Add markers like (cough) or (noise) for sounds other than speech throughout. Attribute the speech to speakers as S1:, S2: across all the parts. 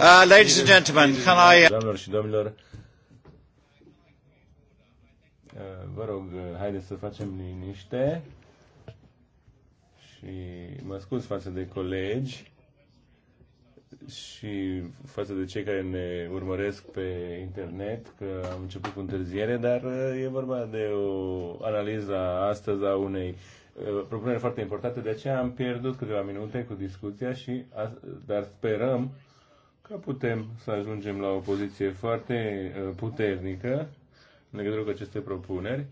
S1: Uh, ladies and gentlemen, can I... Doamnelor și domnilor, uh, vă rog, uh, haideți să facem liniște și mă scuz față de colegi și față de cei care ne urmăresc pe internet, că am început cu întârziere, dar uh, e vorba de o analiză astăzi a unei Eh, propunere foarte importantă, de aceea am pierdut câteva minute cu discuția, și, dar sperăm că putem să ajungem la o poziție foarte eh, puternică în legătură cu aceste propuneri.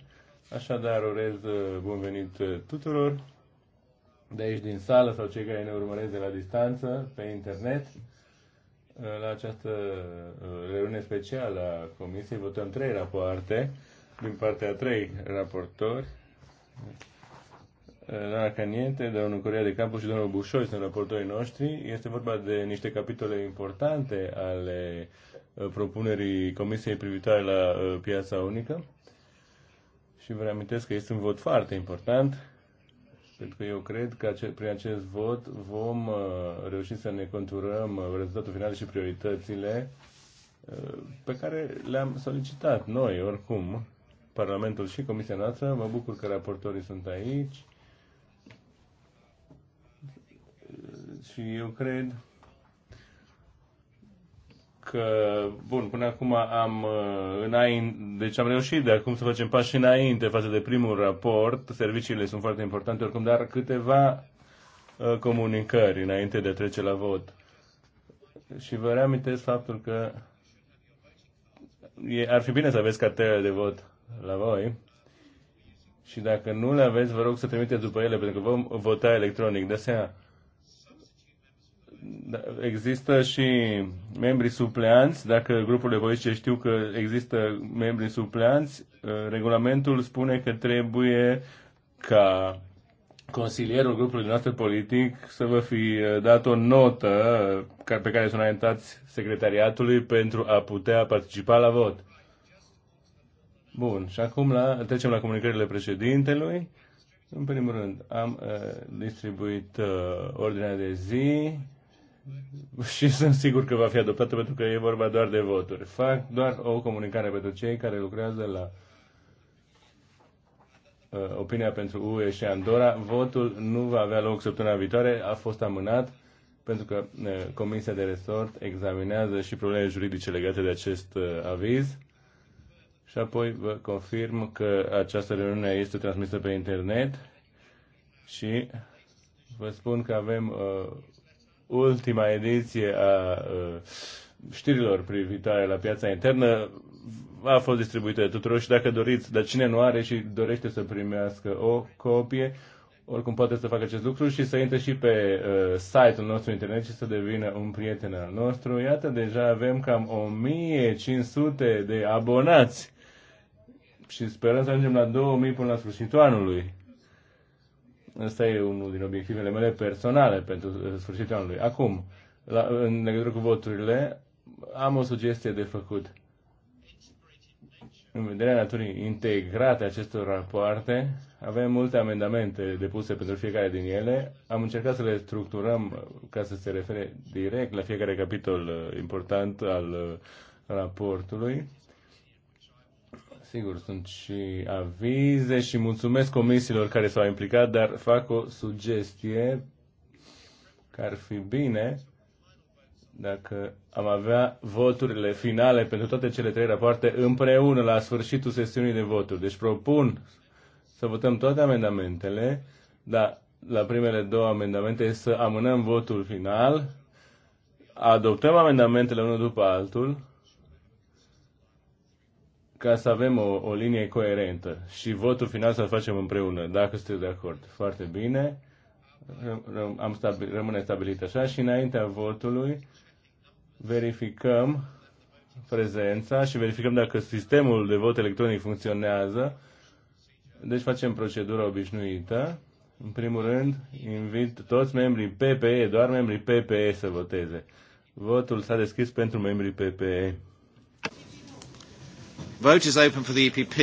S1: Așadar, urez eh, bun venit tuturor de aici din sală sau cei care ne urmăresc de la distanță, pe internet, la această reuniune specială a Comisiei. Votăm trei rapoarte din partea a trei raportori doamna Caniente, domnul Corea de Campus și domnul Bușoi sunt raportorii noștri. Este vorba de niște capitole importante ale uh, propunerii Comisiei privitoare la uh, piața unică. Și vă reamintesc că este un vot foarte important, pentru că eu cred că prin acest vot vom uh, reuși să ne conturăm rezultatul final și prioritățile pe care le-am solicitat noi, oricum, Parlamentul și Comisia noastră. Mă bucur că raportorii sunt aici și eu cred că, bun, până acum am uh, înainte, deci am reușit de acum să facem pași înainte față de primul raport, serviciile sunt foarte importante oricum, dar câteva uh, comunicări înainte de a trece la vot. Și vă reamintesc faptul că e, ar fi bine să aveți cartele de vot la voi și dacă nu le aveți, vă rog să trimiteți după ele, pentru că vom vota electronic. De asemenea, da, există și membrii supleanți, dacă grupurile voice știu că există membri supleanți, uh, regulamentul spune că trebuie ca consilierul grupului noastre politic să vă fi uh, dat o notă uh, pe care să o înaintați secretariatului pentru a putea participa la vot. Bun, și acum la, trecem la comunicările președintelui. În primul rând, am uh, distribuit uh, ordinea de zi și sunt sigur că va fi adoptată pentru că e vorba doar de voturi. Fac doar o comunicare pentru cei care lucrează la uh, opinia pentru UE și Andorra. Votul nu va avea loc săptămâna viitoare, a fost amânat pentru că uh, Comisia de Resort examinează și probleme juridice legate de acest uh, aviz. Și apoi vă confirm că această reuniune este transmisă pe internet și vă spun că avem uh, ultima ediție a știrilor privitoare la piața internă a fost distribuită de tuturor și dacă doriți, dar cine nu are și dorește să primească o copie, oricum poate să facă acest lucru și să intre și pe uh, site-ul nostru internet și să devină un prieten al nostru. Iată, deja avem cam 1500 de abonați și sperăm să ajungem la 2000 până la sfârșitul anului. Ăsta e unul din obiectivele mele personale pentru sfârșitul anului. Acum, la, în legătură cu voturile, am o sugestie de făcut. În vederea naturii integrate acestor rapoarte, avem multe amendamente depuse pentru fiecare din ele. Am încercat să le structurăm ca să se refere direct la fiecare capitol uh, important al uh, raportului Sigur, sunt și avize și mulțumesc comisiilor care s-au implicat, dar fac o sugestie că ar fi bine dacă am avea voturile finale pentru toate cele trei rapoarte împreună la sfârșitul sesiunii de voturi. Deci propun să votăm toate amendamentele, dar la primele două amendamente să amânăm votul final, adoptăm amendamentele unul după altul, ca să avem o, o linie coerentă și votul final să-l facem împreună, dacă sunteți de acord. Foarte bine, am stabil, rămâne stabilit așa și înaintea votului verificăm prezența și verificăm dacă sistemul de vot electronic funcționează. Deci facem procedura obișnuită. În primul rând, invit toți membrii PPE, doar membrii PPE să voteze. Votul s-a deschis pentru membrii PPE. Vote is open for the EPP.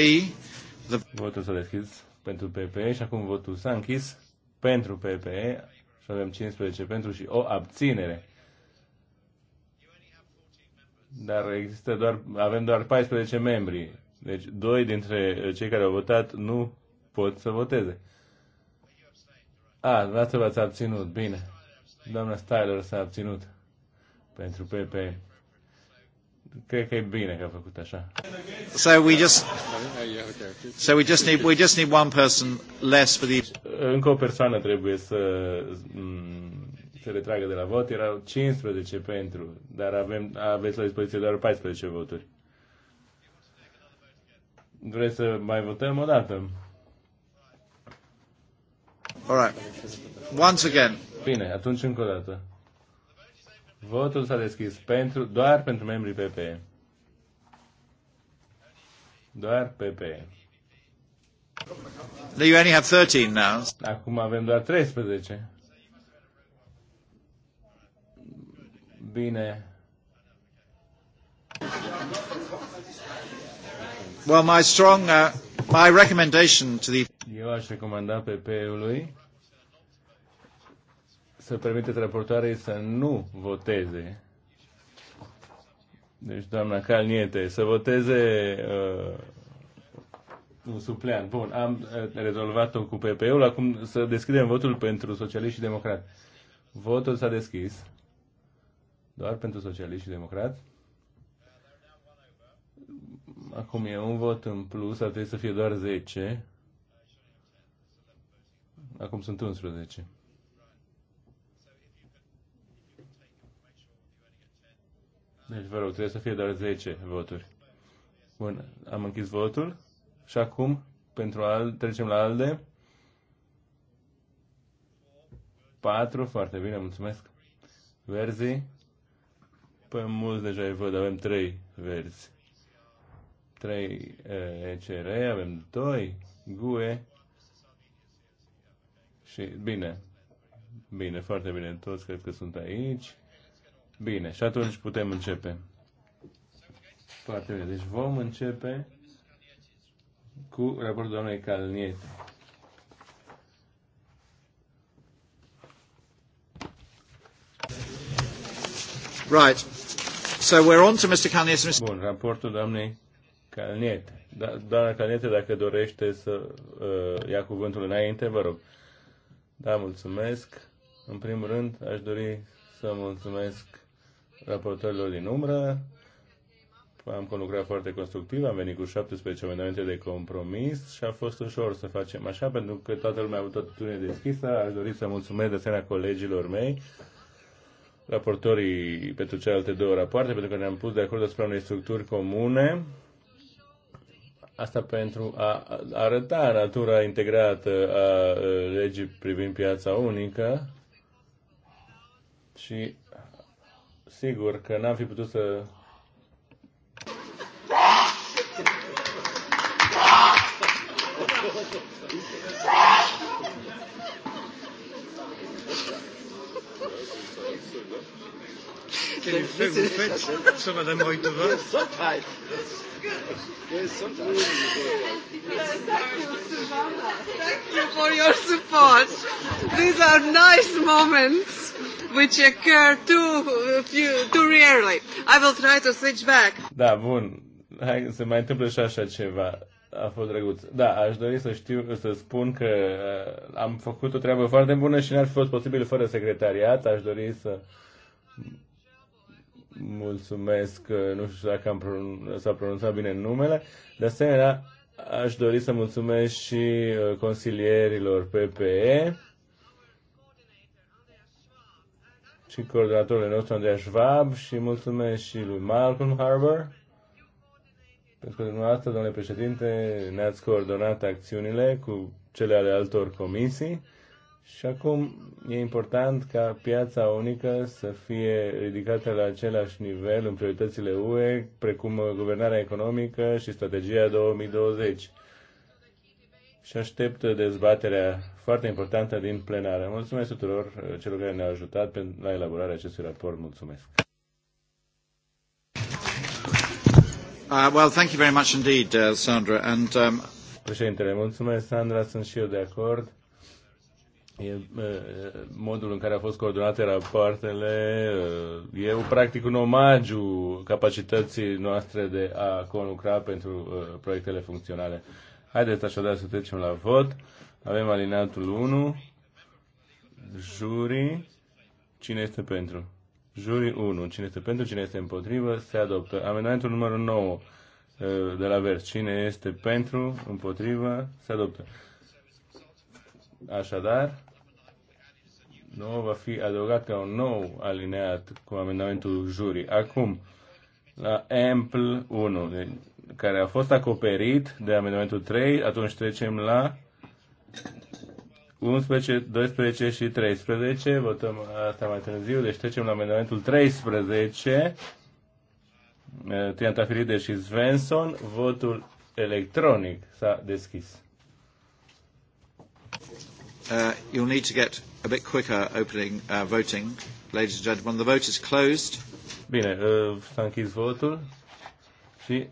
S1: The... Votul s-a deschis pentru PPE și acum votul s-a închis pentru PPE și avem 15 pentru și o abținere. Dar există doar, avem doar 14 membri. Deci doi dintre cei care au votat nu pot să voteze. A, dumneavoastră v-ați abținut. Bine. Doamna Styler s-a abținut pentru PP cred că e bine că a făcut așa. So we just So we just need we just need one person less for the Încă o persoană trebuie să mm, se retragă de la vot. Erau 15 pentru, dar avem aveți la dispoziție doar 14 voturi. Vreți să mai votăm o dată? All right. Once again. Bine, atunci încă o dată. Votul s-a deschis pentru, doar pentru membrii PP. Doar PP. You only have 13 now. Acum avem doar 13. Bine.
S2: Well, my strong, uh, my
S1: recommendation to the... Eu aș recomanda PP-ului să permite raportoarei să nu voteze. Deci, doamna Calniete, să voteze uh, un suplean. Bun, am uh, rezolvat-o cu PP-ul. Acum să deschidem votul pentru socialiști și democrat. Votul s-a deschis. Doar pentru socialiști și democrat. Acum e un vot în plus, ar trebui să fie doar 10. Acum sunt 11. Deci, vă rog, trebuie să fie doar 10 voturi. Bun, am închis votul și acum, pentru al, trecem la ALDE. 4, foarte bine, mulțumesc. Verzi. Păi mulți deja îi văd, avem 3 verzi. 3 ECR, eh, avem 2, GUE și bine, bine, foarte bine, toți cred că sunt aici. Bine, și atunci putem începe. Foarte bine. Deci vom începe cu raportul doamnei Calniete. Right. So we're on to Mr. Calniete. Bun, raportul doamnei Calniete. Da, doamna Calniete, dacă dorește să uh, ia cuvântul înainte, vă rog. Da, mulțumesc. În primul rând, aș dori să mulțumesc raportorilor din umbră. Am conlucrat foarte constructiv, am venit cu 17 amendamente de compromis și a fost ușor să facem așa, pentru că toată lumea a avut o atitudine deschisă. Aș dori să mulțumesc de asemenea colegilor mei raportorii pentru celelalte două rapoarte, pentru că ne-am pus de acord asupra unei structuri comune. Asta pentru a arăta natura integrată a legii privind piața unică și sigur că n-am fi putut să
S3: Ah!
S2: Quel effet vous faites sur Madame Moitova Thank you for your support. These are nice
S1: moments which occur too, few, too rarely. I will try to switch back. Da, bun. Hai, se mai întâmplă și așa ceva. A fost drăguț. Da, aș dori să știu, să spun că uh, am făcut o treabă foarte bună și n-ar fi fost posibil fără secretariat. Aș dori să mulțumesc, uh, nu știu dacă am pronun- s-a pronunțat bine numele. De asemenea, aș dori să mulțumesc și uh, consilierilor PPE și coordonatorului nostru Andreea Schwab și mulțumesc și lui Malcolm Harbour pentru că dumneavoastră, domnule președinte, ne-ați coordonat acțiunile cu cele ale altor comisii și acum e important ca piața unică să fie ridicată la același nivel în prioritățile UE, precum guvernarea economică și strategia 2020. Și aștept dezbaterea foarte importantă din plenară. Mulțumesc tuturor uh, celor care ne-au ajutat la elaborarea acestui raport. Mulțumesc!
S2: Uh, well, thank you very much indeed, uh, Sandra. And, um...
S1: Președintele, mulțumesc, Sandra, sunt și eu de acord. E, uh, modul în care au fost coordonate rapoartele uh, e practic un omagiu capacității noastre de a conlucra pentru uh, proiectele funcționale. Haideți așadar să trecem la vot. Avem alineatul 1, Juri, cine este pentru? Juri 1. Cine este pentru, cine este împotrivă, se adoptă. Amendamentul numărul 9 uh, de la vers. Cine este pentru, împotrivă, se adoptă. Așadar, 9 va fi adăugat ca un nou alineat cu amendamentul jurii. Acum, la ampl 1, care a fost acoperit de amendamentul 3, atunci trecem la 11, 12 și 13. Votăm asta mai târziu, deci trecem la amendamentul 13. Eh, Triantafilide și Svensson. Votul electronic s-a deschis. Uh, you'll need to get a bit quicker
S2: opening uh, voting, ladies and gentlemen. The vote is closed.
S1: Bine, uh, s-a închis votul și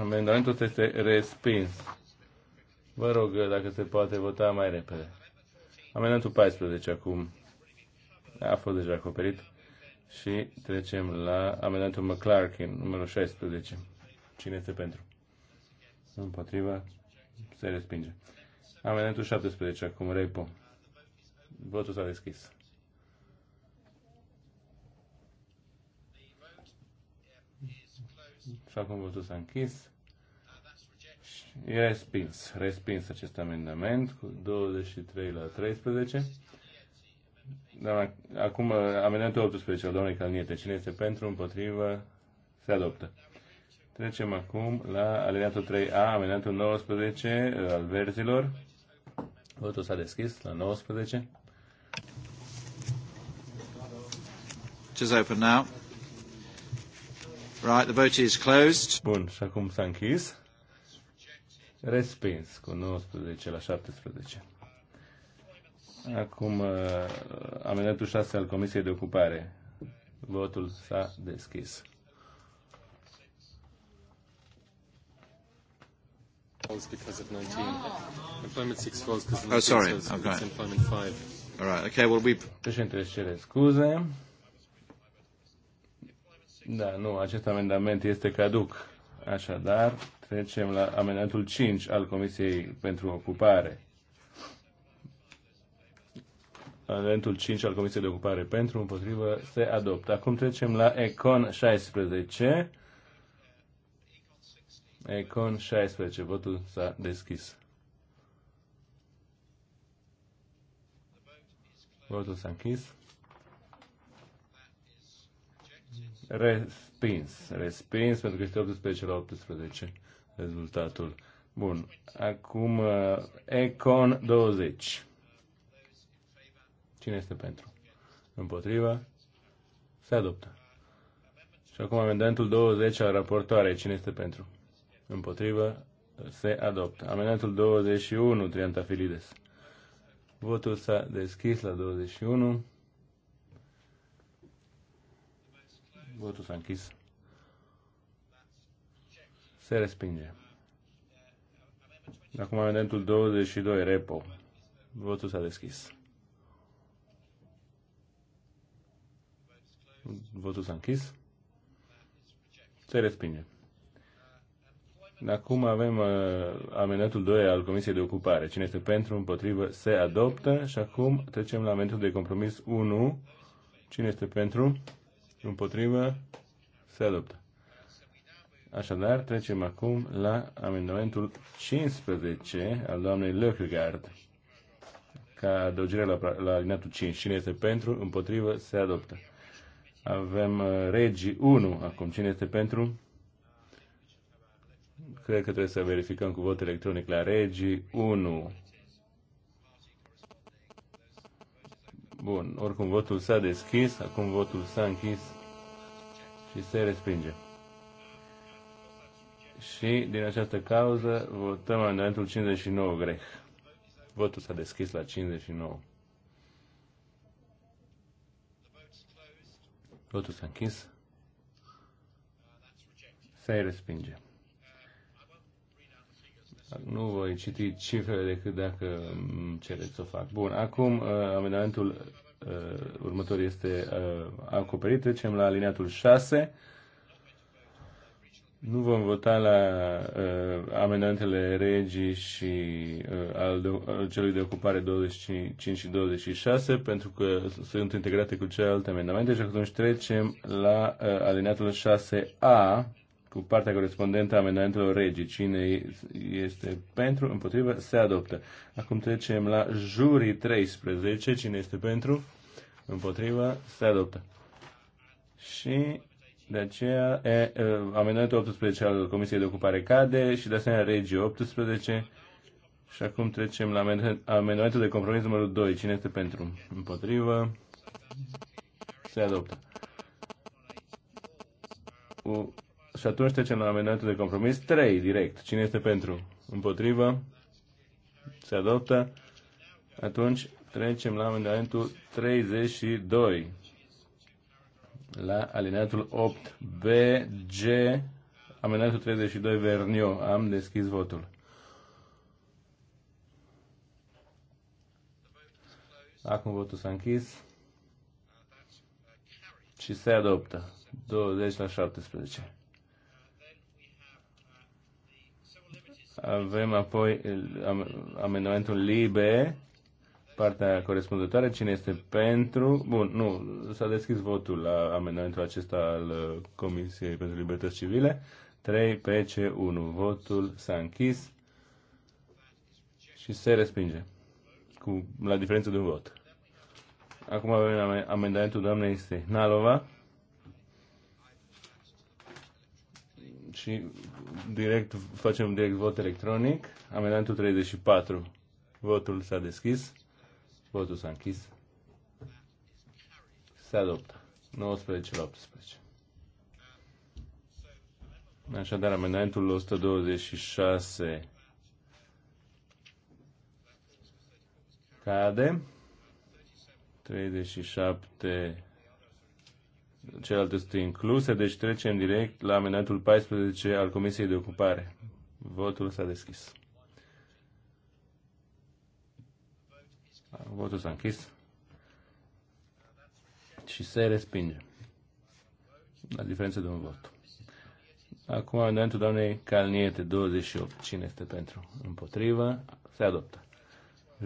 S1: amendamentul este respins. Vă rog, dacă se poate vota mai repede. Amendamentul 14 acum a fost deja acoperit și trecem la amendamentul McClarkin, numărul 16. Cine este pentru? Împotriva? Se respinge. Amendamentul 17 acum, Repo. Votul s-a deschis. Și acum votul s-a închis. E respins. Respins acest amendament cu 23 la 13. Doamna, acum amendamentul 18 al domnului Calniete. Cine este pentru, împotrivă, se adoptă. Trecem acum la alineatul 3A, amendamentul 19 uh, al verzilor. Votul s-a deschis la 19. Just open now. Right, the vote is closed. Bun, și acum s-a închis. Respins cu 19 la 17. Acum, uh, amendamentul 6 al Comisiei de Ocupare. Votul s-a deschis. falls because of 19. Employment 6 falls because of 19. Oh, sorry. So okay. employment 5. All right. Okay, well, we... își cere scuze. Da, nu, acest amendament este caduc. Așadar, Trecem la amendamentul 5 al Comisiei pentru Ocupare. Amendamentul 5 al Comisiei de Ocupare pentru, împotrivă, se adoptă. Acum trecem la Econ 16. Econ 16. Votul s-a deschis. Votul s-a închis. Respins. Respins pentru că este 18 la 18 rezultatul. Bun. Acum uh, Econ 20. Cine este pentru? Împotriva? Se adoptă. Și acum amendamentul 20 al raportoarei. Cine este pentru? Împotrivă? Se adoptă. Amendamentul 21, Triantafilides. Votul s-a deschis la 21. Votul s-a închis. Se respinge. Acum amendamentul 22, repo. Votul s-a deschis. Votul s-a închis. Se respinge. Acum avem uh, amendamentul 2 al Comisiei de Ocupare. Cine este pentru, împotrivă, se adoptă. Și acum trecem la amendamentul de compromis 1. Cine este pentru, împotrivă, se adoptă. Așadar, trecem acum la amendamentul 15 al doamnei Lökegaard ca adăugire la, la alineatul 5. Cine este pentru, împotrivă, se adoptă. Avem Regi uh, regii 1 acum. Cine este pentru? Cred că trebuie să verificăm cu vot electronic la regii 1. Bun, oricum votul s-a deschis, acum votul s-a închis și se respinge și din această cauză votăm amendamentul 59 greh. Votul s-a deschis la 59. Votul s-a închis. Se respinge. Nu voi citi cifrele decât dacă cereți să o fac. Bun, acum uh, amendamentul uh, următor este uh, acoperit. Trecem la alineatul 6. Nu vom vota la uh, amendamentele regii și uh, al, de, al uh, celui de ocupare 25 și 26 pentru că sunt integrate cu celelalte amendamente și atunci trecem la uh, alineatul 6A cu partea corespondentă a amendamentelor regii. Cine este pentru, împotrivă, se adoptă. Acum trecem la jurii 13. Cine este pentru, împotrivă, se adoptă. Și de aceea, e, e, amendamentul 18 al Comisiei de Ocupare cade și de asemenea regii 18. Și acum trecem la amendamentul de compromis numărul 2. Cine este pentru? Împotrivă. Se adoptă. U- și atunci trecem la amendamentul de compromis 3, direct. Cine este pentru? Împotrivă. Se adoptă. Atunci trecem la amendamentul 32 la alineatul 8B, G, amenajul 32 Vernio. Am deschis votul. Acum votul s-a închis și se adoptă. 20 la 17. Avem apoi amendamentul LIBE partea corespunzătoare. Cine este pentru? Bun, nu, s-a deschis votul la amendamentul acesta al uh, Comisiei pentru Libertăți Civile. 3 PC1. Votul s-a închis și se respinge. Cu, la diferență de un vot. Acum avem amendamentul doamnei Stehnalova. Și direct, facem direct vot electronic. Amendamentul 34. Votul s-a deschis. Votul s-a închis. Se adoptă. 19 la 18. Așadar, amendamentul 126 cade. 37 celelalte sunt incluse, deci trecem direct la amendamentul 14 al Comisiei de Ocupare. Votul s-a deschis. Votul s-a închis și se respinge. La diferență de un vot. Acum, momentul doamnei Calniete, 28. Cine este pentru? Împotrivă? Se adoptă.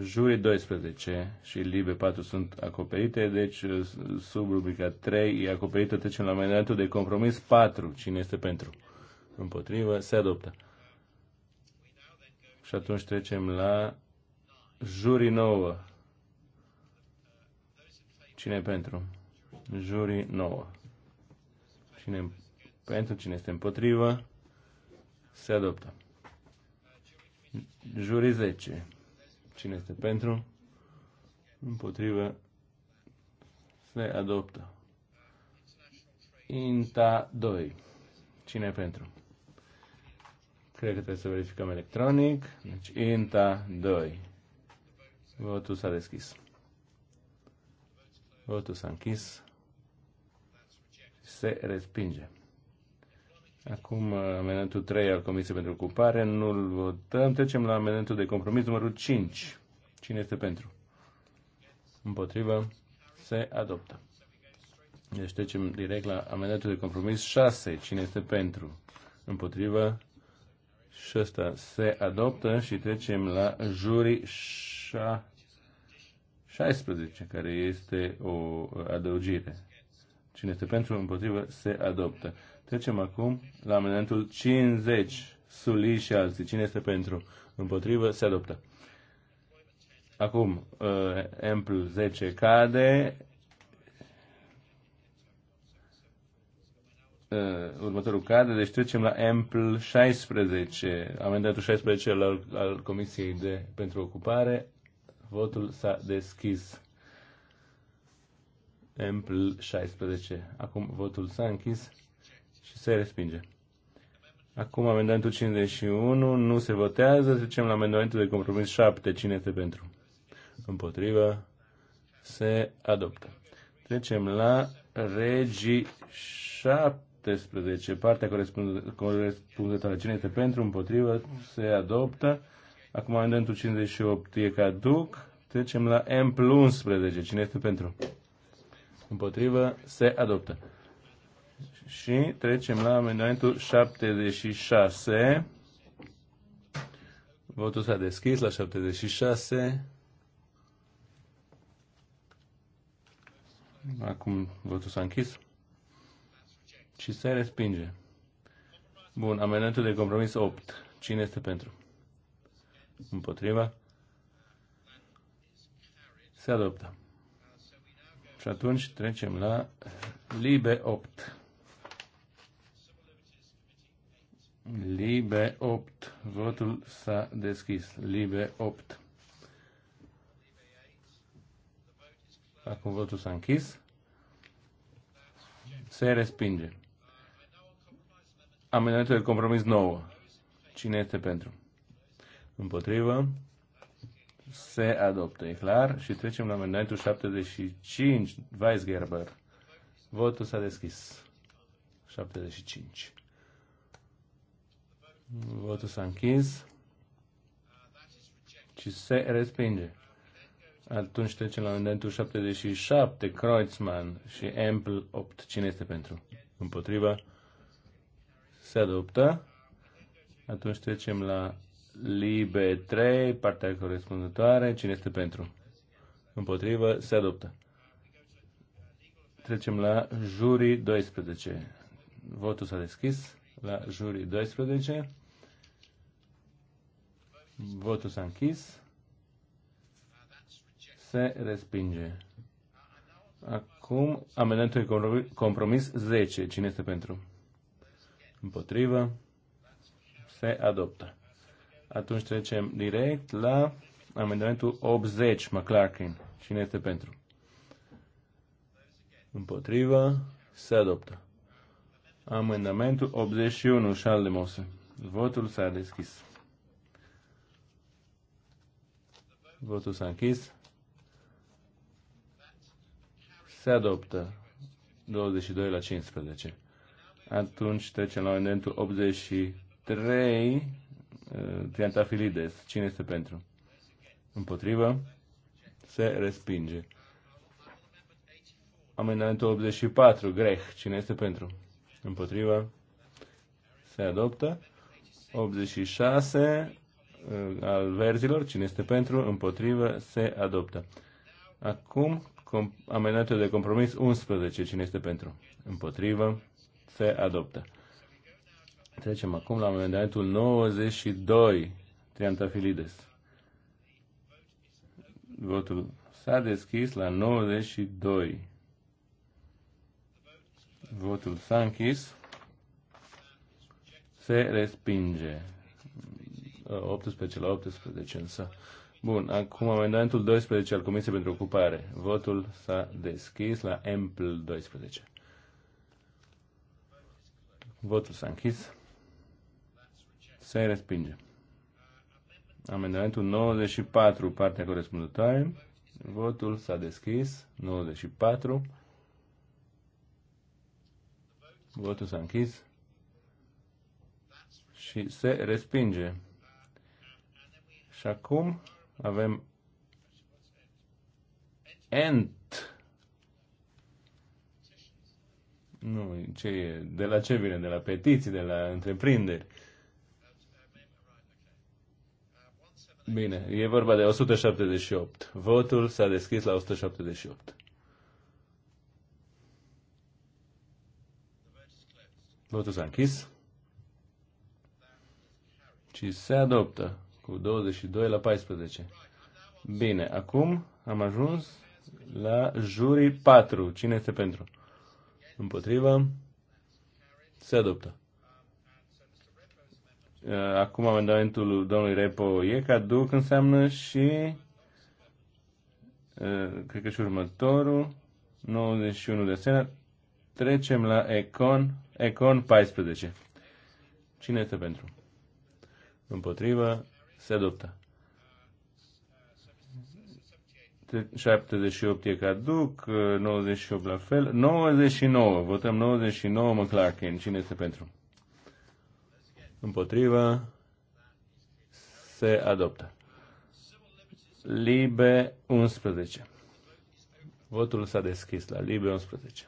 S1: Juri 12 și Libe 4 sunt acoperite, deci sub rubrica 3 e acoperită, trecem la amendamentul de compromis 4. Cine este pentru? Împotrivă? Se adoptă. Și atunci trecem la juri 9. Cine pentru? Jurii 9. Cine pentru? Cine este împotrivă? Se adoptă. Jurii 10. Cine este pentru? Împotrivă? Se adoptă. Inta 2. Cine pentru? Cred că trebuie să verificăm electronic. Deci Inta 2. Votul s-a deschis. Votul s-a închis. Se respinge. Acum uh, amendamentul 3 al Comisiei pentru Ocupare. Nu-l votăm. Trecem la amendamentul de compromis numărul 5. Cine este pentru? Împotrivă. Se adoptă. Deci trecem direct la amendamentul de compromis 6. Cine este pentru? Împotrivă. Și ăsta se adoptă și trecem la jurii 6. 16, care este o adăugire. Cine este pentru, împotrivă, se adoptă. Trecem acum la amendamentul 50, Suli și alții. Cine este pentru, împotrivă, se adoptă. Acum, uh, ampl 10 cade. Uh, următorul cade, deci trecem la ampl 16, amendamentul 16 al, al Comisiei de, pentru Ocupare. Votul s-a deschis. Empl 16. Acum votul s-a închis și se respinge. Acum amendamentul 51 nu se votează. Zicem la amendamentul de compromis 7. Cine este pentru? Împotrivă. Se adoptă. Trecem la regii 17. Partea corespunzătoare. Cine este pentru? Împotrivă. Se adoptă. Acum amendamentul 58 e caduc. Trecem la M plus 11. Cine este pentru? Împotrivă se adoptă. Și trecem la amendamentul 76. Votul s-a deschis la 76. Acum votul s-a închis. Și se respinge. Bun, amendamentul de compromis 8. Cine este pentru? împotriva, se adoptă. Și atunci trecem la Libe 8. Libe 8. Votul s-a deschis. Libe 8. Acum votul s-a închis. Se respinge. Amendamentul de compromis 9. Cine este pentru? Împotrivă? Se adoptă, e clar. Și trecem la amendamentul 75, Weisgerber. Votul s-a deschis. 75. Votul s-a închis și se respinge. Atunci trecem la amendamentul 77, Kreuzmann și Ample 8. Cine este pentru? Împotriva? Se adoptă. Atunci trecem la Libe 3, partea corespunzătoare. Cine este pentru? Împotrivă. Se adoptă. Trecem la jurii 12. Votul s-a deschis la jurii 12. Votul s-a închis. Se respinge. Acum, amendamentul compromis 10. Cine este pentru? Împotrivă. Se adoptă. Atunci trecem direct la amendamentul 80, McClarkin. Cine este pentru? Împotriva. Se adoptă. Amendamentul 81, mose Votul s-a deschis. Votul s-a închis. Se adoptă 22 la 15. Atunci trecem la amendamentul 83, Eh, Triantafilides. Cine este pentru? Împotrivă? Se respinge. Amendamentul 84, greh. Cine este pentru? Împotrivă? Se adoptă. 86, eh, al verzilor. Cine este pentru? Împotrivă? Se adoptă. Acum, amendamentul de compromis 11. Cine este pentru? Împotrivă? Se adoptă. Trecem acum la amendamentul 92, Triantafilides. Votul s-a deschis la 92. Votul s-a închis. Se respinge. 18 la 18 însă. Bun, acum amendamentul 12 al Comisiei pentru Ocupare. Votul s-a deschis la Ample 12. Votul s-a închis. Se respinge. Amendamentul 94, partea corespunzătoare. Votul s-a deschis. 94. Votul s-a închis. Și se respinge. Și acum avem ent. Nu, ce e? De la ce vine? De la petiții, de la întreprinderi. Bine, e vorba de 178. Votul s-a deschis la 178. Votul s-a închis. Și se adoptă cu 22 la 14. Bine, acum am ajuns la jurii 4. Cine este pentru? Împotrivă. Se adoptă. Uh, acum amendamentul domnului Repo e caduc, înseamnă și uh, cred că și următorul 91 de senat, trecem la Econ Econ 14 cine este pentru? împotrivă se adoptă 78 e caduc 98 uh, la fel 99, votăm 99 McClarkin cine este pentru? împotriva, se adoptă. Libe 11. Votul s-a deschis la Libe 11.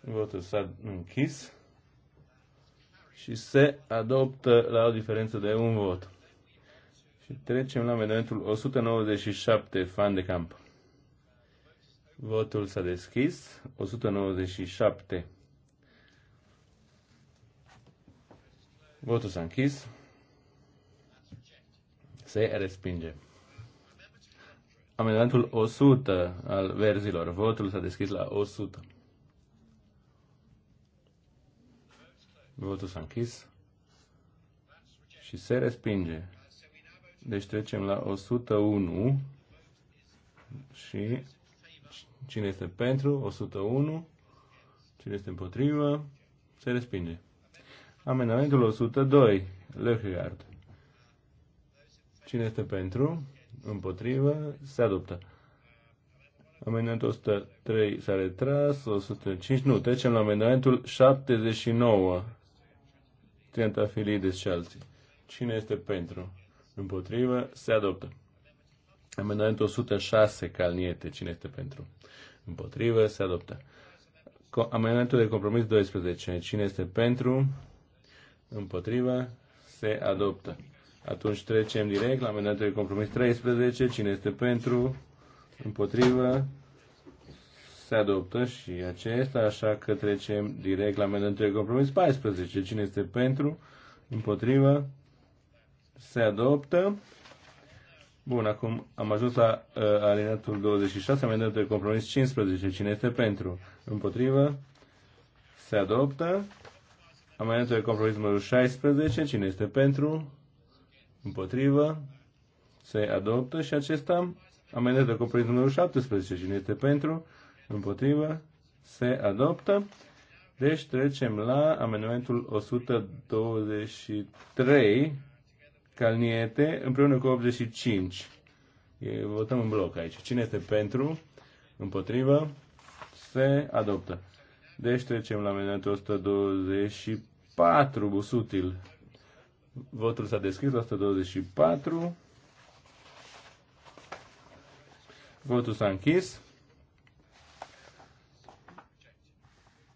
S1: Votul s-a închis și se adoptă la o diferență de un vot. Și trecem la amendamentul 197, fan de camp. Votul s-a deschis. 197. Votul s-a închis. Se respinge. Amendamentul 100 al verzilor. Votul s-a deschis la 100. Votul s-a închis și se respinge. Deci trecem la 101 și cine este pentru? 101. Cine este împotrivă? Se respinge. Amendamentul 102. Löchegard. Cine este pentru? Împotrivă? Se adoptă. Amendamentul 103 s-a retras, 105 nu. Trecem la amendamentul 79. Triantafilides și alții. Cine este pentru? Împotrivă? Se adoptă. Amendamentul 106, Calniete. Cine este pentru? Împotrivă? Se adoptă. Amendamentul de compromis 12. Cine este pentru? Împotriva? Se adoptă. Atunci trecem direct la amendamentul de compromis 13. Cine este pentru? Împotrivă? Se adoptă și acesta, așa că trecem direct la amendamentul de compromis 14. Cine este pentru? Împotrivă? Se adoptă. Bun, acum am ajuns la uh, alineatul 26, amendamentul de compromis 15. Cine este pentru? Împotrivă? Se adoptă. Amendamentul de compromis numărul 16. Cine este pentru? Împotrivă? Se adoptă și acesta. Amendamentul de compromis numărul 17. Cine este pentru? Împotrivă? Se adoptă. Deci trecem la amendamentul 123, Calniete, împreună cu 85. E, votăm în bloc aici. Cine este pentru? Împotrivă? Se adoptă. Deci trecem la amendamentul 124. 124, Busutil. Votul s-a deschis la 124. Votul s-a închis.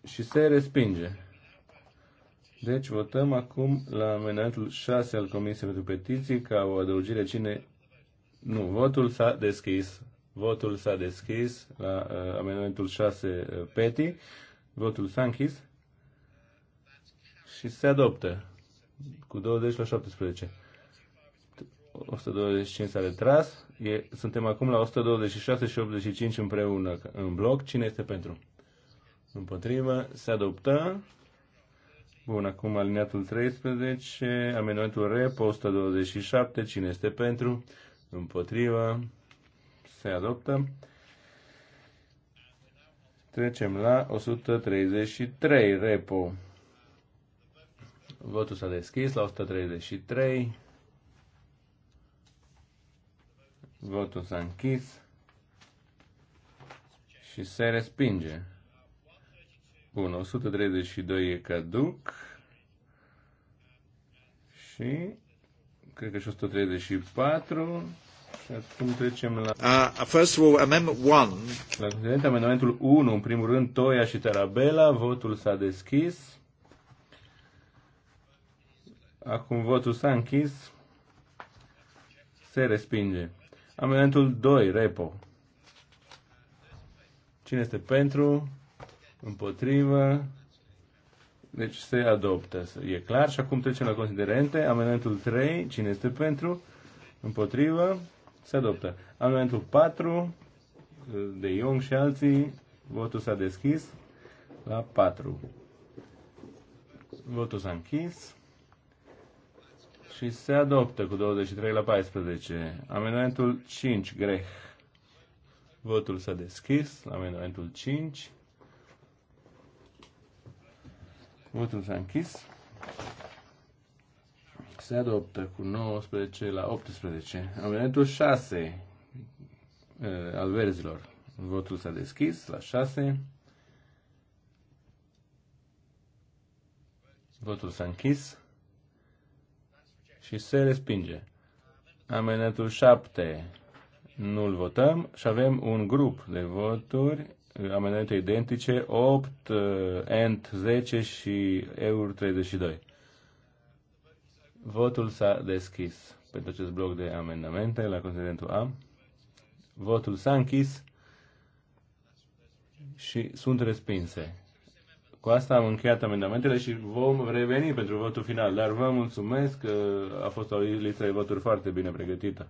S1: Și se respinge. Deci votăm acum la amendamentul 6 al Comisiei pentru Petiții ca o adăugire cine... Nu, votul s-a deschis. Votul s-a deschis la uh, amendamentul 6 uh, PETI. Votul s-a închis și se adoptă cu 20 la 17. 125 s-a retras. E, suntem acum la 126 și 85 împreună în bloc. Cine este pentru? Împotrivă. Se adoptă. Bun, acum aliniatul 13, amendamentul REP 127, cine este pentru? Împotrivă. Se adoptă. Trecem la 133, repo. Votul s-a deschis la 133. Votul s-a închis și se respinge. Bun, 132 e caduc și cred că și 134 și acum trecem la... Uh, first of all, amendment 1. La amendamentul 1, în primul rând, Toia și Tarabela, votul s-a deschis. Acum votul s-a închis. Se respinge. Amendamentul 2, repo. Cine este pentru? Împotrivă? Deci se adoptă. E clar. Și acum trecem la considerente. Amendamentul 3, cine este pentru? Împotrivă? Se adoptă. Amendamentul 4, de Young și alții, votul s-a deschis la 4. Votul s-a închis și se adoptă cu 23 la 14. Amendamentul 5, greh. Votul s-a deschis, amendamentul 5. Votul s-a închis. Se adoptă cu 19 la 18. Amendamentul 6 eh, al verzilor. Votul s-a deschis la 6. Votul s-a închis și se respinge. Amendamentul 7 nu-l votăm și avem un grup de voturi, amendamente identice, 8, ENT 10 și EUR 32. Votul s-a deschis pentru acest bloc de amendamente la considerentul A. Votul s-a închis și sunt respinse. Cu asta am încheiat amendamentele și vom reveni pentru votul final, dar vă mulțumesc că a fost o listă de voturi foarte bine pregătită.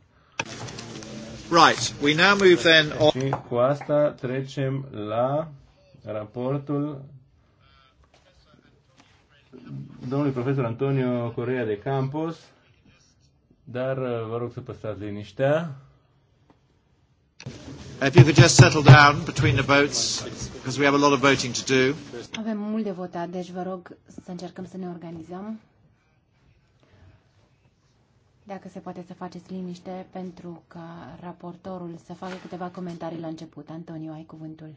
S1: Right, we now move then on... Și cu asta trecem la raportul domnului profesor Antonio Correa de Campos, dar vă rog să păstrați liniștea.
S2: If you could just settle down between the votes, because we have a lot of voting to do.
S4: Avem mult de votat, deci vă rog să încercăm să ne organizăm. Dacă se poate să faceți liniște pentru ca raportorul să facă câteva comentarii la început. Antonio, ai cuvântul.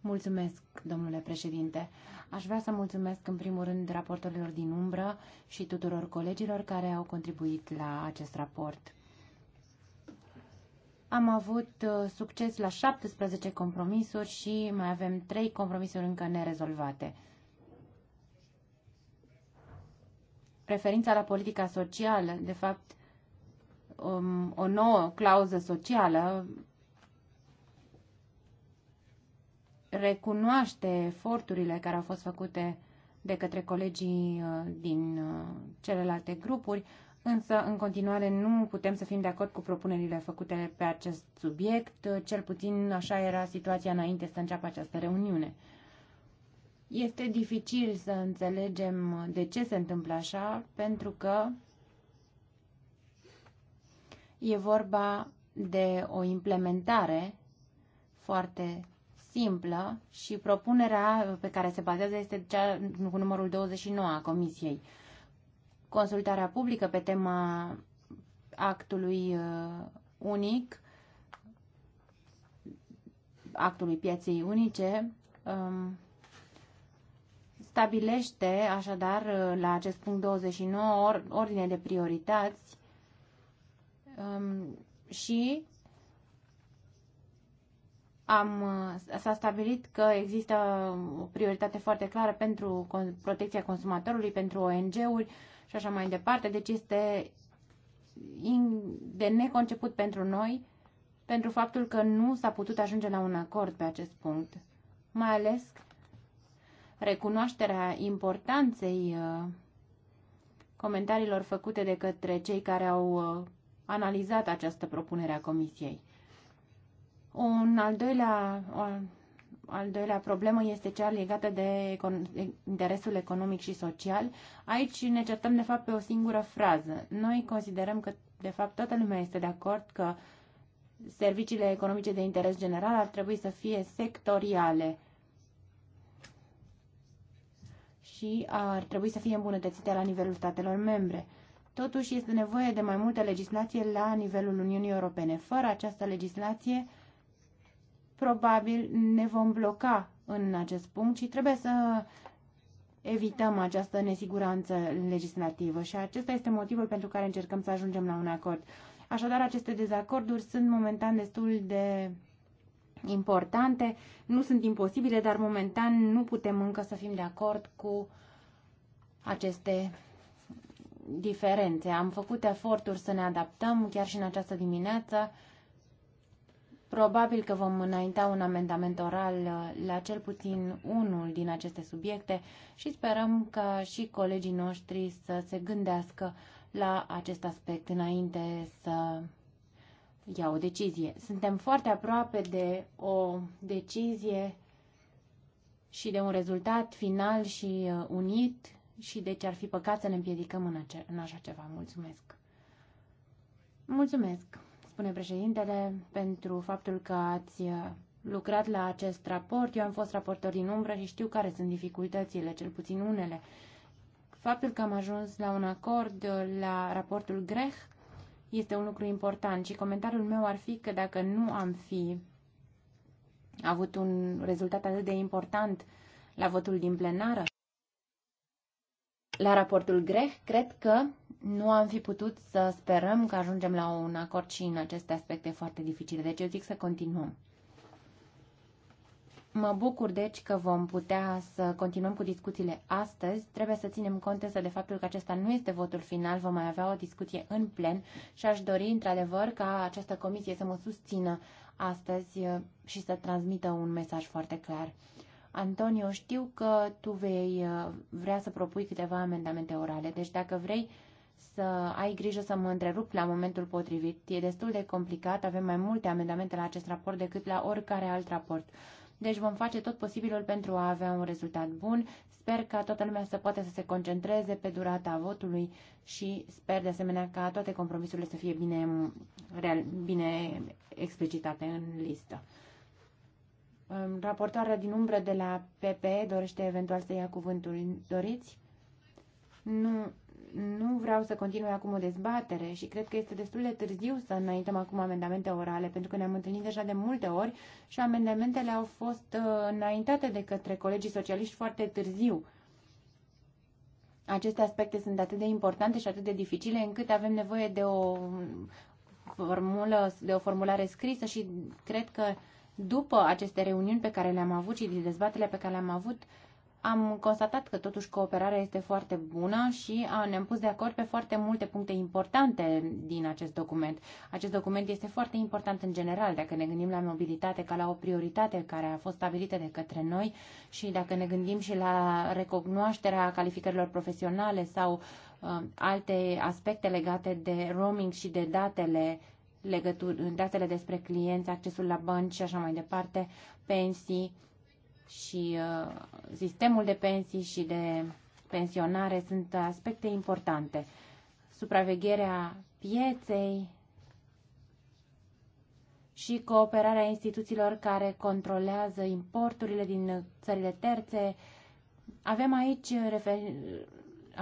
S4: Mulțumesc, domnule președinte. Aș vrea să mulțumesc în primul rând raportorilor din umbră și tuturor colegilor care au contribuit la acest raport. Am avut uh, succes la 17 compromisuri și mai avem 3 compromisuri încă nerezolvate. Referința la politica socială, de fapt, um, o nouă clauză socială recunoaște eforturile care au fost făcute de către colegii uh, din uh, celelalte grupuri, însă în continuare nu putem să fim de acord cu propunerile făcute pe acest subiect, cel puțin așa era situația înainte să înceapă această reuniune. Este dificil să înțelegem de ce se întâmplă așa, pentru că e vorba de o implementare foarte simplă și propunerea pe care se bazează este cea cu numărul 29 a Comisiei consultarea publică pe tema actului uh, unic, actului pieței unice, um, stabilește așadar uh, la acest punct 29 ordine de priorități um, și am, uh, s-a stabilit că există o prioritate foarte clară pentru protecția consumatorului, pentru ONG-uri, și așa mai departe. Deci este de neconceput pentru noi, pentru faptul că nu s-a putut ajunge la un acord pe acest punct. Mai ales recunoașterea importanței uh, comentariilor făcute de către cei care au uh, analizat această propunere a Comisiei. Un al doilea, al doilea problemă este cea legată de econ- interesul economic și social. Aici ne certăm, de fapt, pe o singură frază. Noi considerăm că, de fapt, toată lumea este de acord că serviciile economice de interes general ar trebui să fie sectoriale și ar trebui să fie îmbunătățite la nivelul statelor membre. Totuși, este nevoie de mai multă legislație la nivelul Uniunii Europene. Fără această legislație, probabil ne vom bloca în acest punct și trebuie să evităm această nesiguranță legislativă și acesta este motivul pentru care încercăm să ajungem la un acord. Așadar, aceste dezacorduri sunt momentan destul de importante, nu sunt imposibile, dar momentan nu putem încă să fim de acord cu aceste diferențe. Am făcut eforturi să ne adaptăm chiar și în această dimineață Probabil că vom înainta un amendament oral uh, la cel puțin unul din aceste subiecte și sperăm ca și colegii noștri să se gândească la acest aspect înainte să ia o decizie. Suntem foarte aproape de o decizie și de un rezultat final și uh, unit și deci ar fi păcat să ne împiedicăm în, în așa ceva. Mulțumesc! Mulțumesc! spune președintele, pentru faptul că ați uh, lucrat la acest raport. Eu am fost raportor din umbră și știu care sunt dificultățile, cel puțin unele. Faptul că am ajuns la un acord uh, la raportul greh este un lucru important și comentariul meu ar fi că dacă nu am fi avut un rezultat atât de important la votul din plenară, la raportul greh, cred că nu am fi putut să sperăm că ajungem la un acord și în aceste aspecte foarte dificile. Deci eu zic să continuăm. Mă bucur, deci, că vom putea să continuăm cu discuțiile astăzi. Trebuie să ținem cont însă de faptul că acesta nu este votul final, vom mai avea o discuție în plen și aș dori, într-adevăr, ca această comisie să mă susțină astăzi și să transmită un mesaj foarte clar. Antonio, știu că tu vei uh, vrea să propui câteva amendamente orale, deci dacă vrei să ai grijă să mă întrerup la momentul potrivit. E destul de complicat, avem mai multe amendamente la acest raport decât la oricare alt raport. Deci vom face tot posibilul pentru a avea un rezultat bun. Sper ca toată lumea să poată să se concentreze pe durata votului și sper de asemenea ca toate compromisurile să fie bine, real, bine explicitate în listă. Raportoarea din umbră de la PP dorește eventual să ia cuvântul. Doriți? Nu, nu vreau să continui acum o dezbatere și cred că este destul de târziu să înaintăm acum amendamente orale, pentru că ne-am întâlnit deja de multe ori și amendamentele au fost uh, înaintate de către colegii socialiști foarte târziu. Aceste aspecte sunt atât de importante și atât de dificile încât avem nevoie de o formulă, de o formulare scrisă și cred că uh, după aceste reuniuni pe care le-am avut și dezbatele pe care le-am avut, am constatat că totuși cooperarea este foarte bună și ne-am pus de acord pe foarte multe puncte importante din acest document. Acest document este foarte important în general, dacă ne gândim la mobilitate ca la o prioritate care a fost stabilită de către noi și dacă ne gândim și la recunoașterea calificărilor profesionale sau uh, alte aspecte legate de roaming și de datele legături, datele despre clienți, accesul la bănci și așa mai departe, pensii și uh, sistemul de pensii și de pensionare sunt aspecte importante. Supravegherea pieței și cooperarea instituțiilor care controlează importurile din țările terțe. Avem aici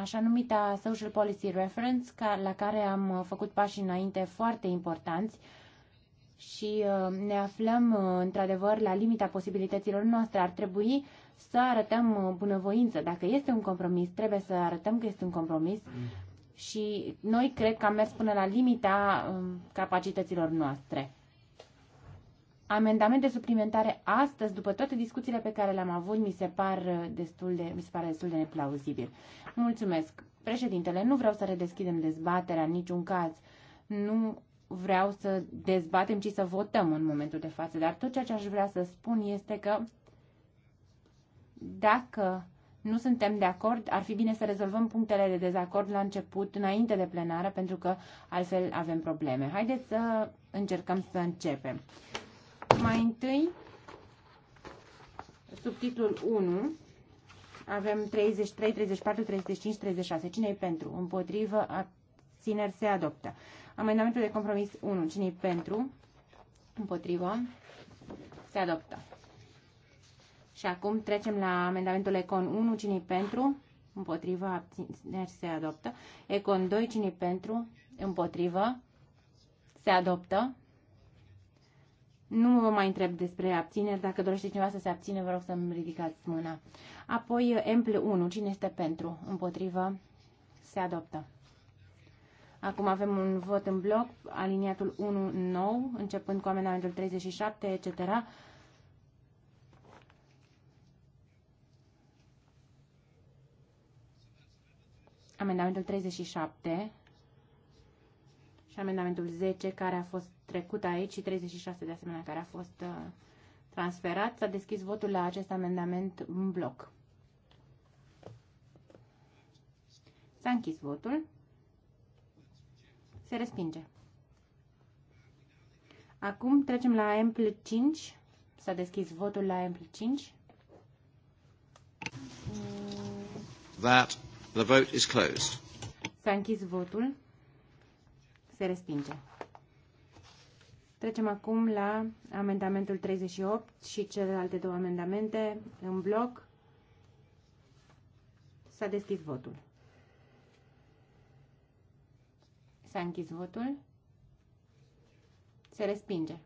S4: așa numita Social Policy Reference, ca, la care am uh, făcut pași înainte foarte importanți și uh, ne aflăm uh, într-adevăr la limita posibilităților noastre. Ar trebui să arătăm bunăvoință. Dacă este un compromis, trebuie să arătăm că este un compromis și noi cred că am mers până la limita um, capacităților noastre amendamente suplimentare astăzi, după toate discuțiile pe care le-am avut, mi se, par destul de, mi se pare destul de neplauzibil. Mulțumesc. Președintele, nu vreau să redeschidem dezbaterea în niciun caz. Nu vreau să dezbatem, ci să votăm în momentul de față. Dar tot ceea ce aș vrea să spun este că dacă nu suntem de acord, ar fi bine să rezolvăm punctele de dezacord la început, înainte de plenară, pentru că altfel avem probleme. Haideți să încercăm să începem. Mai întâi, subtitlul 1, avem 33, 34, 35, 36. cine e pentru? Împotrivă, abțineri se adoptă. Amendamentul de compromis 1. cine e pentru? Împotrivă, se adoptă. Și acum trecem la amendamentul Econ 1. cine e pentru? Împotrivă, abțineri se adoptă. Econ 2. cine e pentru? Împotrivă, se adoptă. Nu mă mai întreb despre abțineri. Dacă dorește cineva să se abține, vă rog să-mi ridicați mâna. Apoi, Emple 1. Cine este pentru? Împotrivă? Se adoptă. Acum avem un vot în bloc, aliniatul 1 nou, începând cu amendamentul 37, etc. Amendamentul 37 și amendamentul 10 care a fost trecut aici și 36 de asemenea care a fost uh, transferat. S-a deschis votul la acest amendament în bloc. S-a închis votul. Se respinge. Acum trecem la ampl 5. S-a deschis votul la ampl 5.
S2: That the vote is closed.
S4: S-a închis votul se respinge. Trecem acum la amendamentul 38 și celelalte două amendamente în bloc. S-a deschis votul. S-a închis votul. Se respinge.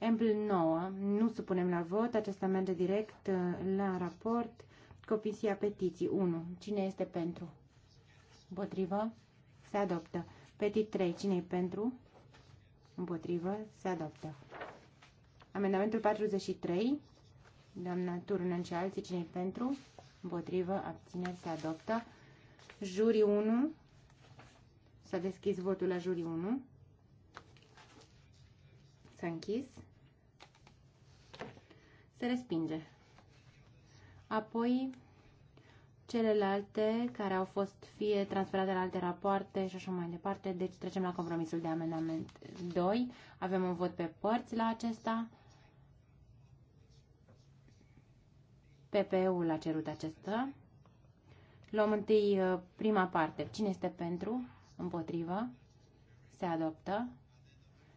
S4: Ample 9. Nu supunem la vot. Acesta merge direct uh, la raport. Copisia petiții 1. Cine este pentru? Împotrivă. Se adoptă. Petit 3. cine pentru? Împotrivă. Se adoptă. Amendamentul 43. Doamna Turnăn și alții. cine pentru? Împotrivă. Abțineri. Se adoptă. Juri 1. S-a deschis votul la juri 1. S-a închis. Se respinge. Apoi celelalte care au fost fie transferate la alte rapoarte și așa mai departe. Deci trecem la compromisul de amendament 2. Avem un vot pe părți la acesta. PPE-ul a cerut acesta. Luăm întâi uh, prima parte. Cine este pentru? Împotrivă? Se adoptă.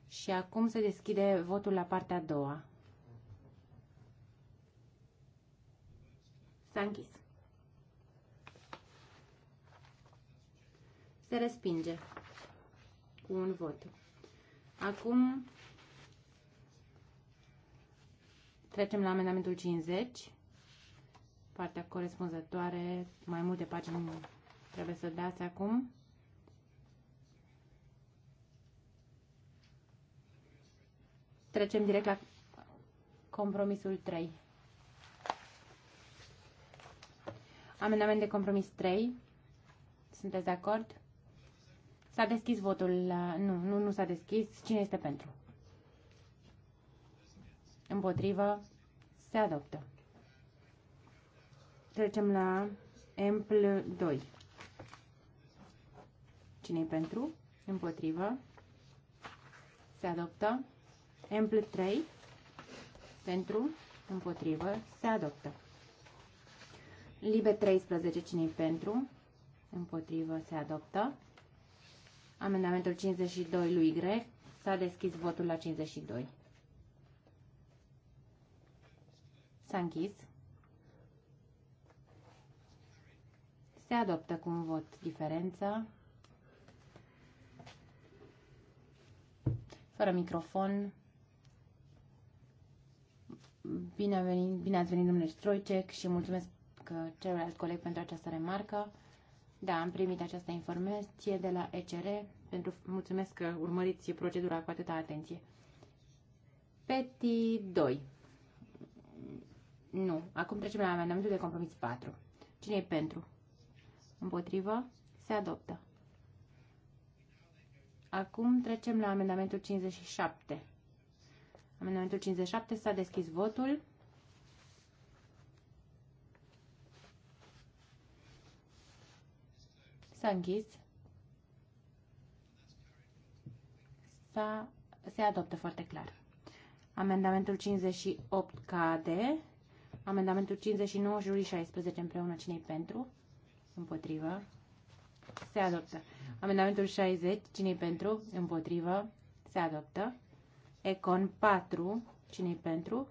S4: Și acum se deschide votul la partea a doua. S-a închis. Se respinge cu un vot. Acum trecem la amendamentul 50. Partea corespunzătoare, mai multe pagini trebuie să dați acum. Trecem direct la compromisul 3. Amendament de compromis 3. Sunteți de acord? S-a deschis votul la... Nu, nu, nu s-a deschis. Cine este pentru? Împotrivă. Se adoptă. Trecem la Empl 2. cine e pentru? Împotrivă. Se adoptă. Empl 3. Pentru. Împotrivă. Se adoptă. Libe 13. cine e pentru? Împotrivă. Se adoptă. Amendamentul 52 lui Grec. S-a deschis votul la 52. S-a închis. Se adoptă cu un vot diferență. Fără microfon. Bine, venit, bine ați venit, domnule Stroicec, și mulțumesc celălalt coleg pentru această remarcă. Da, am primit această informație de la ECR. Pentru, mulțumesc că urmăriți procedura cu atâta atenție. Peti 2. Nu. Acum trecem la amendamentul de compromis 4. Cine e pentru? Împotrivă? Se adoptă. Acum trecem la amendamentul 57. Amendamentul 57 s-a deschis votul. S-a închis. S-a, se adoptă foarte clar. Amendamentul 58 cade. Amendamentul 59 și jurii 16 împreună cine pentru? Împotrivă. Se adoptă. Amendamentul 60 cine pentru? Împotrivă. Se adoptă. Econ 4 cine pentru?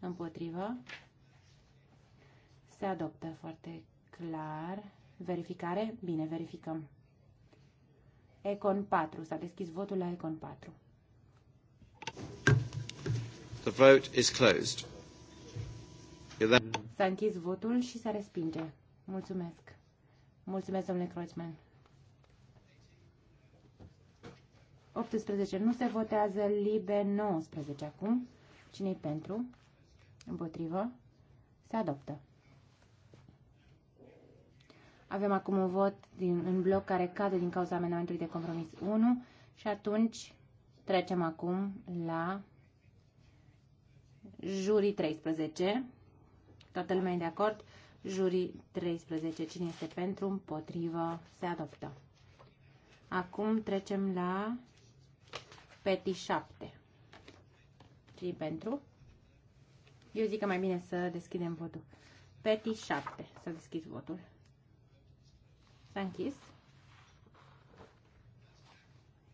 S4: Împotrivă. Se adoptă foarte clar. Verificare? Bine, verificăm. Econ 4. S-a deschis votul la Econ 4.
S2: The vote is closed.
S4: S-a închis votul și se respinge. Mulțumesc. Mulțumesc, domnule Croțman. 18. Nu se votează libe 19 acum. Cine-i pentru? Împotrivă? Se adoptă. Avem acum un vot din, în bloc care cade din cauza amendamentului de compromis 1 și atunci trecem acum la juri 13. Toată lumea e de acord? juri 13. Cine este pentru, împotrivă, se adoptă. Acum trecem la peti 7. Cine pentru? Eu zic că mai bine să deschidem votul. Peti 7. Să deschid votul. S-a închis.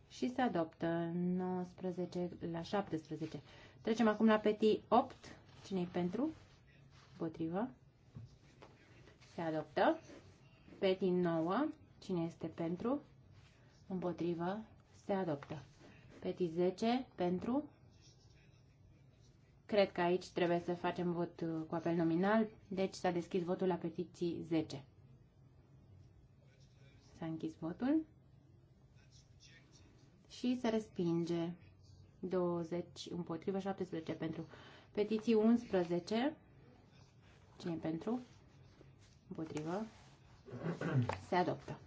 S4: Și se adoptă 19 la 17. Trecem acum la peti 8. Cine-i pentru? Potrivă. Se adoptă. Peti 9. Cine este pentru? Împotrivă. Se adoptă. Peti 10. Pentru? Cred că aici trebuie să facem vot cu apel nominal, deci s-a deschis votul la petiții 10. S-a închis votul. Și se respinge 20 împotriva 17 pentru. Petiții 11. Cine pentru? Împotrivă. Se adoptă.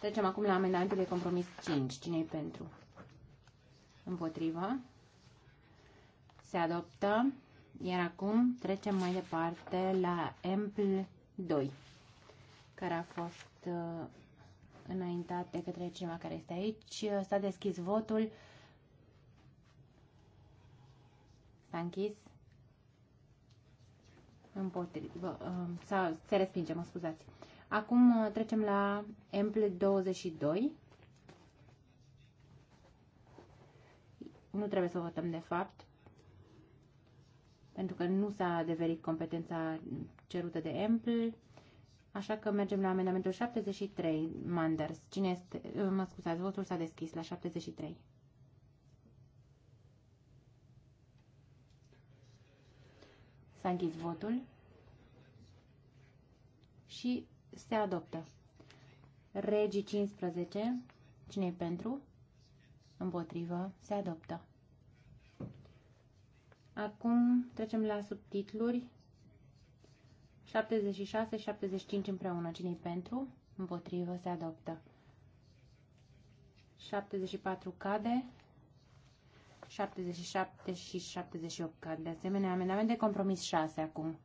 S4: Trecem acum la amendamentul de compromis 5. cine e pentru? Împotrivă. Se adoptă. Iar acum trecem mai departe la Ample 2 care a fost uh, înaintat de către cineva care este aici. Uh, s-a deschis votul. S-a închis. Împotrivă. Uh, Sau se respinge, mă scuzați. Acum trecem la Empl 22. Nu trebuie să votăm de fapt, pentru că nu s-a adeverit competența cerută de Ample. Așa că mergem la amendamentul 73, Manders. Cine este... Uh, mă scuzați, votul s-a deschis la 73. S-a închis votul și se adoptă. Regii 15, cine pentru? Împotrivă, se adoptă. Acum trecem la subtitluri. 76, 75 împreună. cine pentru? Împotrivă se adoptă. 74 cade. 77 și 78 cade. De asemenea, amendament de compromis 6 acum.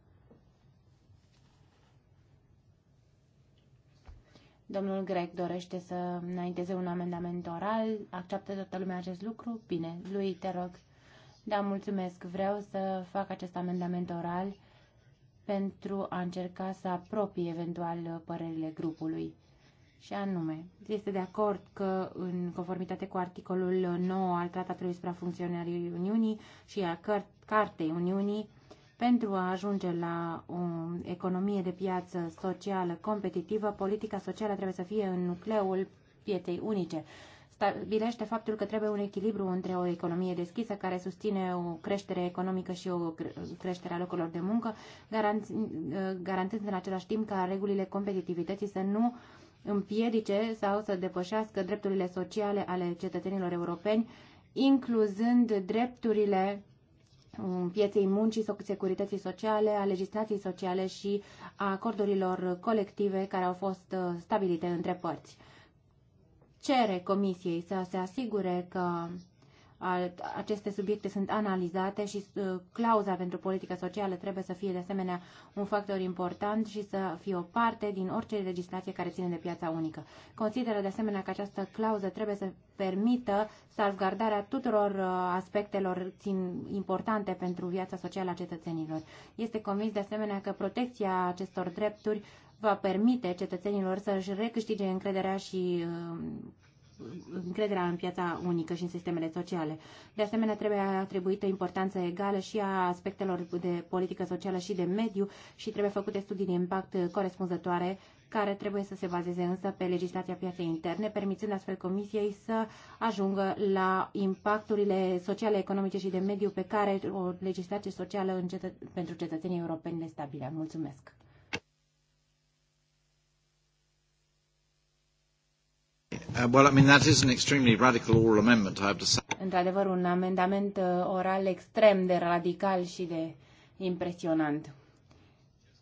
S4: Domnul Grec dorește să înainteze un amendament oral. Acceptă toată lumea acest lucru? Bine. Lui, te rog. Da, mulțumesc. Vreau să fac acest amendament oral pentru a încerca să apropie eventual părerile grupului. Și anume, este de acord că, în conformitate cu articolul 9 al Tratatului spre funcționarii Uniunii și a Cartei Uniunii, pentru a ajunge la o economie de piață socială competitivă, politica socială trebuie să fie în nucleul pieței unice stabilește faptul că trebuie un echilibru între o economie deschisă care susține o creștere economică și o creștere a locurilor de muncă, garantând în același timp ca regulile competitivității să nu împiedice sau să depășească drepturile sociale ale cetățenilor europeni, incluzând drepturile um, pieței muncii, securității sociale, a legislației sociale și a acordurilor colective care au fost uh, stabilite între părți cere Comisiei să se asigure că aceste subiecte sunt analizate și uh, clauza pentru politică socială trebuie să fie de asemenea un factor important și să fie o parte din orice legislație care ține de piața unică. Consideră de asemenea că această clauză trebuie să permită salvgardarea tuturor uh, aspectelor țin importante pentru viața socială a cetățenilor. Este convins de asemenea că protecția acestor drepturi va permite cetățenilor să-și recâștige încrederea și um, încrederea în piața unică și în sistemele sociale. De asemenea, trebuie atribuită importanță egală și a aspectelor de politică socială și de mediu și trebuie făcute studii de impact corespunzătoare care trebuie să se bazeze însă pe legislația piaței interne, permițând astfel Comisiei să ajungă la impacturile sociale, economice și de mediu pe care o legislație socială în cetă- pentru cetățenii europeni le stabilea. Mulțumesc!
S2: Uh, well, I mean, that is an extremely radical oral amendment, I have to say.
S4: Într-adevăr, un amendament uh, oral extrem de radical și de impresionant.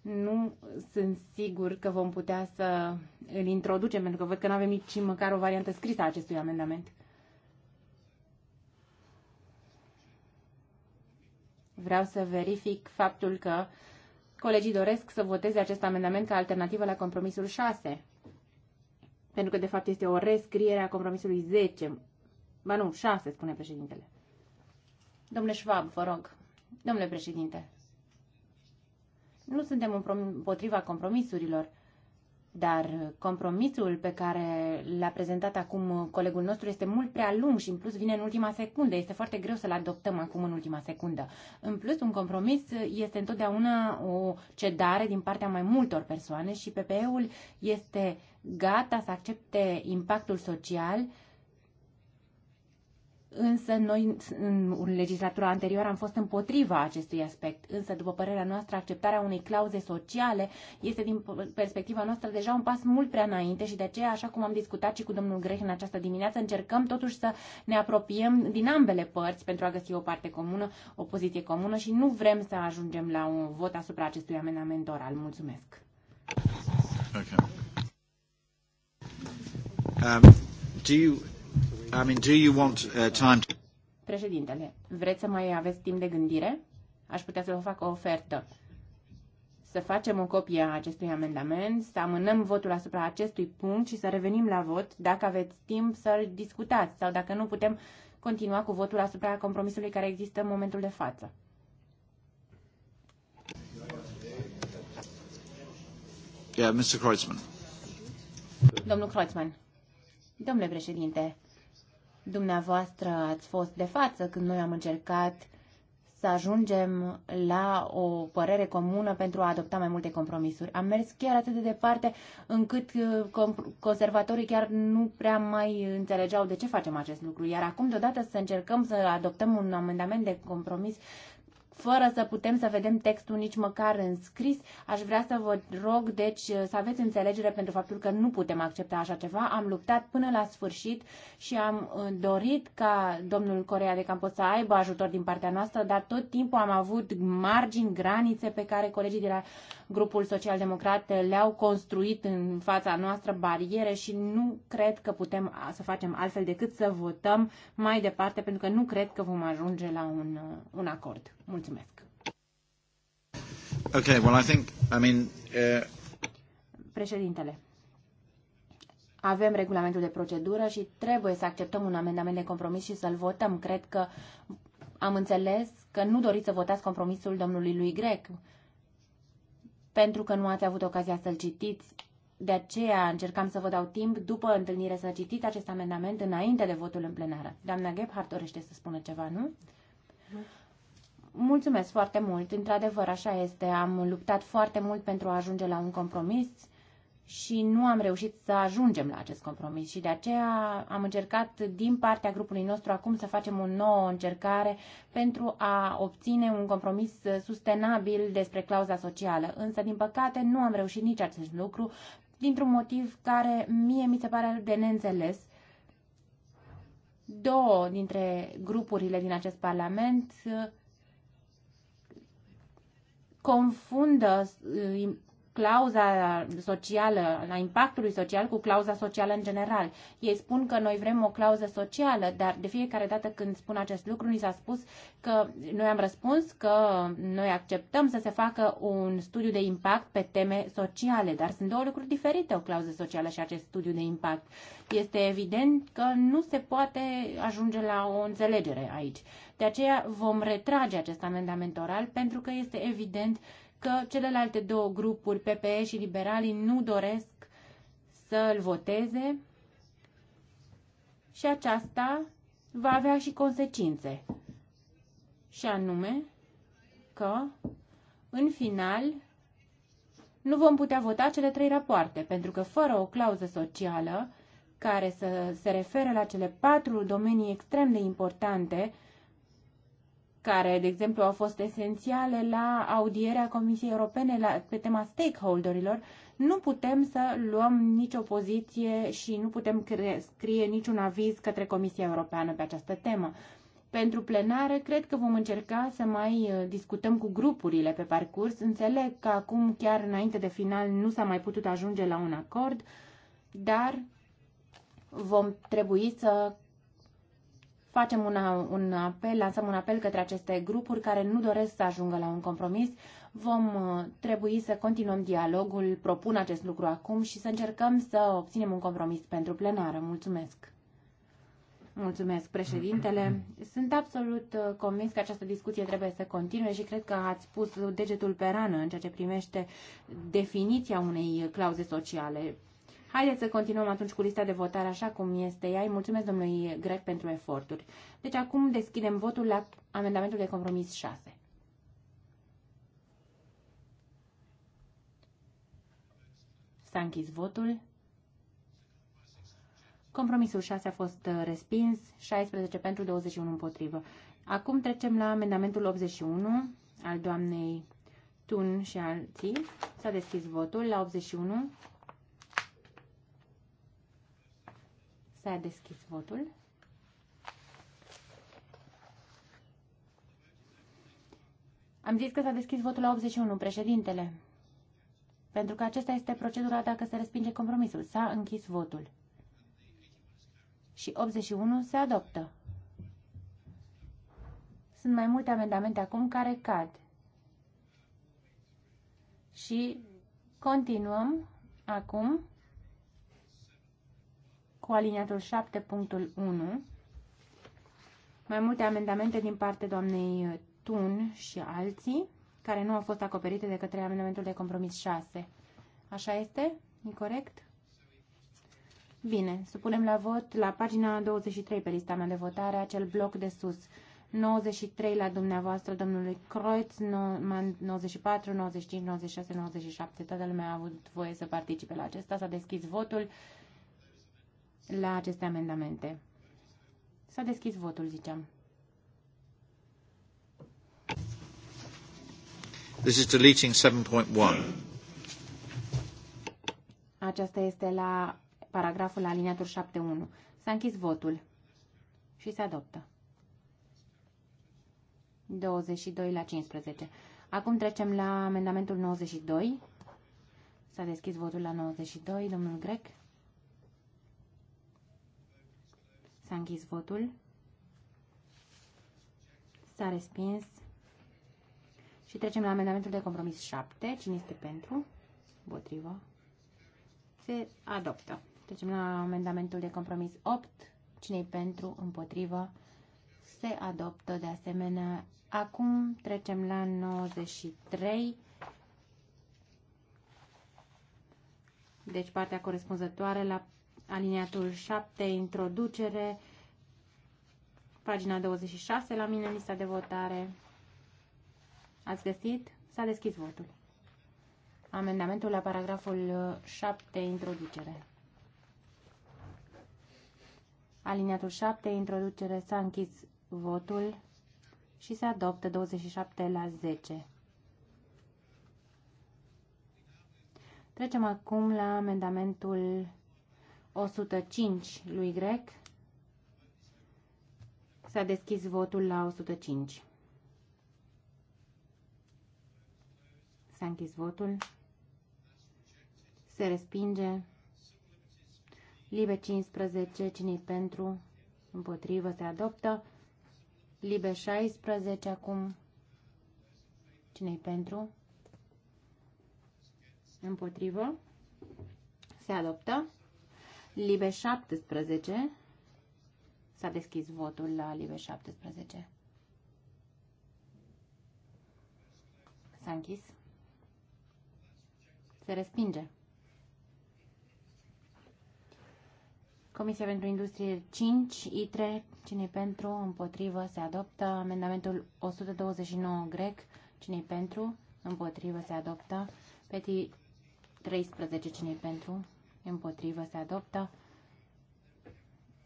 S4: Nu sunt sigur că vom putea să îl introducem, pentru că văd că nu avem nici măcar o variantă scrisă a acestui amendament. Vreau să verific faptul că colegii doresc să voteze acest amendament ca alternativă la compromisul 6 pentru că de fapt este o rescriere a compromisului 10. Ba nu, 6, spune președintele. Domnule Schwab, vă rog. Domnule președinte, nu suntem împotriva compromisurilor, dar compromisul pe care l-a prezentat acum colegul nostru este mult prea lung și în plus vine în ultima secundă. Este foarte greu să-l adoptăm acum în ultima secundă. În plus, un compromis este întotdeauna o cedare din partea mai multor persoane și PPE-ul este gata să accepte impactul social uh, Însă noi în legislatura anterioară am fost împotriva acestui aspect. Însă, după părerea noastră, acceptarea unei clauze sociale este, din perspectiva noastră, deja un pas mult prea înainte și de aceea, așa cum am discutat și cu domnul Greh în această dimineață, încercăm totuși să ne apropiem din ambele părți pentru a găsi o parte comună, o poziție comună și nu vrem să ajungem la un vot asupra acestui amendament oral. Mulțumesc!
S2: Okay. Um, do you I mean, do you want uh, time to...
S4: Președintele, vreți să mai aveți timp de gândire? Aș putea să vă fac o ofertă. Să facem o copie a acestui amendament, să amânăm votul asupra acestui punct și să revenim la vot dacă aveți timp să-l discutați sau dacă nu putem continua cu votul asupra compromisului care există în momentul de față.
S2: Yeah, Mr. Kreutzmann.
S4: Domnul Kreutzmann. Domnule președinte, Dumneavoastră ați fost de față când noi am încercat să ajungem la o părere comună pentru a adopta mai multe compromisuri. Am mers chiar atât de departe încât uh, conservatorii chiar nu prea mai înțelegeau de ce facem acest lucru. Iar acum, deodată, să încercăm să adoptăm un amendament de compromis fără să putem să vedem textul nici măcar în scris. Aș vrea să vă rog, deci, să aveți înțelegere pentru faptul că nu putem accepta așa ceva. Am luptat până la sfârșit și am uh, dorit ca domnul Corea de Campos să aibă ajutor din partea noastră, dar tot timpul am avut margini, granițe pe care colegii de la grupul social-democrat le-au construit în fața noastră bariere și nu cred că putem să facem altfel decât să votăm mai departe, pentru că nu cred că vom ajunge la un, uh, un acord. Mulțumesc.
S2: Okay, well, I think, I mean, uh...
S4: Președintele, avem regulamentul de procedură și trebuie să acceptăm un amendament de compromis și să-l votăm. Cred că am înțeles că nu doriți să votați compromisul domnului lui Grec, pentru că nu ați avut ocazia să-l citiți. De aceea încercam să vă dau timp după întâlnire să citiți acest amendament înainte de votul în plenară. Doamna Gebhardt dorește să spună ceva, nu? Mulțumesc foarte mult, într-adevăr așa este, am luptat foarte mult pentru a ajunge la un compromis și nu am reușit să ajungem la acest compromis și de aceea am încercat din partea grupului nostru acum să facem o nouă încercare pentru a obține un compromis sustenabil despre clauza socială. Însă, din păcate, nu am reușit nici acest lucru dintr-un motiv care mie mi se pare de neînțeles. Două dintre grupurile din acest parlament confundă clauza socială, la impactului social cu clauza socială în general. Ei spun că noi vrem o clauză socială, dar de fiecare dată când spun acest lucru, ni s-a spus că noi am răspuns că noi acceptăm să se facă un studiu de impact pe teme sociale, dar sunt două lucruri diferite, o clauză socială și acest studiu de impact. Este evident că nu se poate ajunge la o înțelegere aici. De aceea vom retrage acest amendament oral pentru că este evident că celelalte două grupuri, PPE și liberalii, nu doresc să îl voteze și aceasta va avea și consecințe. Și anume că, în final, nu vom putea vota cele trei rapoarte, pentru că fără o clauză socială care să se refere la cele patru domenii extrem de importante care, de exemplu, au fost esențiale la audierea Comisiei Europene la, pe tema stakeholderilor, nu putem să luăm nicio poziție și nu putem scrie niciun aviz către Comisia Europeană pe această temă. Pentru plenare cred că vom încerca să mai uh, discutăm cu grupurile pe parcurs. Înțeleg că acum, chiar înainte de final, nu s-a mai putut ajunge la un acord, dar vom trebui să facem una, un apel, lansăm un apel către aceste grupuri care nu doresc să ajungă la un compromis. Vom uh, trebui să continuăm dialogul, propun acest lucru acum și să încercăm să obținem un compromis pentru plenară. Mulțumesc! Mulțumesc, președintele. Sunt absolut uh, convins că această discuție trebuie să continue și cred că ați pus degetul pe rană în ceea ce primește definiția unei clauze sociale. Haideți să continuăm atunci cu lista de votare așa cum este ea. Îi mulțumesc domnului Grec pentru eforturi. Deci acum deschidem votul la amendamentul de compromis 6. S-a închis votul. Compromisul 6 a fost uh, respins, 16 pentru, 21 împotrivă. Acum trecem la amendamentul 81 al doamnei Tun și alții. S-a deschis votul la 81. S-a deschis votul. Am zis că s-a deschis votul la 81, președintele. Pentru că acesta este procedura dacă se respinge compromisul. S-a închis votul. Și 81 se adoptă. Sunt mai multe amendamente acum care cad. Și continuăm acum cu aliniatul 7.1, mai multe amendamente din partea doamnei Tun și alții, care nu au fost acoperite de către amendamentul de compromis 6. Așa este? E corect? Bine, supunem la vot la pagina 23 pe lista mea de votare acel bloc de sus. 93 la dumneavoastră, domnului Kreutz, 94, 95, 96, 97. Toată lumea a avut voie să participe la acesta. S-a deschis votul la aceste amendamente. S-a deschis votul, ziceam.
S2: This is deleting 7.1.
S4: Aceasta este la paragraful aliniatul 7.1. S-a închis votul și se adoptă. 22 la 15. Acum trecem la amendamentul 92. S-a deschis votul la 92, domnul Grec. S-a închis votul. S-a respins. Și trecem la amendamentul de compromis 7. Cine este pentru? Împotrivă. Se adoptă. Trecem la amendamentul de compromis 8. cine e pentru? Împotrivă. Se adoptă de asemenea. Acum trecem la 93. Deci partea corespunzătoare la aliniatul 7, introducere, pagina 26 la mine, lista de votare. Ați găsit? S-a deschis votul. Amendamentul la paragraful 7, introducere. Aliniatul 7, introducere, s-a închis votul și se adoptă 27 la 10. Trecem acum la amendamentul 105 lui Grec. S-a deschis votul la 105. S-a închis votul. Se respinge. Libe 15, cine pentru? Împotrivă se adoptă. Libe 16 acum. cine pentru? Împotrivă. Se adoptă. Libe 17. S-a deschis votul la Libe 17. S-a închis. Se respinge. Comisia pentru Industrie 5, ITRE, cine pentru, împotrivă, se adoptă. Amendamentul 129 grec, cine pentru, împotrivă, se adoptă. Peti 13, cine pentru, împotrivă, se adoptă.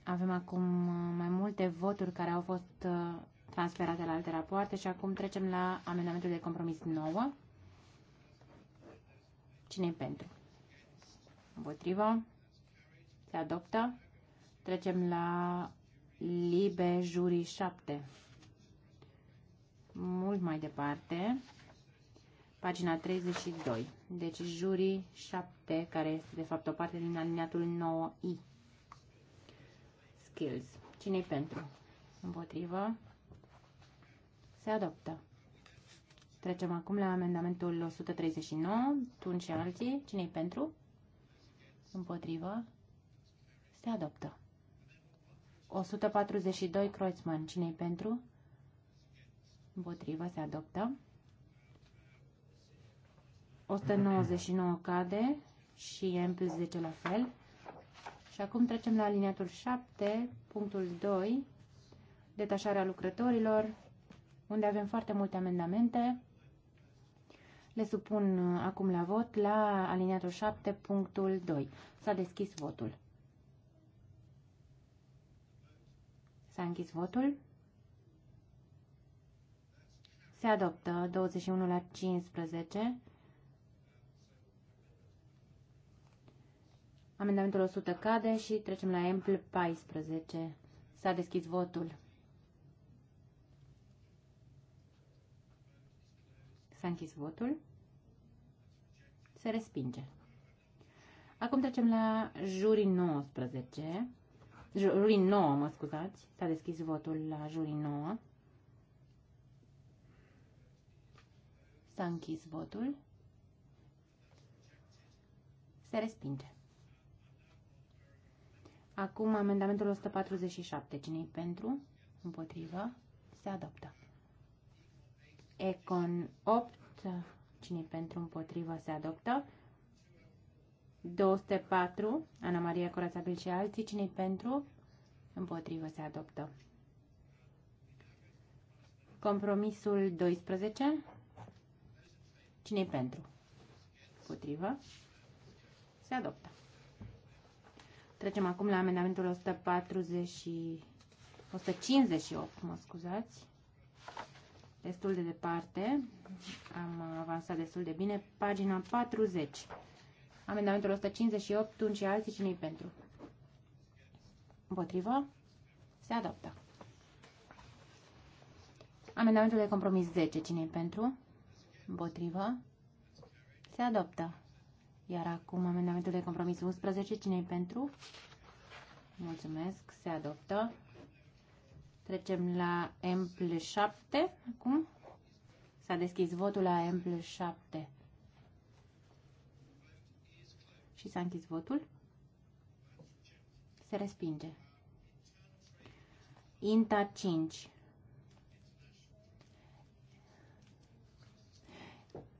S4: Avem acum uh, mai multe voturi care au fost uh, transferate la alte rapoarte și acum trecem la amendamentul de compromis 9. cine e pentru? Împotrivă? Se adoptă. Trecem la Libe Jurii 7. Mult mai departe pagina 32. Deci jurii 7, care este de fapt o parte din aliniatul 9i. Skills. cine pentru? Împotrivă. Se adoptă. Trecem acum la amendamentul 139. Tun și alții. cine pentru? Împotrivă. Se adoptă. 142 Kreuzmann. cine pentru? Împotrivă. Se adoptă. 199 cade și M plus 10 la fel. Și acum trecem la aliniatul 7, punctul 2, detașarea lucrătorilor, unde avem foarte multe amendamente. Le supun uh, acum la vot la aliniatul 7, punctul 2. S-a deschis votul. S-a închis votul. Se adoptă 21 la 15. Amendamentul 100 cade și trecem la ampl 14. S-a deschis votul. S-a închis votul. Se respinge. Acum trecem la jurii 19. Jurii 9, mă scuzați. S-a deschis votul la jurii 9. S-a închis votul. Se respinge. Acum amendamentul 147. Cine-i pentru? Împotrivă? Se adoptă. Econ 8. Cine-i pentru? Împotrivă? Se adoptă. 204. Ana Maria Corațabil și alții. Cine-i pentru? Împotrivă? Se adoptă. Compromisul 12. Cine-i pentru? Împotrivă? Se adoptă. Trecem acum la amendamentul 140 158, mă scuzați. Destul de departe. Am avansat destul de bine. Pagina 40. Amendamentul 158, Tun și alții, cine pentru? Împotrivă? Se adoptă. Amendamentul de compromis 10, cine pentru? Împotrivă? Se adoptă. Iar acum amendamentul de compromis 11. cine e pentru? Mulțumesc. Se adoptă. Trecem la Ample 7. Acum s-a deschis votul la Ample 7. Și s-a închis votul. Se respinge. INTA 5.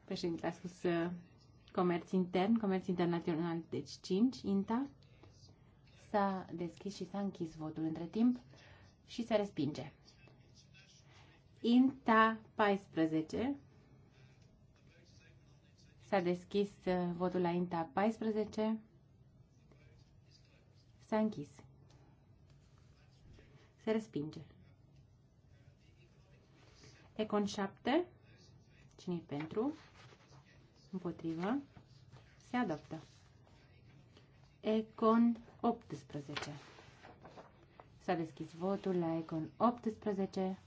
S4: Președinte a spus uh, Comerț intern, comerț internațional, deci 5, INTA. S-a deschis și s-a închis votul între timp și se respinge. INTA 14. S-a deschis uh, votul la INTA 14. S-a închis. Se respinge. Econ 7. cine pentru? Împotrivă. Se adoptă. Econ 18. S-a deschis votul la Econ 18.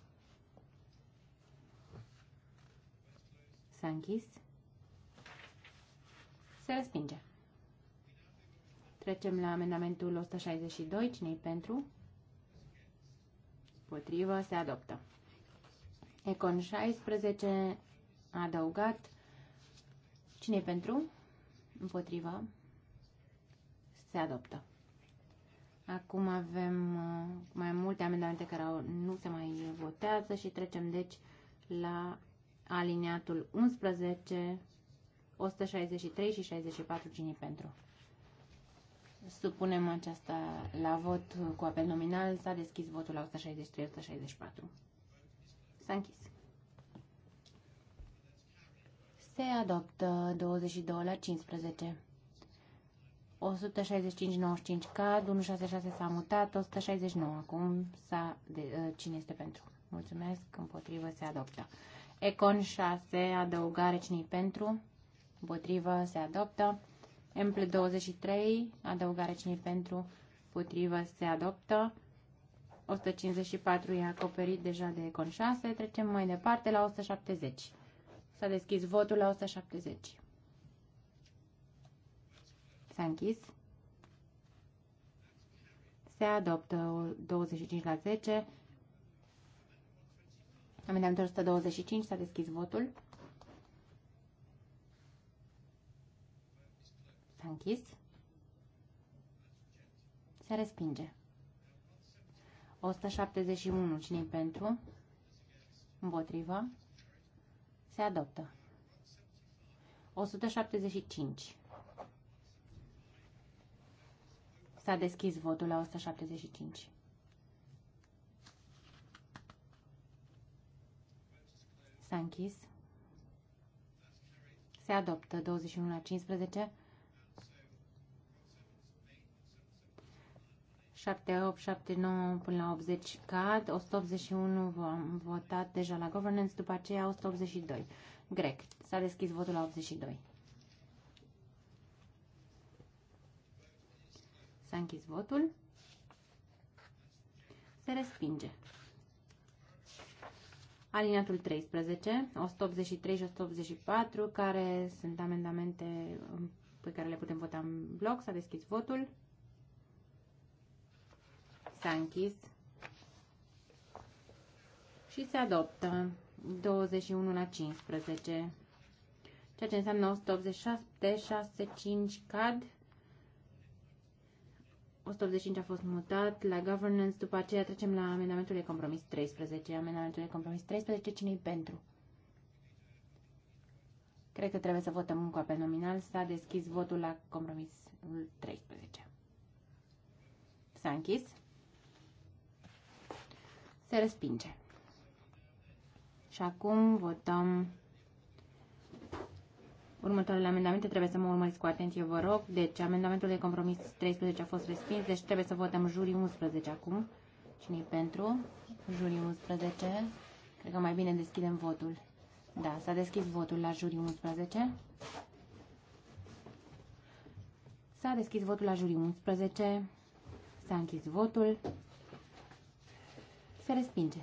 S4: S-a închis. Se respinge. Trecem la amendamentul 162. cine pentru? Potrivă. Se adoptă. Econ 16. Adăugat cine pentru? Împotriva. Se adoptă. Acum avem uh, mai multe amendamente care au, nu se mai votează și trecem deci la aliniatul 11, 163 și 64 cine pentru. Supunem aceasta la vot cu apel nominal. S-a deschis votul la 163-164. S-a închis. Se adoptă 22 la 15. 165-95 cad, 166 s-a mutat, 169 acum s-a, ă, cine este pentru? Mulțumesc, împotrivă se adoptă. Econ 6, adăugare cine pentru? Împotrivă se adoptă. Empl 23, adăugare cine pentru? Împotrivă se adoptă. 154 e acoperit deja de Econ 6, trecem mai departe la 170. S-a deschis votul la 170. S-a închis. Se adoptă 25 la 10. Amendamentul 125. S-a deschis votul. S-a închis. Se respinge. 171. cine pentru? Împotriva. Se adoptă. 175. S-a deschis votul la 175. S-a închis. Se adoptă 21 la 15. 7, 8, 7, 9 până la 80 cad, 181 am votat deja la governance, după aceea 182. Grec. S-a deschis votul la 82. S-a închis votul. Se respinge. Aliniatul 13, 183 și 184, care sunt amendamente pe care le putem vota în bloc, s-a deschis votul. S-a închis. Și se adoptă 21 la 15. Ceea ce înseamnă 187, 6, 5 cad. 185 a fost mutat la governance, după aceea trecem la amendamentul de compromis 13. Amendamentul de compromis 13, cine pentru? Cred că trebuie să votăm un pe nominal. S-a deschis votul la compromisul 13. S-a închis. Se respinge. Și acum votăm următoarele amendamente. Trebuie să mă urmăriți cu atenție, vă rog. Deci, amendamentul de compromis 13 a fost respins, deci trebuie să votăm jurii 11 acum. cine pentru? Jurii 11. Cred că mai bine deschidem votul. Da, s-a deschis votul la jurii 11. S-a deschis votul la jurii 11. S-a închis votul. Se respinge.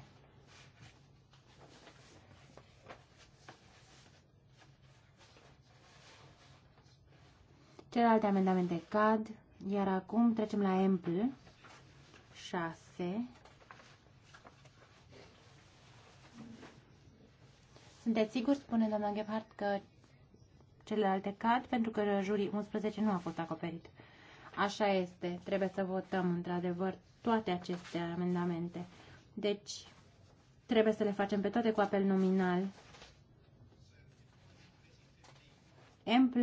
S4: Celelalte amendamente cad, iar acum trecem la empl 6. Sunteți siguri, spune doamna Gebhardt, că celelalte cad pentru că jurii 11 nu a fost acoperit. Așa este, trebuie să votăm într-adevăr toate aceste amendamente. Deci, trebuie să le facem pe toate cu apel nominal. Empl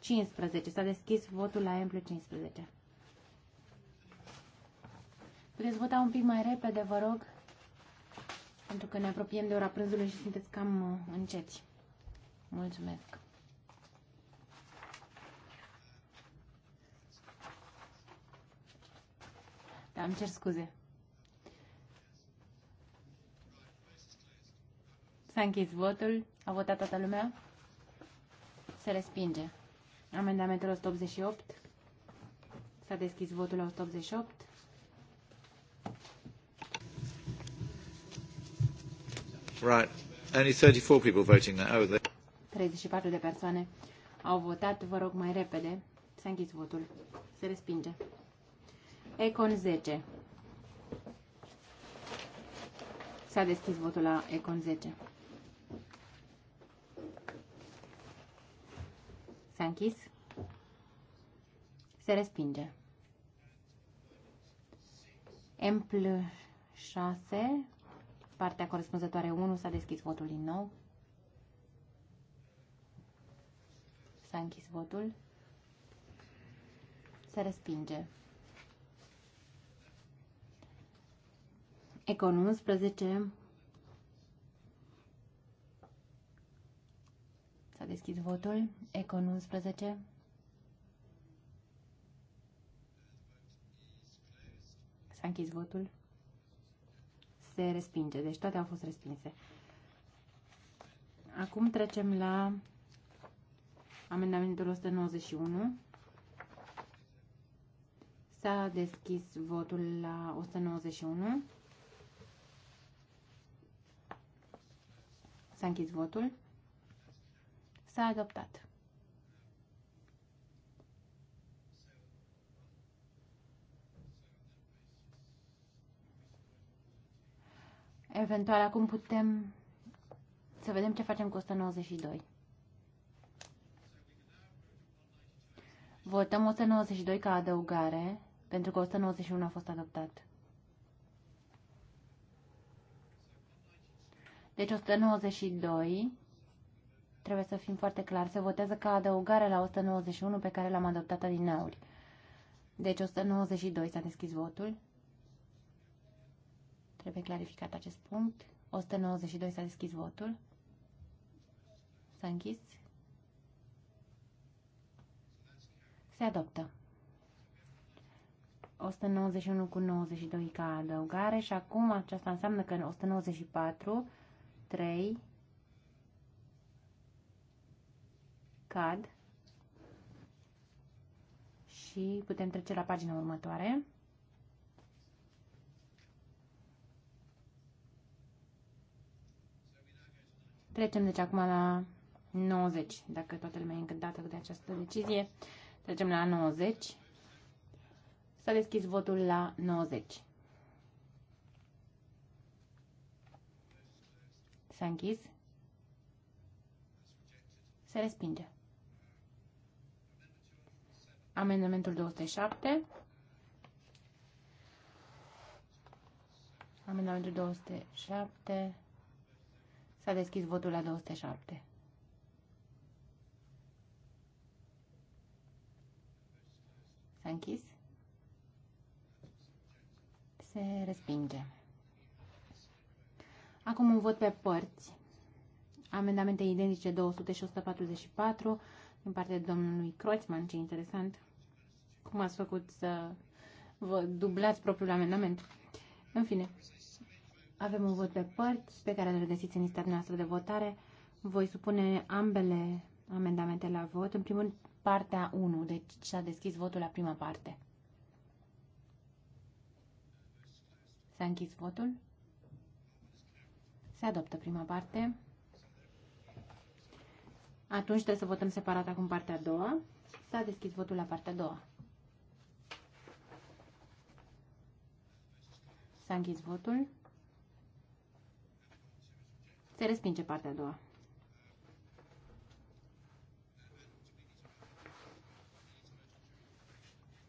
S4: 15. S-a deschis votul la Empl 15. Puteți vota un pic mai repede, vă rog, pentru că ne apropiem de ora prânzului și sunteți cam uh, înceți. Mulțumesc! Da, îmi cer scuze. S-a închis votul. A votat toată lumea? Se respinge. Amendamentul 188. S-a deschis votul la 188.
S2: Right. Only 34 people voting now. Oh, they...
S4: 34 de persoane au votat. Vă rog mai repede. S-a închis votul. Se respinge. Econ 10. S-a deschis votul la Econ 10. S-a închis. Se respinge. Empl 6, partea corespunzătoare 1, s-a deschis votul din nou. S-a închis votul. Se respinge. Econ 11, deschis votul. Econ 11. S-a închis votul. Se respinge. Deci toate au fost respinse. Acum trecem la amendamentul 191. S-a deschis votul la 191. S-a închis votul. S-a adoptat. Eventual, acum putem să vedem ce facem cu 192. Votăm 192 ca adăugare, pentru că 191 a fost adoptat. Deci 192 trebuie să fim foarte clari, se votează ca adăugare la 191 pe care l-am adoptat adineauri. Deci 192 s-a deschis votul. Trebuie clarificat acest punct. 192 s-a deschis votul. S-a închis. Se adoptă. 191 cu 92 ca adăugare și acum aceasta înseamnă că în 194, 3, cad și putem trece la pagina următoare. Trecem deci acum la 90, dacă toată lumea e încântată de această decizie. Trecem la 90. S-a deschis votul la 90. S-a închis. Se respinge. Amendamentul 207. Amendamentul 207. S-a deschis votul la 207. S-a închis. Se respinge. Acum un vot pe părți. Amendamente identice 200 și 144 din partea domnului Croțman, ce interesant. Cum ați făcut să vă dublați propriul amendament? În fine, avem un vot pe părți pe care îl găsiți în lista noastră de votare. Voi supune ambele amendamente la vot. În primul partea 1, deci s-a deschis votul la prima parte. S-a închis votul. Se adoptă prima parte. Atunci trebuie să votăm separat acum partea a doua. S-a deschis votul la partea a doua. S-a închis votul. Se respinge partea a doua.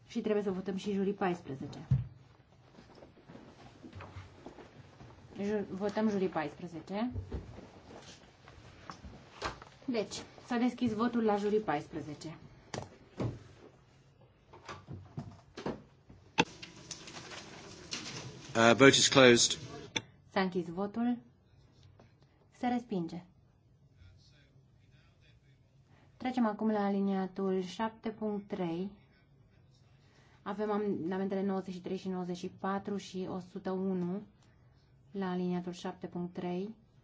S4: Și trebuie să votăm și jurii 14. Jur, votăm jurii 14. Deci, s-a deschis votul la jurii 14.
S2: Uh, vote is closed.
S4: S-a închis votul. Se respinge. Trecem acum la aliniatul 7.3. Avem amendamentele 93 și 94 și 101 la aliniatul 7.3.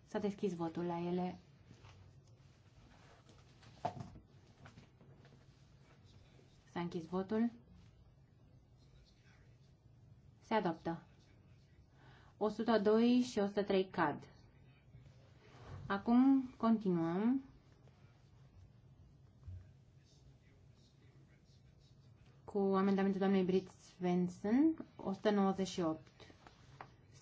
S4: S-a deschis votul la ele. S-a închis votul. Se adoptă. 102 și 103 cad. Acum continuăm. cu amendamentul doamnei Brit Svensson, 198.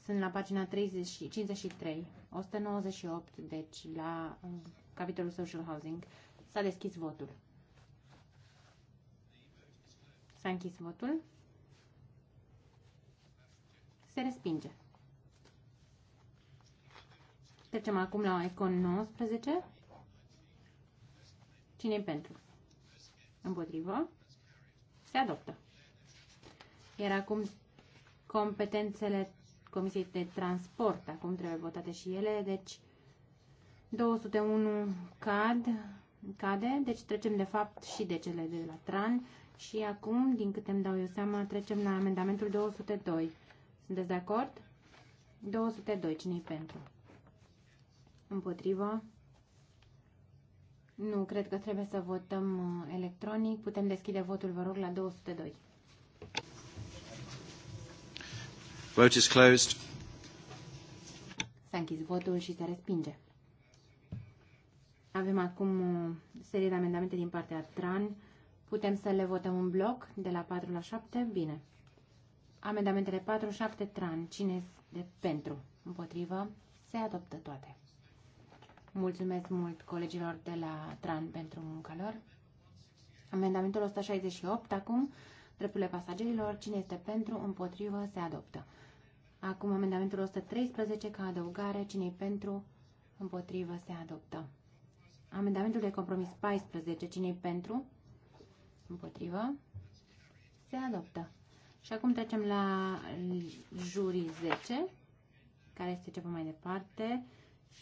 S4: Sunt la pagina 30, 53. 198, deci la um, capitolul Social Housing. S-a deschis votul. S-a închis votul. Se respinge. Trecem acum la Econ 19. cine pentru? Împotrivă. Se adoptă. Iar acum competențele Comisiei de Transport, acum trebuie votate și ele, deci 201 cad, cade, deci trecem de fapt și de cele de la TRAN și acum, din câte îmi dau eu seama, trecem la amendamentul 202. Sunteți de acord? 202, cine pentru? Împotrivă? Nu, cred că trebuie să votăm uh, electronic. Putem deschide votul, vă rog, la 202.
S2: Vote is closed.
S4: S-a închis votul și se respinge. Avem acum o uh, serie de amendamente din partea TRAN. Putem să le votăm în bloc, de la 4 la 7? Bine. Amendamentele 4, 7, TRAN. Cine este pentru? Împotrivă? Se adoptă toate. Mulțumesc mult colegilor de la TRAN pentru munca lor. Amendamentul 168 acum, drepturile pasagerilor, cine este pentru, împotrivă, se adoptă. Acum amendamentul 113 ca adăugare, cine pentru, împotrivă, se adoptă. Amendamentul de compromis 14, cine pentru, împotrivă, se adoptă. Și acum trecem la jurii 10, care este ceva mai departe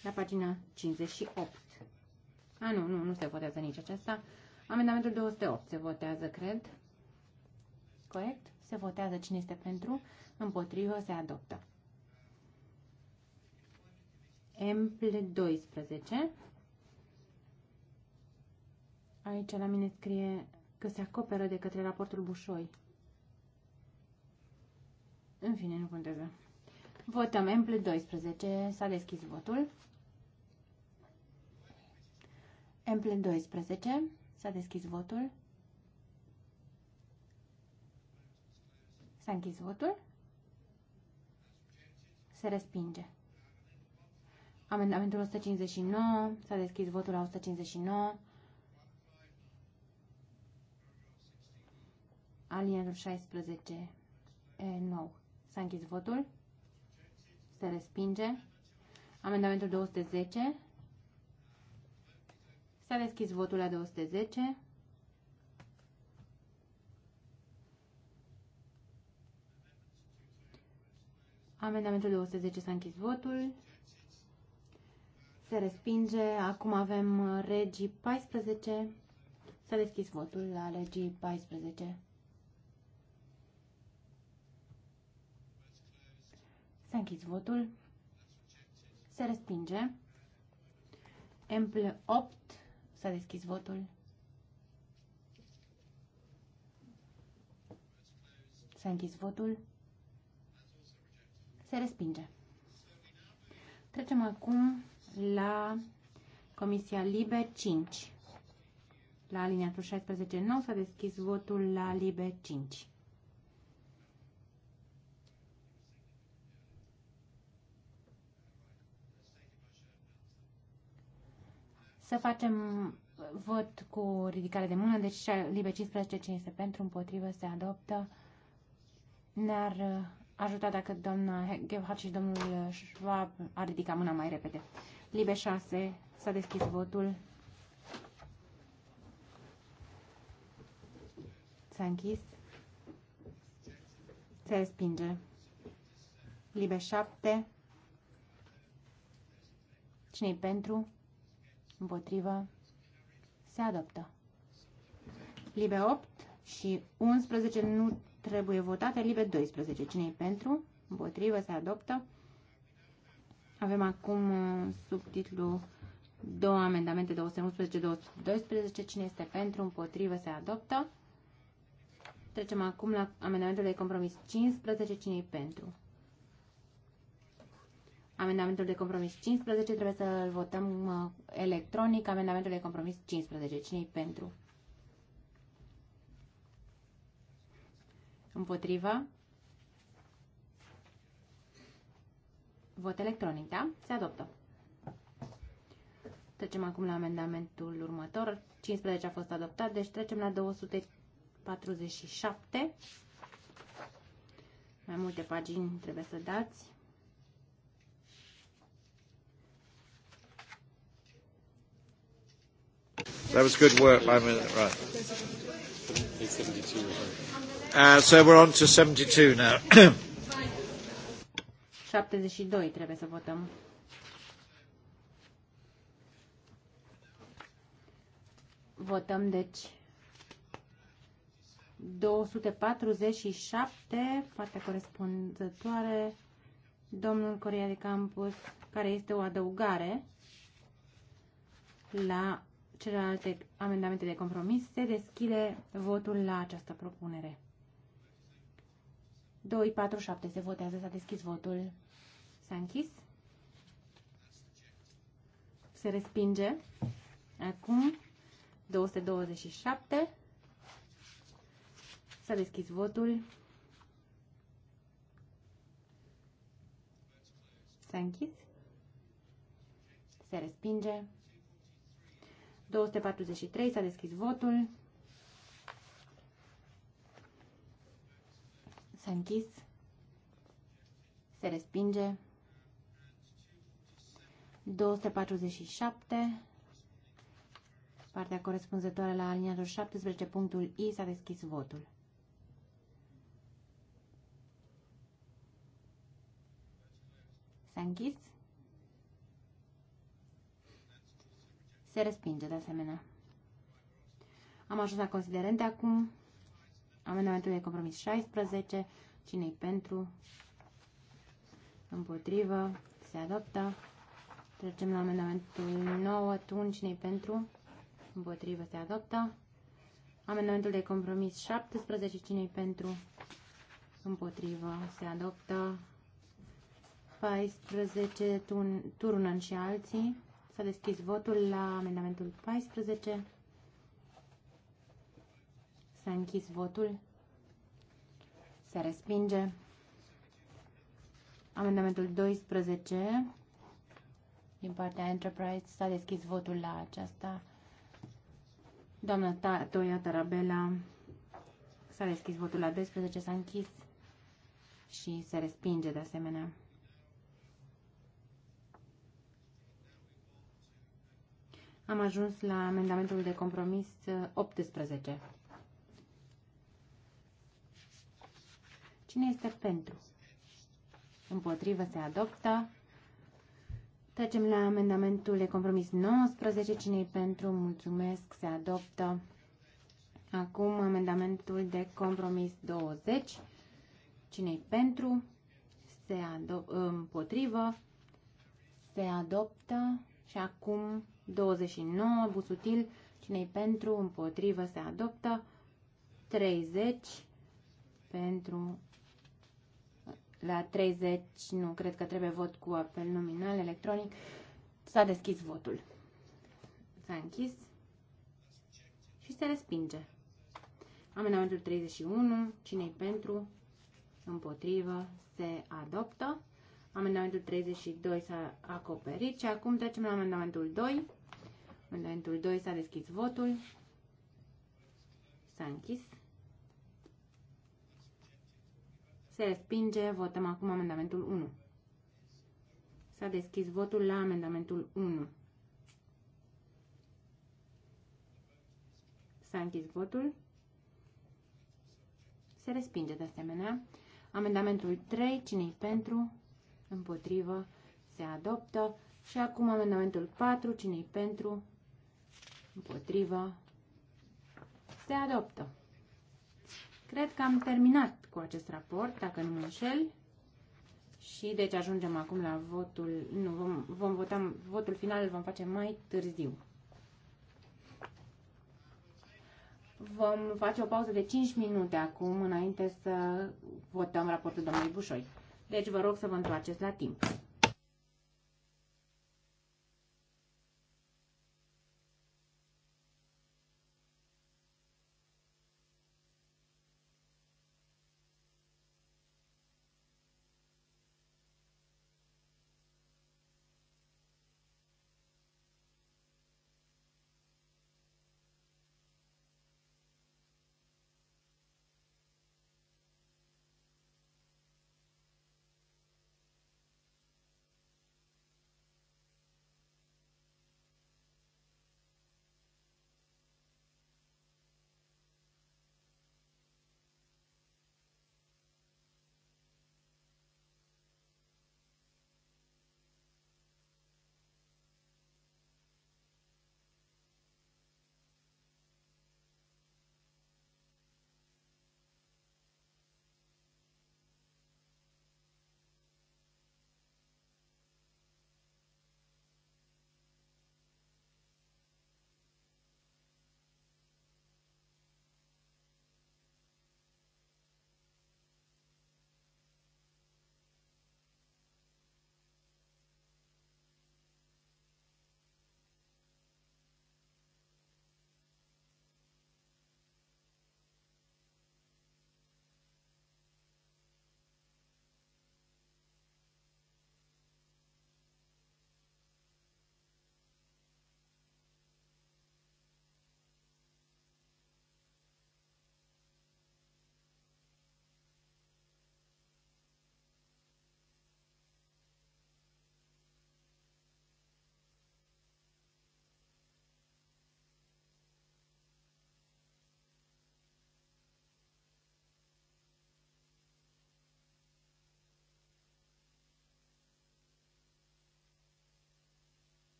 S4: la pagina 58. A, nu, nu, nu se votează nici aceasta. Amendamentul 208 se votează, cred. Corect? Se votează cine este pentru, împotrivă, se adoptă. Emple 12. Aici la mine scrie că se acoperă de către raportul Bușoi. În fine, nu contează. Votăm Emple 12. S-a deschis votul. Emple 12. S-a deschis votul. S-a închis votul. Se respinge. Amendamentul 159. S-a deschis votul la 159. Alienul 16. E, nou. S-a închis votul se respinge. Amendamentul 210. S-a deschis votul la 210. Amendamentul 210 s-a închis votul. Se respinge. Acum avem uh, regii 14. S-a deschis votul la legii 14. Să a votul. Se respinge. Ample 8. S-a deschis votul. S-a închis votul. Se respinge. Trecem acum la Comisia Libe 5. La aliniatul 16.9 s-a deschis votul la Libe 5. Să facem vot cu ridicare de mână, deci libe 15, cine este pentru, împotrivă, se adoptă. Ne-ar uh, ajuta dacă doamna Gebhardt și domnul Schwab ar ridica mâna mai repede. Libe 6, s-a deschis votul. S-a închis. Se respinge. Libe 7. Cine-i pentru? Împotrivă. Se adoptă. Libe 8 și 11 nu trebuie votate. Libe 12. cine pentru? Împotrivă. Se adoptă. Avem acum uh, subtitlu două amendamente 211-212. Cine este pentru? Împotrivă. Se adoptă. Trecem acum la amendamentul de compromis 15. cine pentru? Amendamentul de compromis 15 trebuie să îl votăm electronic. Amendamentul de compromis 15. Cine-i pentru? Împotriva? Vot electronic, da? Se adoptă. Trecem acum la amendamentul următor. 15 a fost adoptat, deci trecem la 247. Mai multe pagini trebuie să dați.
S2: That was good work by me. Right. Uh, so we're on to 72 now.
S4: 72 (coughs) trebuie să votăm. Votăm, deci, 247, partea corespunzătoare, domnul Coria de Campus, care este o adăugare la celelalte amendamente de compromis, se deschide votul la această propunere. 7 se votează, s-a deschis votul, s-a închis, se respinge. Acum 227 s-a deschis votul, s-a închis, se respinge. 243 s-a deschis votul. S-a închis. Se respinge. 247. Partea corespunzătoare la aliniatul 17, punctul I, s-a deschis votul. S-a închis. Se respinge de asemenea. Am ajuns la considerente acum. Amendamentul de compromis 16. Cine-i pentru? Împotrivă. Se adoptă. Trecem la amendamentul 9. Tun. Cine-i pentru? Împotrivă. Se adoptă. Amendamentul de compromis 17. Cine-i pentru? Împotrivă. Se adoptă. 14. Tun, Turunan și alții. S-a deschis votul la amendamentul 14. S-a închis votul. Se respinge. Amendamentul 12 din partea Enterprise s-a deschis votul la aceasta. Doamna Toia Tarabela s-a deschis votul la 12, s-a închis și se respinge de asemenea. Am ajuns la amendamentul de compromis 18. Uh, cine este pentru? Împotrivă se adoptă. Trecem la amendamentul de compromis 19. cine e pentru? Mulțumesc, se adoptă. Acum amendamentul de compromis 20. cine e pentru? Se împotrivă. Se adoptă. Și acum 29, busutil, cinei pentru, împotrivă, se adoptă. 30 pentru la 30, nu, cred că trebuie vot cu apel nominal, electronic. S-a deschis votul. S-a închis și se respinge. Amendamentul 31, cine pentru, împotrivă, se adoptă. Amendamentul 32 s-a acoperit și acum trecem la amendamentul 2. Amendamentul 2 s-a deschis votul. S-a închis. Se respinge. Votăm acum amendamentul 1. S-a deschis votul la amendamentul 1. S-a închis votul. Se respinge de asemenea. Amendamentul 3. Cine-i pentru? împotrivă, se adoptă. Și acum amendamentul 4, cine pentru, împotrivă, se adoptă. Cred că am terminat cu acest raport, dacă nu mă înșel. Și deci ajungem acum la votul, nu, vom, vom vota, votul final îl vom face mai târziu. Vom face o pauză de 5 minute acum, înainte să votăm raportul domnului Bușoi. Deci vă rog să vă întoarceți la timp.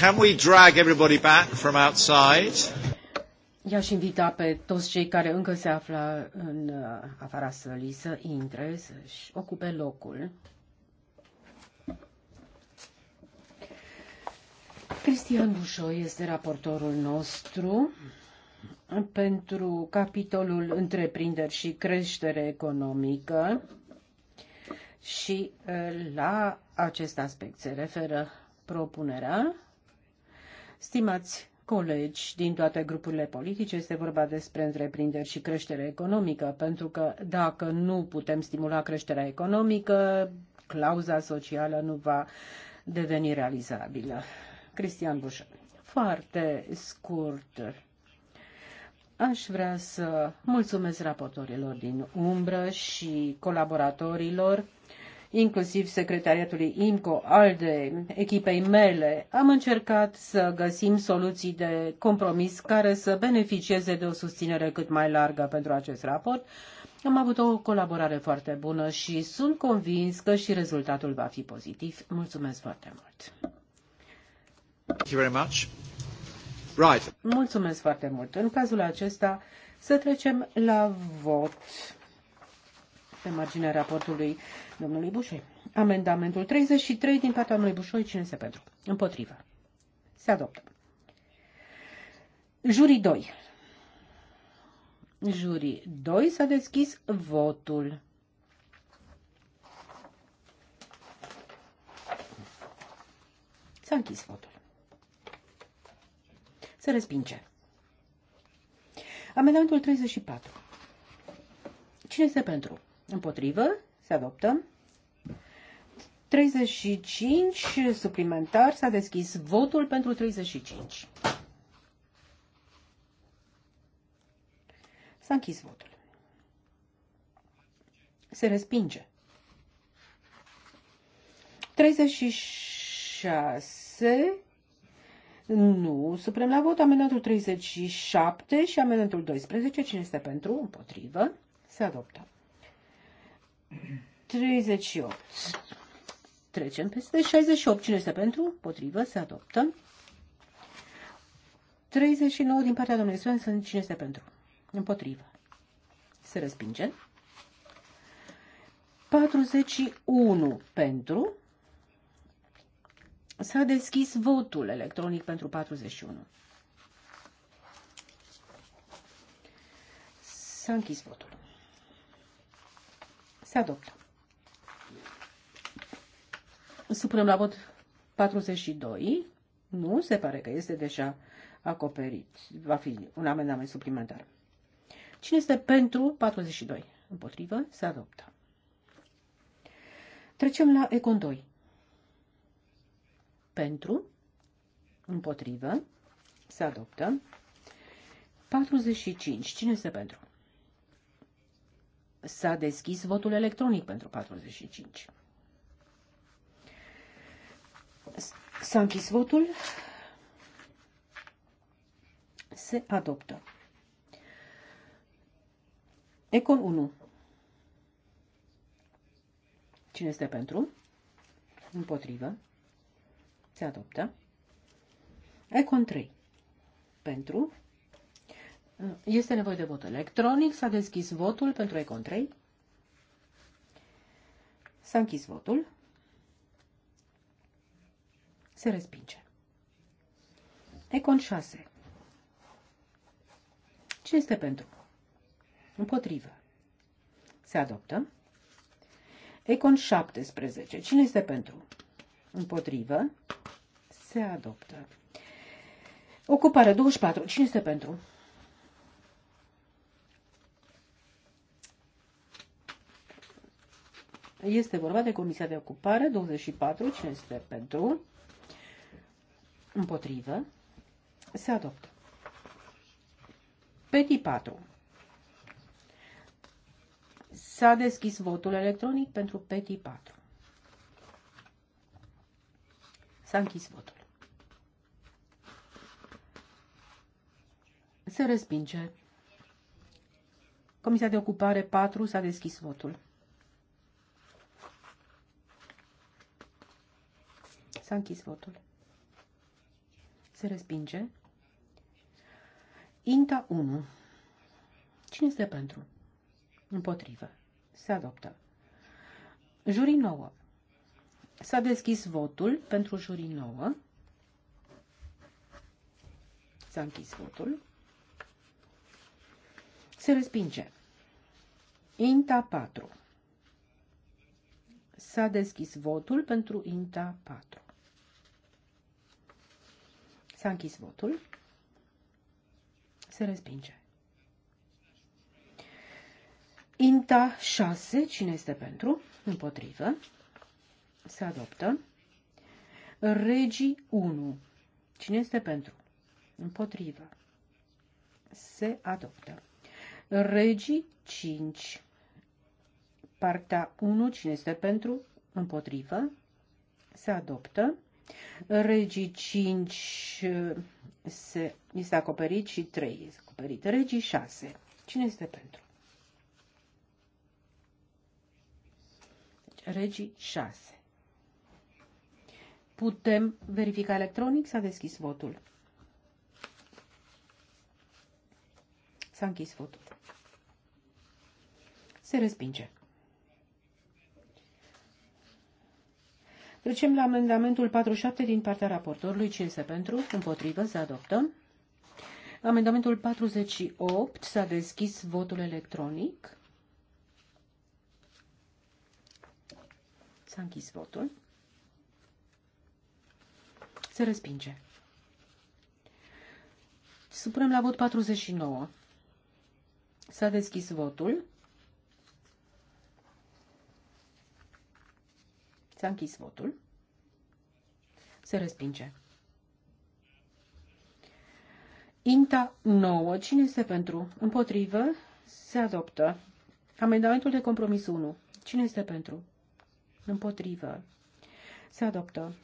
S2: Can we drag everybody back from outside? I-aș
S3: invita pe toți cei care încă se află în uh, afara sălii să intre, să-și ocupe locul. Cristian Bușoi este raportorul nostru pentru capitolul întreprinderi și creștere economică și uh, la acest aspect se referă propunerea Stimați colegi din toate grupurile politice, este vorba despre întreprinderi și creștere economică, pentru că dacă nu putem stimula creșterea economică, clauza socială nu va deveni realizabilă. Cristian Bușă. Foarte scurt. Aș vrea să mulțumesc raportorilor din umbră și colaboratorilor inclusiv secretariatului IMCO, ALDE, echipei mele, am încercat să găsim soluții de compromis care să beneficieze de o susținere cât mai largă pentru acest raport. Am avut o colaborare foarte bună și sunt convins că și rezultatul va fi pozitiv. Mulțumesc foarte mult!
S2: Thank you very much.
S3: Right. Mulțumesc foarte mult. În cazul acesta să trecem la vot pe marginea raportului domnului Bușoi. Amendamentul 33 din partea domnului Bușoi, cine se pentru? Împotrivă. Se adoptă. Jurii 2. Jurii 2 s-a deschis votul. S-a închis votul. Se respinge. Amendamentul 34. Cine este pentru? Împotrivă. Se adoptă. 35 suplimentar. S-a deschis votul pentru 35. S-a închis votul. Se respinge. 36. Nu. Suprem la vot amendamentul 37 și amendamentul 12. Cine este pentru? Împotrivă. Se adoptă. 38. Trecem peste 68. Cine este pentru? Potrivă. Se adoptă. 39 din partea domnului sunt Cine este pentru? Împotrivă. Se respinge. 41 pentru. S-a deschis votul electronic pentru 41. S-a închis votul. Se adoptă. Supunem la vot 42. Nu, se pare că este deja acoperit. Va fi un amendament suplimentar. Cine este pentru 42? Împotrivă? Se adoptă. Trecem la Econ 2. Pentru? Împotrivă? Se adoptă. 45. Cine este pentru? S-a deschis votul electronic pentru 45. S-a închis votul. Se adoptă. Econ 1. Cine este pentru? Împotrivă. Se adoptă. Econ 3. Pentru. Uh, este nevoie de vot electronic. S-a deschis votul pentru Econ 3. S-a închis votul. Se respinge. Econ 6. Ce este pentru? Împotrivă. Se adoptă. Econ 17. Cine este pentru? Împotrivă. Se adoptă. Ocupare 24. Cine este pentru? Este vorba de Comisia de Ocupare 24. Cine este pentru? Împotrivă. Se adoptă. Peti 4. S-a deschis votul electronic pentru Peti 4. S-a închis votul. Se respinge. Comisia de Ocupare 4 s-a deschis votul. S-a închis votul. Se respinge. Inta 1. Cine este pentru? Împotrivă. Se adoptă. Jurii 9. S-a deschis votul pentru jurii 9. S-a închis votul. Se respinge. Inta 4. S-a deschis votul pentru Inta 4. S-a închis votul. Se respinge. Inta 6. Cine este pentru? Împotrivă. Se adoptă. Regii 1. Cine este pentru? Împotrivă. Se adoptă. Regii 5. Partea 1. Cine este pentru? Împotrivă. Se adoptă. Regii 5 eh, se, este acoperit și 3 este acoperit. Regii 6. Cine este pentru? Deci, regii 6. Putem verifica electronic? S-a deschis votul. S-a închis votul. Se respinge. Trecem la amendamentul 47 din partea raportorului. Ce este pentru? Împotrivă. Se adoptă. Amendamentul 48. S-a deschis votul electronic. S-a închis votul. Se respinge. Supunem la vot 49. S-a deschis votul. S-a închis votul. Se respinge. Inta 9. Cine este pentru? Împotrivă. Se adoptă. Amendamentul de compromis 1. Cine este pentru? Împotrivă. Se adoptă.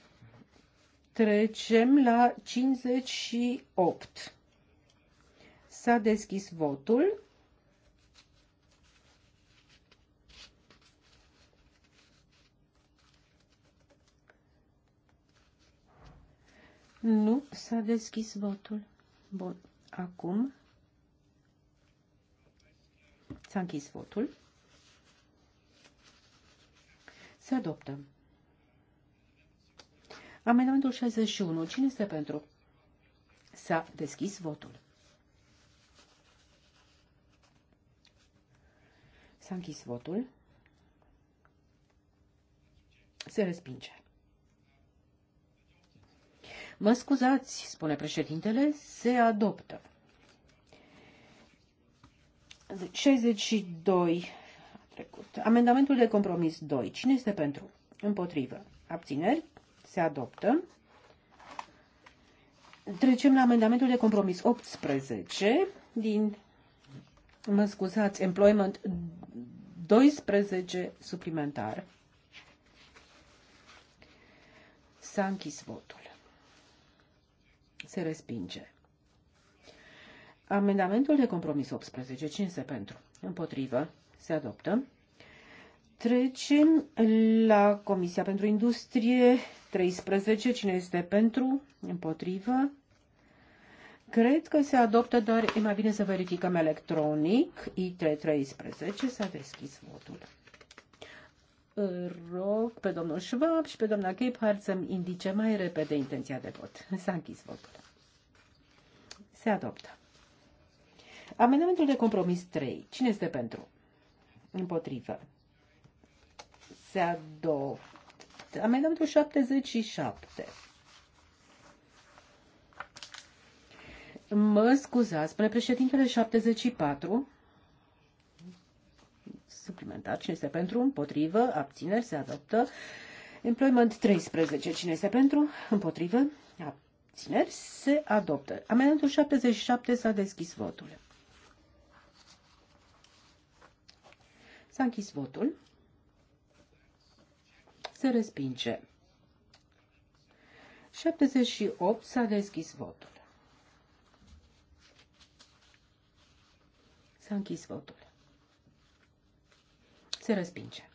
S3: Trecem la 58. S-a deschis votul. Nu s-a deschis votul. Bun. Acum s-a închis votul. Se adoptă. Amendamentul 61. Cine este pentru? S-a deschis votul. S-a închis votul. Se respinge. Mă scuzați, spune președintele, se adoptă. 62 deci, a trecut. Amendamentul de compromis 2. Cine este pentru? Împotrivă. Abțineri? Se adoptă. Trecem la amendamentul de compromis 18 din, mă scuzați, employment 12 suplimentar. S-a închis votul. Se respinge. Amendamentul de compromis 18. Cine este pentru? Împotrivă. Se adoptă. Trecem la Comisia pentru Industrie 13. Cine este pentru? Împotrivă. Cred că se adoptă, dar e mai bine să verificăm electronic. IT 13. S-a deschis votul rog pe domnul Schwab și pe doamna Gebhardt să-mi indice mai repede intenția de vot. S-a închis votul. Se adoptă. Amendamentul de compromis 3. Cine este pentru? Împotrivă. Se adoptă. Amendamentul 77. Mă scuzați, spune președintele 74 suplimentar. Cine este pentru? Împotrivă. Abțineri. Se adoptă. Employment 13. Cine este pentru? Împotrivă. Abțineri. Se adoptă. Amendamentul 77 s-a deschis votul. S-a închis votul. Se respinge. 78 s-a deschis votul. S-a închis votul. Se respinge.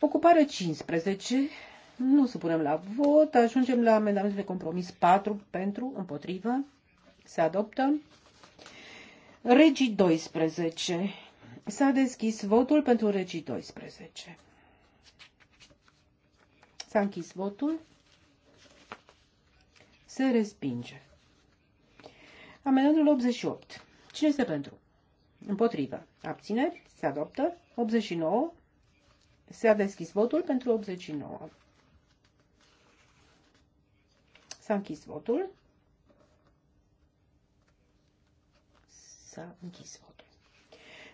S3: Ocupare 15. Nu supunem la vot. Ajungem la amendamentul de compromis 4 pentru, împotrivă. Se adoptă. Regii 12. S-a deschis votul pentru regii 12. S-a închis votul. Se respinge. Amendamentul 88. Cine este pentru? Împotrivă. Abțineri? Se adoptă. 89. se a deschis votul pentru 89. S-a închis votul. S-a închis votul.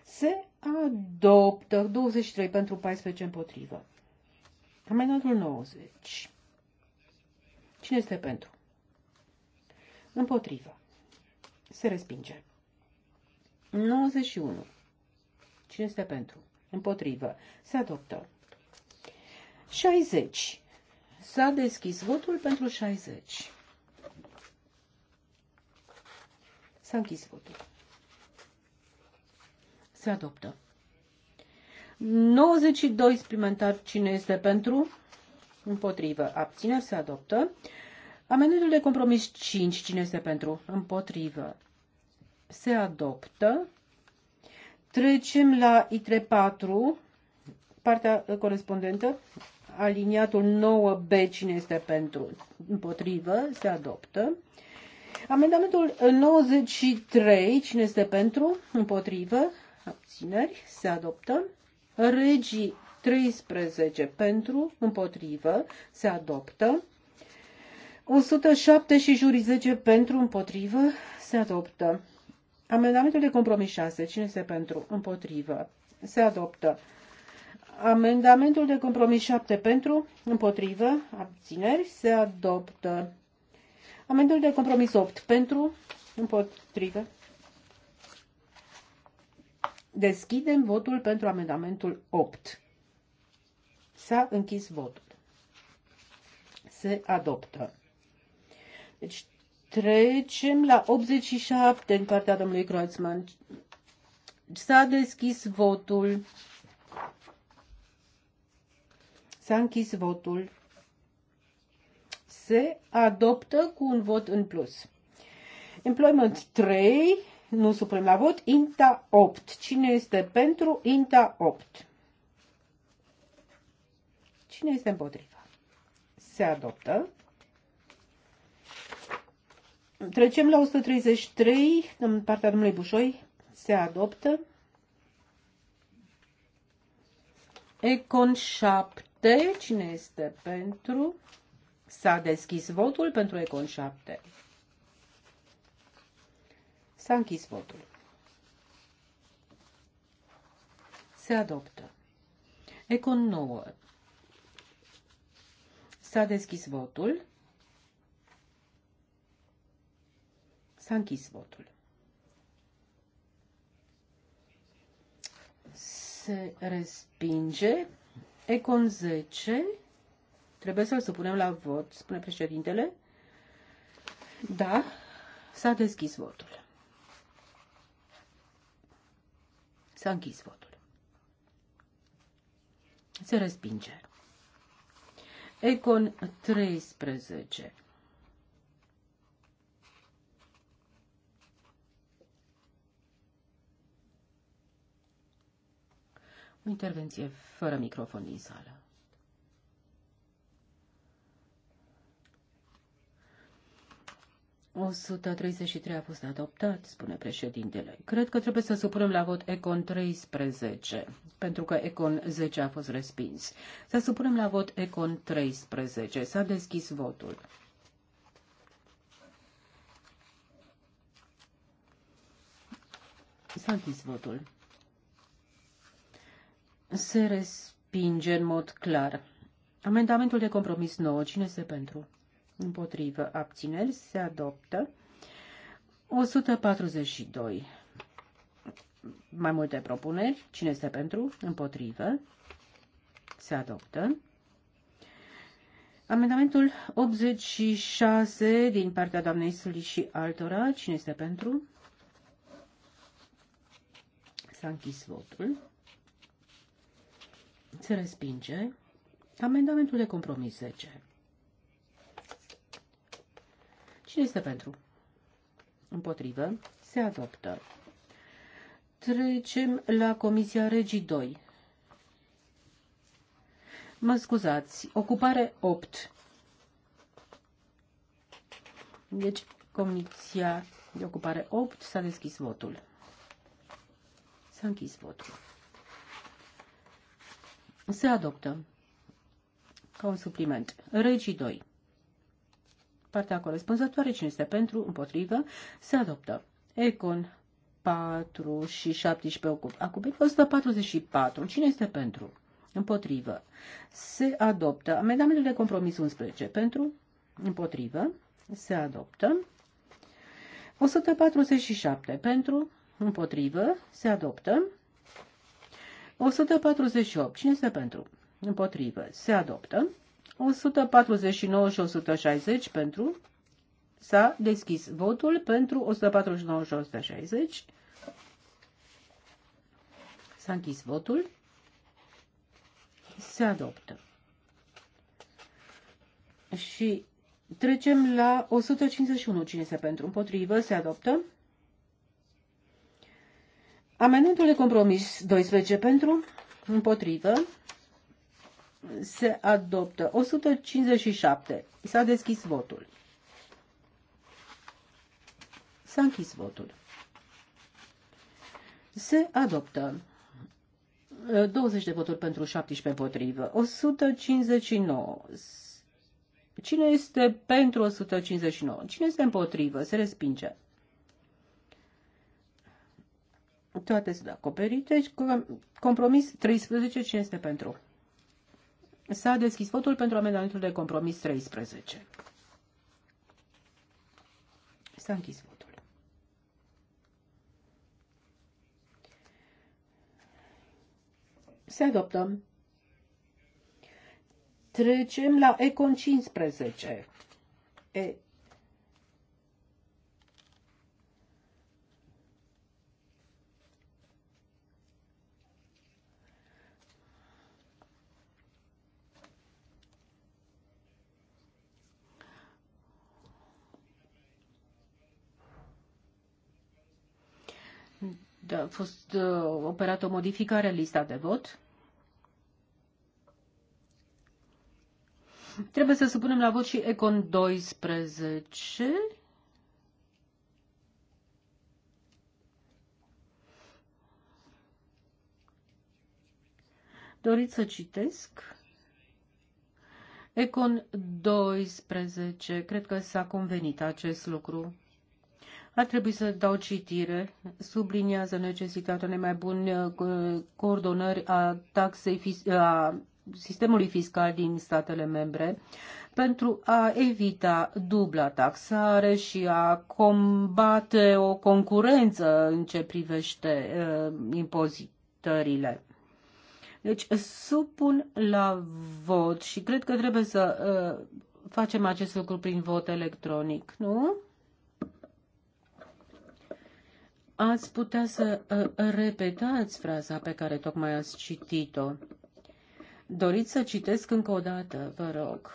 S3: Se adoptă 23 pentru 14 împotrivă. Amendatul 90. Cine este pentru? Împotrivă. Se respinge. 91. Cine este pentru? Împotrivă. Se adoptă. 60. S-a deschis votul pentru 60. S-a închis votul. Se adoptă. 92 suplimentar. Cine este pentru? Împotrivă. Abțineri. Se adoptă. Amendamentul de compromis 5. Cine este pentru? Împotrivă. Se adoptă. Trecem la i 4, partea corespondentă, aliniatul 9B, cine este pentru, împotrivă, se adoptă. Amendamentul 93, cine este pentru, împotrivă, abțineri, se adoptă. Regii 13 pentru, împotrivă, se adoptă. 107 și jurii 10 pentru, împotrivă, se adoptă. Amendamentul de compromis 6. Cine este pentru? Împotrivă. Se adoptă. Amendamentul de compromis 7 pentru, împotrivă, abțineri, se adoptă. Amendamentul de compromis 8 pentru, împotrivă. Deschidem votul pentru amendamentul 8. S-a închis votul. Se adoptă. Deci Trecem la 87 în partea domnului Kreuzmann. S-a deschis votul. S-a închis votul. Se adoptă cu un vot în plus. Employment 3, nu suprem la vot, INTA 8. Cine este pentru INTA 8? Cine este împotriva? Se adoptă. Trecem la 133, în partea domnului Bușoi, se adoptă. Econ 7, cine este pentru? S-a deschis votul pentru Econ 7. S-a închis votul. Se adoptă. Econ 9. S-a deschis votul. S-a închis votul. Se respinge. Econ 10. Trebuie să-l supunem la vot, spune președintele. Da, s-a deschis votul. S-a închis votul. Se respinge. Econ 13. Intervenție fără microfon din sală. O 133 a fost adoptat, spune președintele. Cred că trebuie să supunem la vot Econ 13, pentru că Econ 10 a fost respins. Să supunem la vot Econ 13. S-a deschis votul. S-a deschis votul se respinge în mod clar. Amendamentul de compromis 9. Cine se pentru? Împotrivă. Abțineri. Se adoptă. 142. Mai multe propuneri. Cine este pentru? Împotrivă. Se adoptă. Amendamentul 86 din partea doamnei Suli și altora. Cine este pentru? S-a închis votul. Se respinge. Amendamentul de compromis 10. Cine este pentru? Împotrivă. Se adoptă. Trecem la Comisia Regii 2. Mă scuzați, ocupare 8. Deci, Comisia de Ocupare 8 s-a deschis votul. S-a închis votul. Se adoptă ca un supliment. Regii 2. Partea corespunzătoare, cine este pentru, împotrivă, se adoptă. Econ 4 și 17 ocup. Acum 144. Cine este pentru? Împotrivă. Se adoptă. Amendamentul de compromis 11. Pentru? Împotrivă. Se adoptă. 147. Pentru? Împotrivă. Se adoptă. 148. Cine este pentru? Împotrivă. Se adoptă. 149 și 160 pentru. S-a deschis votul pentru 149 și 160. S-a închis votul. Se adoptă. Și trecem la 151. Cine este pentru? Împotrivă. Se adoptă. Amendamentul de compromis 12 pentru, împotrivă, se adoptă. 157. S-a deschis votul. S-a închis votul. Se adoptă. 20 de voturi pentru 17 împotrivă. 159. Cine este pentru 159? Cine este împotrivă? Se respinge. Toate sunt acoperite. Deci, compromis 13. Cine este pentru? S-a deschis votul pentru amendamentul de compromis 13. S-a închis votul. Se adoptă. Trecem la Econ 15. E Da, a fost operată o modificare în lista de vot. Trebuie să supunem la vot și Econ 12. Doriți să citesc? Econ 12. Cred că s-a convenit acest lucru ar trebui să dau citire, subliniază necesitatea unei mai bune uh, coordonări a taxei uh, a sistemului fiscal din statele membre pentru a evita dubla taxare și a combate o concurență în ce privește uh, impozitările. Deci supun la vot și cred că trebuie să uh, facem acest lucru prin vot electronic, nu? ați putea să uh, repetați fraza pe care tocmai ați citit-o. Doriți să citesc încă o dată, vă rog.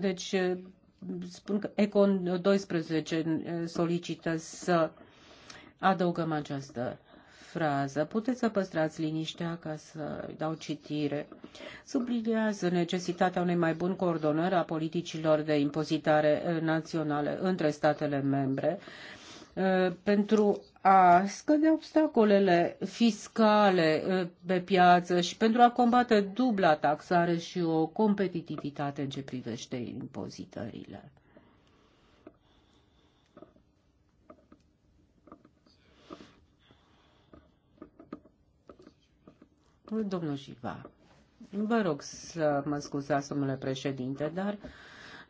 S3: Deci, uh, spun că Econ 12 uh, solicită să adăugăm această frază. Puteți să păstrați liniștea ca să dau citire. Subliniază necesitatea unei mai buni coordonări a politicilor de impozitare naționale între statele membre Uh, pentru a scădea obstacolele fiscale uh, pe piață și pentru a combate dubla taxare și o competitivitate în ce privește impozitările. Domnul Jiva, vă rog să mă scuzați, domnule președinte, dar uh,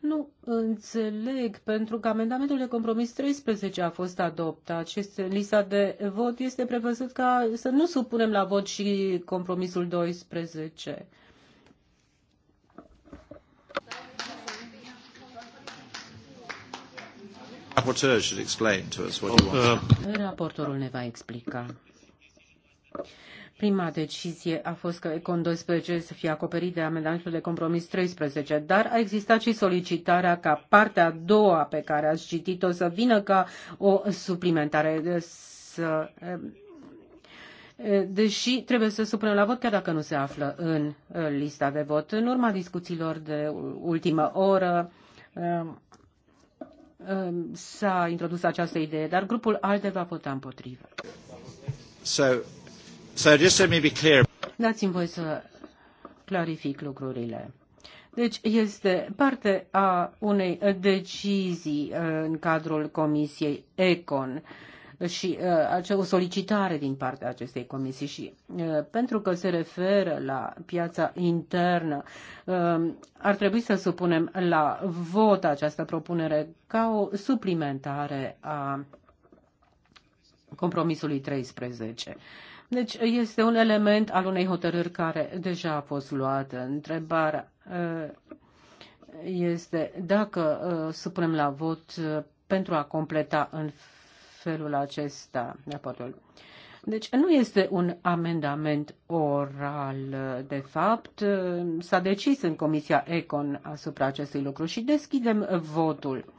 S3: nu înțeleg, pentru că amendamentul de compromis 13 a fost adoptat și este, lista de vot este prevăzut ca să nu supunem la vot și compromisul 12.
S2: Uh,
S3: Raportorul ne va explica. Prima decizie a fost că Econ 12 să fie acoperit de amendamentul de compromis 13, dar a existat și solicitarea ca partea a doua pe care ați citit-o să vină ca o suplimentare. Să, eh, deși trebuie să supunem la vot, chiar dacă nu se află în eh, lista de vot. În urma discuțiilor de ultimă oră eh, s-a introdus această idee, dar grupul ALDE va vota împotrivă. So, Dați-mi voie să clarific lucrurile. Deci este parte a unei decizii uh, în cadrul Comisiei ECON și uh, o solicitare din partea acestei comisii și uh, pentru că se referă la piața internă, ar trebui să supunem la vot această propunere ca o suplimentare a compromisului 13. Deci este un element al unei hotărâri care deja a fost luată. Întrebarea uh, este dacă uh, supunem la vot uh, pentru a completa în felul acesta raportul. Deci nu este un amendament oral, de fapt. S-a decis în Comisia Econ asupra acestui lucru și deschidem votul.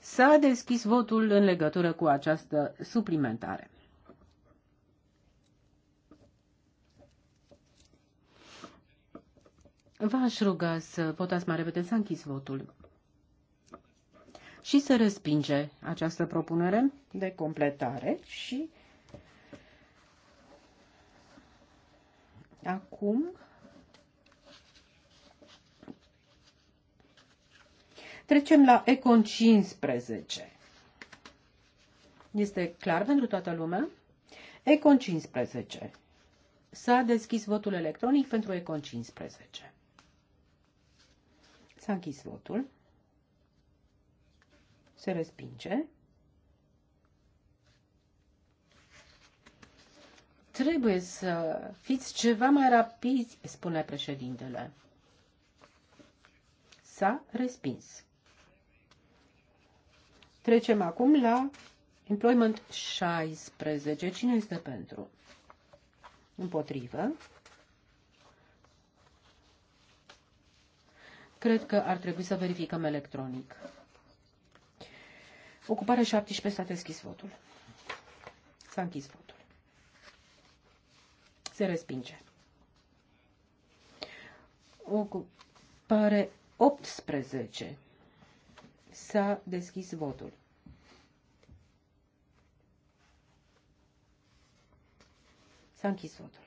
S3: S-a deschis votul în legătură cu această suplimentare. V-aș ruga să votați mai repede, să închis votul și să respinge această propunere de completare și acum trecem la Econ 15. Este clar pentru toată lumea? Econ 15. S-a deschis votul electronic pentru Econ 15. S-a închis slotul, Se respinge. Trebuie să fiți ceva mai rapizi, spune președintele. S-a respins. Trecem acum la employment 16. Cine este pentru? Împotrivă. Cred că ar trebui să verificăm electronic. Ocupare 17 s-a deschis votul. S-a închis votul. Se respinge. Ocupare 18 s-a deschis votul. S-a închis votul.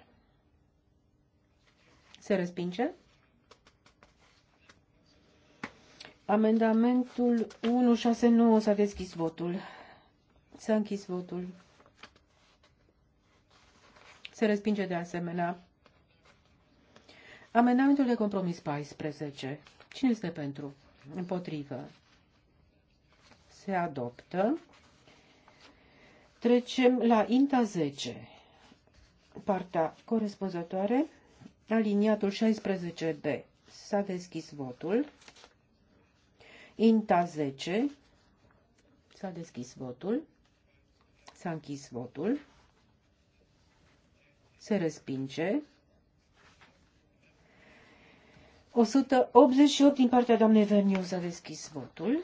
S3: Se respinge? Amendamentul 169 s-a deschis votul. S-a închis votul. Se respinge de asemenea. Amendamentul de compromis 14. Cine este pentru? Împotrivă. Se adoptă. Trecem la INTA 10, partea corespunzătoare, aliniatul 16B. S-a deschis votul. INTA 10. S-a deschis votul. S-a închis votul. Se respinge. 188 din partea doamnei Verniu s-a deschis votul.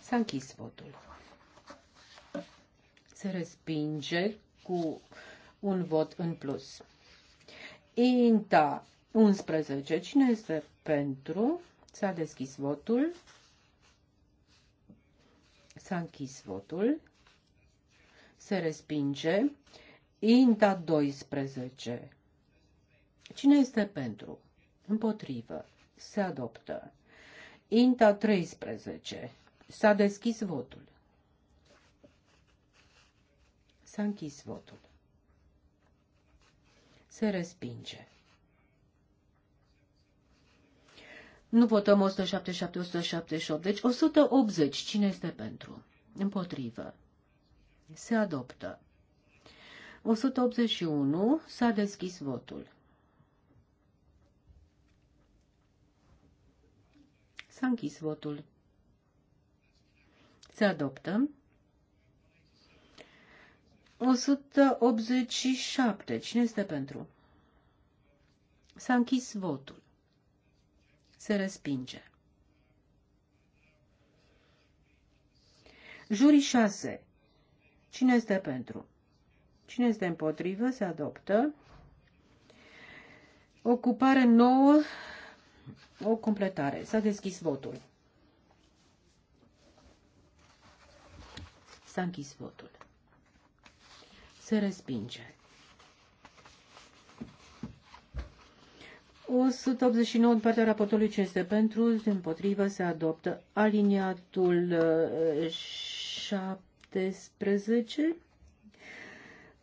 S3: S-a închis votul. Se respinge cu un vot în plus. INTA 11. Cine este pentru? S-a deschis votul. S-a închis votul. Se respinge. Inta 12. Cine este pentru? Împotrivă. Se adoptă. Inta 13. S-a deschis votul. S-a închis votul. Se respinge. Nu votăm 177, 178. Deci 180. Cine este pentru? Împotrivă. Se adoptă. 181. S-a deschis votul. S-a închis votul. Se adoptă. 187. Cine este pentru? S-a închis votul. Se respinge. Juri 6. Cine este pentru? Cine este împotrivă? Se adoptă. Ocupare nouă. O completare. S-a deschis votul. S-a închis votul. Se respinge. 189 din partea raportului 500 pentru, împotrivă se adoptă. Aliniatul 17,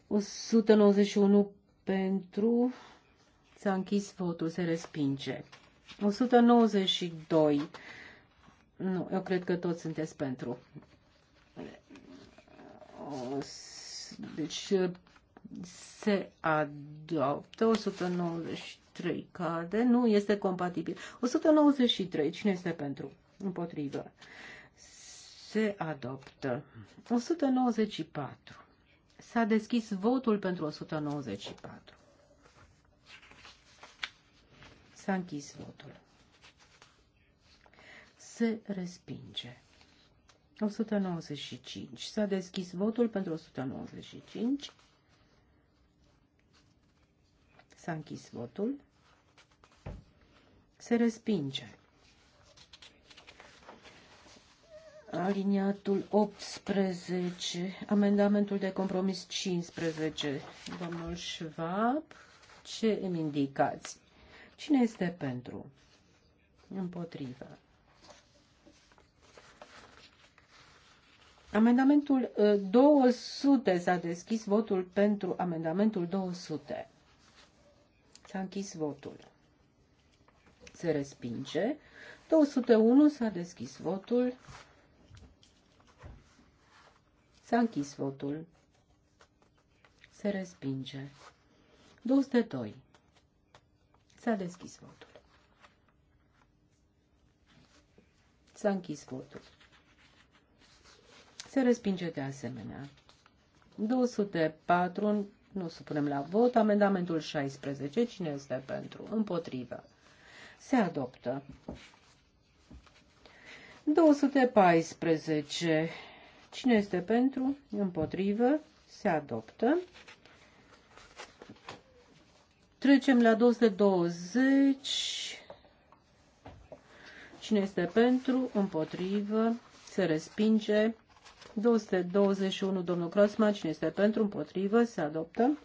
S3: uh, 191 pentru, s-a închis votul, se respinge. 192, nu, eu cred că toți sunteți pentru. Deci se adoptă 192 3 cade, nu este compatibil. 193, cine este pentru? Împotrivă. Se adoptă. 194. S-a deschis votul pentru 194. S-a închis votul. Se respinge. 195. S-a deschis votul pentru 195. S-a închis votul. Se respinge. Aliniatul 18, amendamentul de compromis 15, domnul Schwab, ce îmi indicați? Cine este pentru? Împotriva. Amendamentul 200 ă, s-a deschis votul pentru amendamentul 200. S-a închis votul se respinge. 201 s-a deschis votul. S-a închis votul. Se respinge. 202. S-a deschis votul. S-a închis votul. Se respinge de asemenea. 204 nu supunem la vot. Amendamentul 16. Cine este pentru? Împotrivă se adoptă. 214. Cine este pentru? Împotrivă. Se adoptă. Trecem la 220. Cine este pentru? Împotrivă. Se respinge. 221. Domnul Crosma. Cine este pentru? Împotrivă. Se adoptă.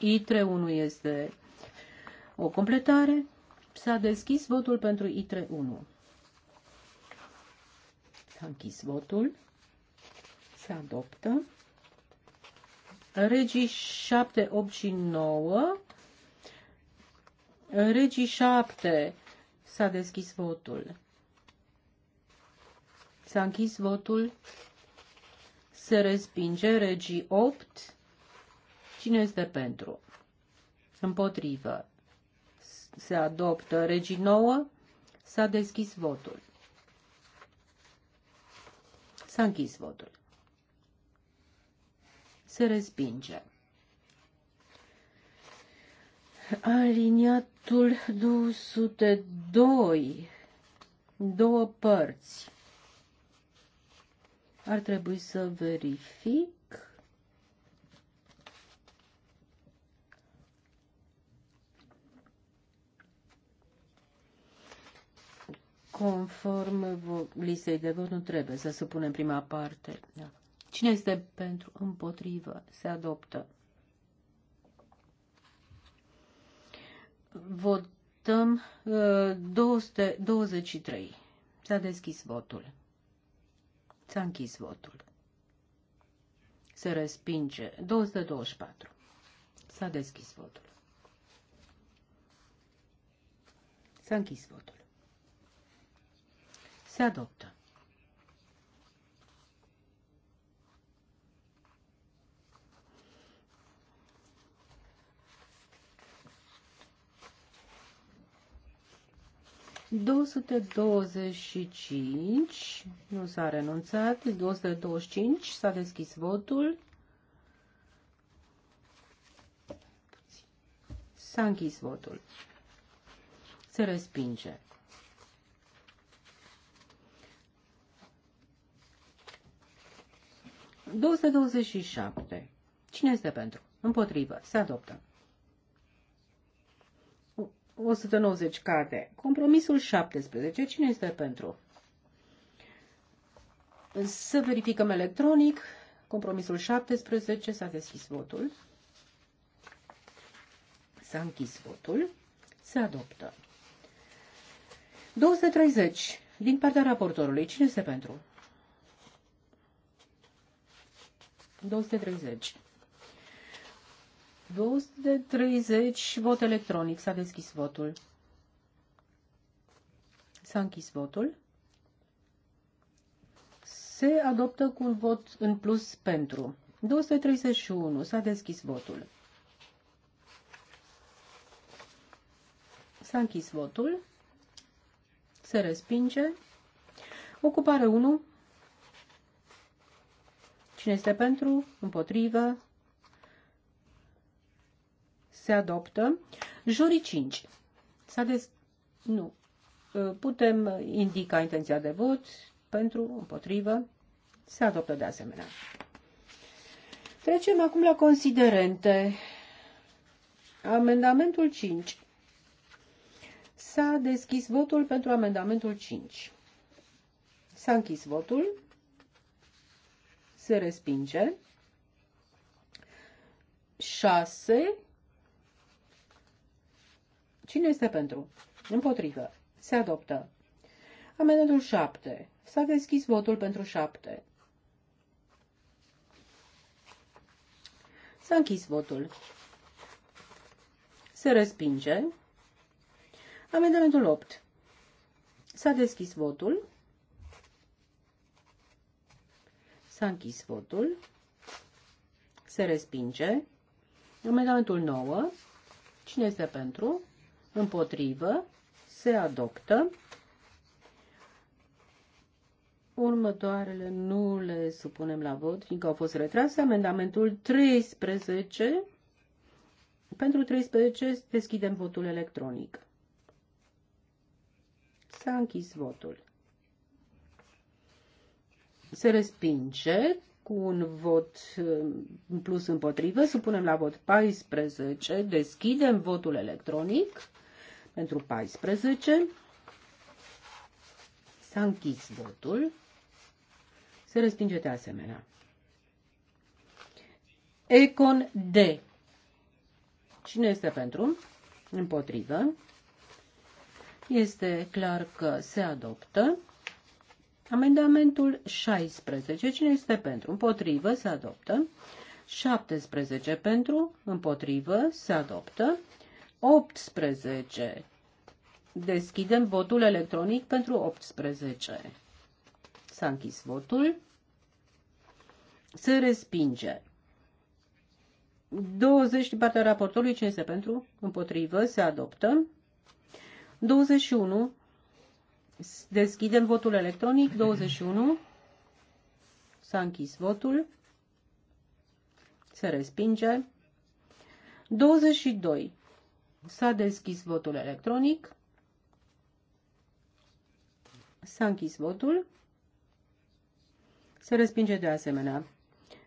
S3: I31 este o completare. S-a deschis votul pentru ITRE 1. S-a închis votul. Se adoptă. Regii 7, 8 și 9. Regii 7. S-a deschis votul. S-a închis votul. Se respinge regii 8. Cine este pentru? Împotrivă se adoptă. Regii nouă, s-a deschis votul. S-a închis votul. Se respinge. Aliniatul 202. Două părți. Ar trebui să verific. Conform listei de vot, nu trebuie să supunem prima parte. Da. Cine este pentru? Împotrivă. Se adoptă. Votăm uh, 223. S-a deschis votul. S-a închis votul. Se respinge. 224. S-a deschis votul. S-a închis votul. Se adoptă. cinci nu s-a renunțat, 225 s-a deschis votul, s-a închis votul, se respinge. 227. Cine este pentru? Împotrivă. Se adoptă. 190 cade. Compromisul 17. Cine este pentru? Să verificăm electronic. Compromisul 17. S-a deschis votul. S-a închis votul. Se adoptă. 230. Din partea raportorului. Cine este pentru? 230. 230 vot electronic. S-a deschis votul. S-a închis votul. Se adoptă cu un vot în plus pentru. 231. S-a deschis votul. S-a închis votul. Se respinge. Ocupare 1. Cine este pentru? Împotrivă? Se adoptă. Jurii 5. S-a des... Nu. Ă, putem indica intenția de vot pentru, împotrivă. Se adoptă de asemenea. Trecem acum la considerente. Amendamentul 5. S-a deschis votul pentru amendamentul 5. S-a închis votul se respinge. 6. Cine este pentru? Împotrivă. Se adoptă. Amendamentul 7. S-a deschis votul pentru 7. S-a închis votul. Se respinge. Amendamentul 8. S-a deschis votul. S-a închis votul. Se respinge. Amendamentul 9. Cine este pentru? Împotrivă. Se adoptă. Următoarele nu le supunem la vot, fiindcă au fost retrase. Amendamentul 13. Pentru 13 deschidem votul electronic. S-a închis votul se respinge cu un vot în uh, plus împotrivă. Supunem la vot 14. Deschidem votul electronic pentru 14. S-a închis votul. Se respinge de asemenea. Econ D. Cine este pentru? Împotrivă. Este clar că se adoptă. Amendamentul 16. Cine este pentru? Împotrivă se adoptă. 17 pentru, împotrivă, se adoptă. 18. Deschidem votul electronic pentru 18. S-a închis votul. Se respinge. 20 din partea raportului, cine este pentru? Împotrivă, se adoptă. 21 Deschidem votul electronic. 21. S-a închis votul. Se respinge. 22. S-a deschis votul electronic. S-a închis votul. Se respinge de asemenea.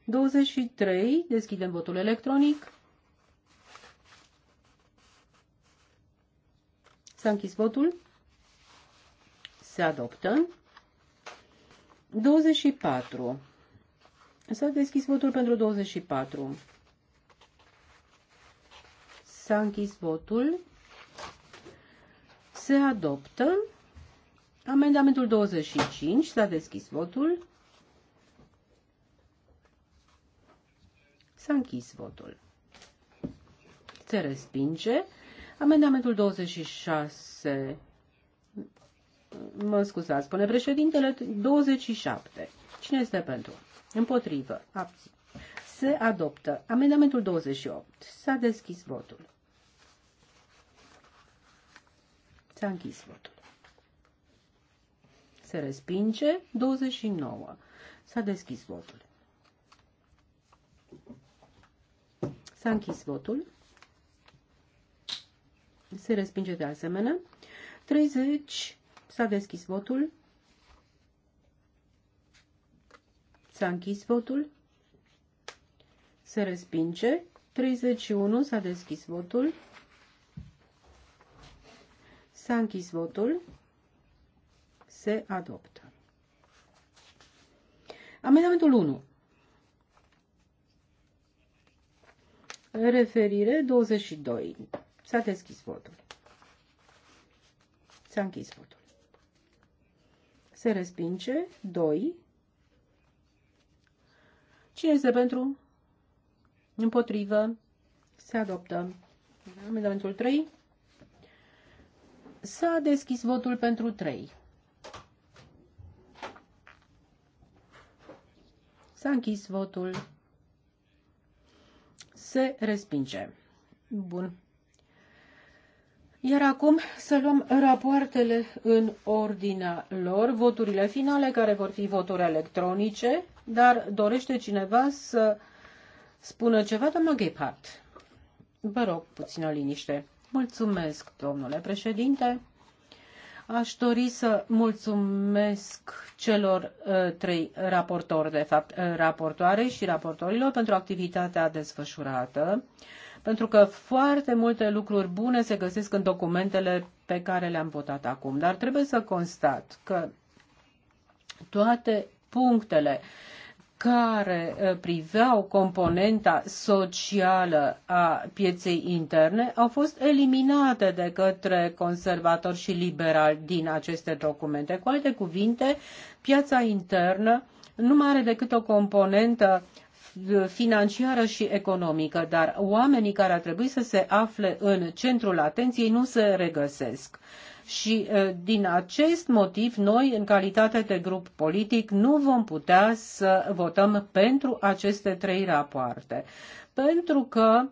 S3: 23. Deschidem votul electronic. S-a închis votul se adoptă. 24. S-a deschis votul pentru 24. S-a închis votul. Se adoptă. Amendamentul 25. S-a deschis votul. S-a închis votul. Se respinge. Amendamentul 26 mă scuzați, spune președintele, 27. Cine este pentru? Împotrivă. Abții. Se adoptă. Amendamentul 28. S-a deschis votul. S-a închis votul. Se respinge. 29. S-a deschis votul. S-a închis votul. Se respinge de asemenea. 30 S-a deschis votul. S-a închis votul. Se respinge. 31. S-a deschis votul. S-a închis votul. Se adoptă. Amendamentul 1. Referire 22. S-a deschis votul. S-a închis votul se respinge. 2. Cine este pentru? Împotrivă. Se adoptă. Amendamentul 3. S-a deschis votul pentru 3. S-a închis votul. Se respinge. Bun. Iar acum să luăm rapoartele în ordinea lor, voturile finale care vor fi voturi electronice, dar dorește cineva să spună ceva, doamna Gephardt. Vă rog puțină liniște. Mulțumesc, domnule președinte. Aș dori să mulțumesc celor uh, trei raportori, de fapt, raportoare și raportorilor pentru activitatea desfășurată. Uh, pentru că foarte multe lucruri bune se găsesc în documentele pe care le-am votat acum. Dar trebuie să constat că toate punctele care uh, priveau componenta socială a pieței interne au fost eliminate de către conservatori și liberali din aceste documente. Cu alte cuvinte, piața internă nu mai are decât o componentă financiară și economică, dar oamenii care ar trebui să se afle în centrul atenției nu se regăsesc. Și din acest motiv, noi, în calitate de grup politic, nu vom putea să votăm pentru aceste trei rapoarte. Pentru că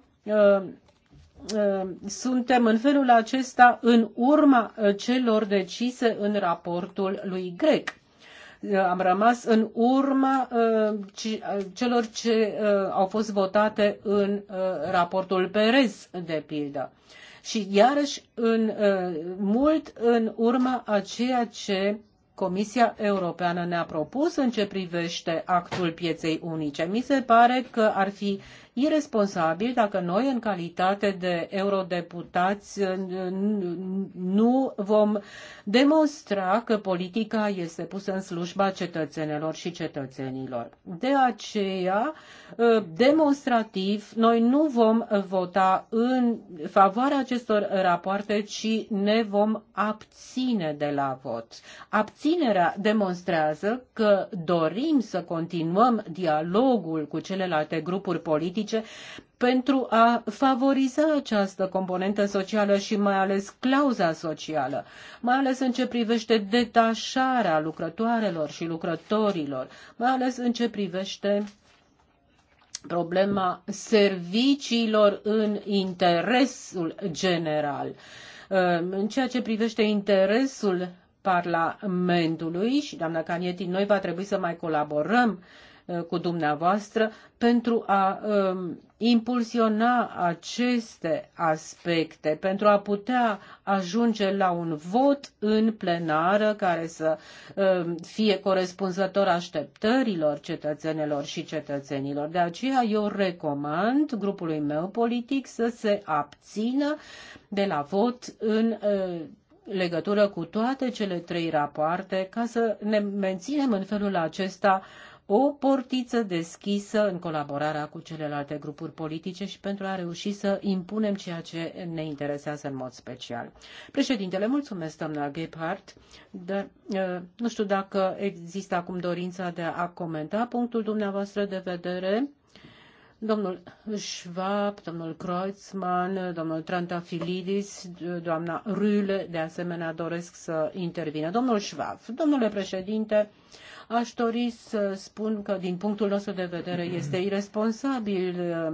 S3: suntem în felul acesta în urma celor decise în raportul lui Grec. Uh, am rămas în urma uh, uh, celor ce au fost votate în raportul Perez, de pildă. Și iarăși în, mult în urma a ceea ce Comisia Europeană ne-a propus în ce privește actul pieței unice. Mi se pare că ar fi irresponsabil dacă noi, în calitate de eurodeputați, nu vom demonstra că politica este pusă în slujba cetățenilor și cetățenilor. De aceea, ă, demonstrativ, noi nu vom vota în favoarea acestor rapoarte, ci ne vom abține de la vot. Abținerea demonstrează că dorim să continuăm dialogul cu celelalte grupuri politice economice pentru a favoriza această componentă socială și mai ales clauza socială, mai ales în ce privește detașarea lucrătoarelor și lucrătorilor, mai ales în ce privește problema serviciilor în interesul general. În ceea ce privește interesul Parlamentului și, doamna Canieti, noi va trebui să mai colaborăm Uh, cu dumneavoastră pentru a um, impulsiona aceste aspecte, pentru a putea ajunge la un vot în plenară care să um, fie corespunzător așteptărilor cetățenilor și cetățenilor. De aceea eu recomand grupului meu politic să se abțină de la vot în uh, legătură cu toate cele trei rapoarte ca să ne menținem în felul acesta o portiță deschisă în colaborarea cu celelalte grupuri politice și pentru a reuși să impunem ceea ce ne interesează în mod special. Președintele, mulțumesc, doamna Gebhardt, dar uh, nu știu dacă există acum dorința de a comenta punctul dumneavoastră de vedere. Domnul Schwab, domnul Kreuzmann, domnul Trantafilidis, doamna Rühle, de asemenea doresc să intervină. Domnul Schwab, domnule președinte, Aș dori să spun că, din punctul nostru de vedere, este irresponsabil uh,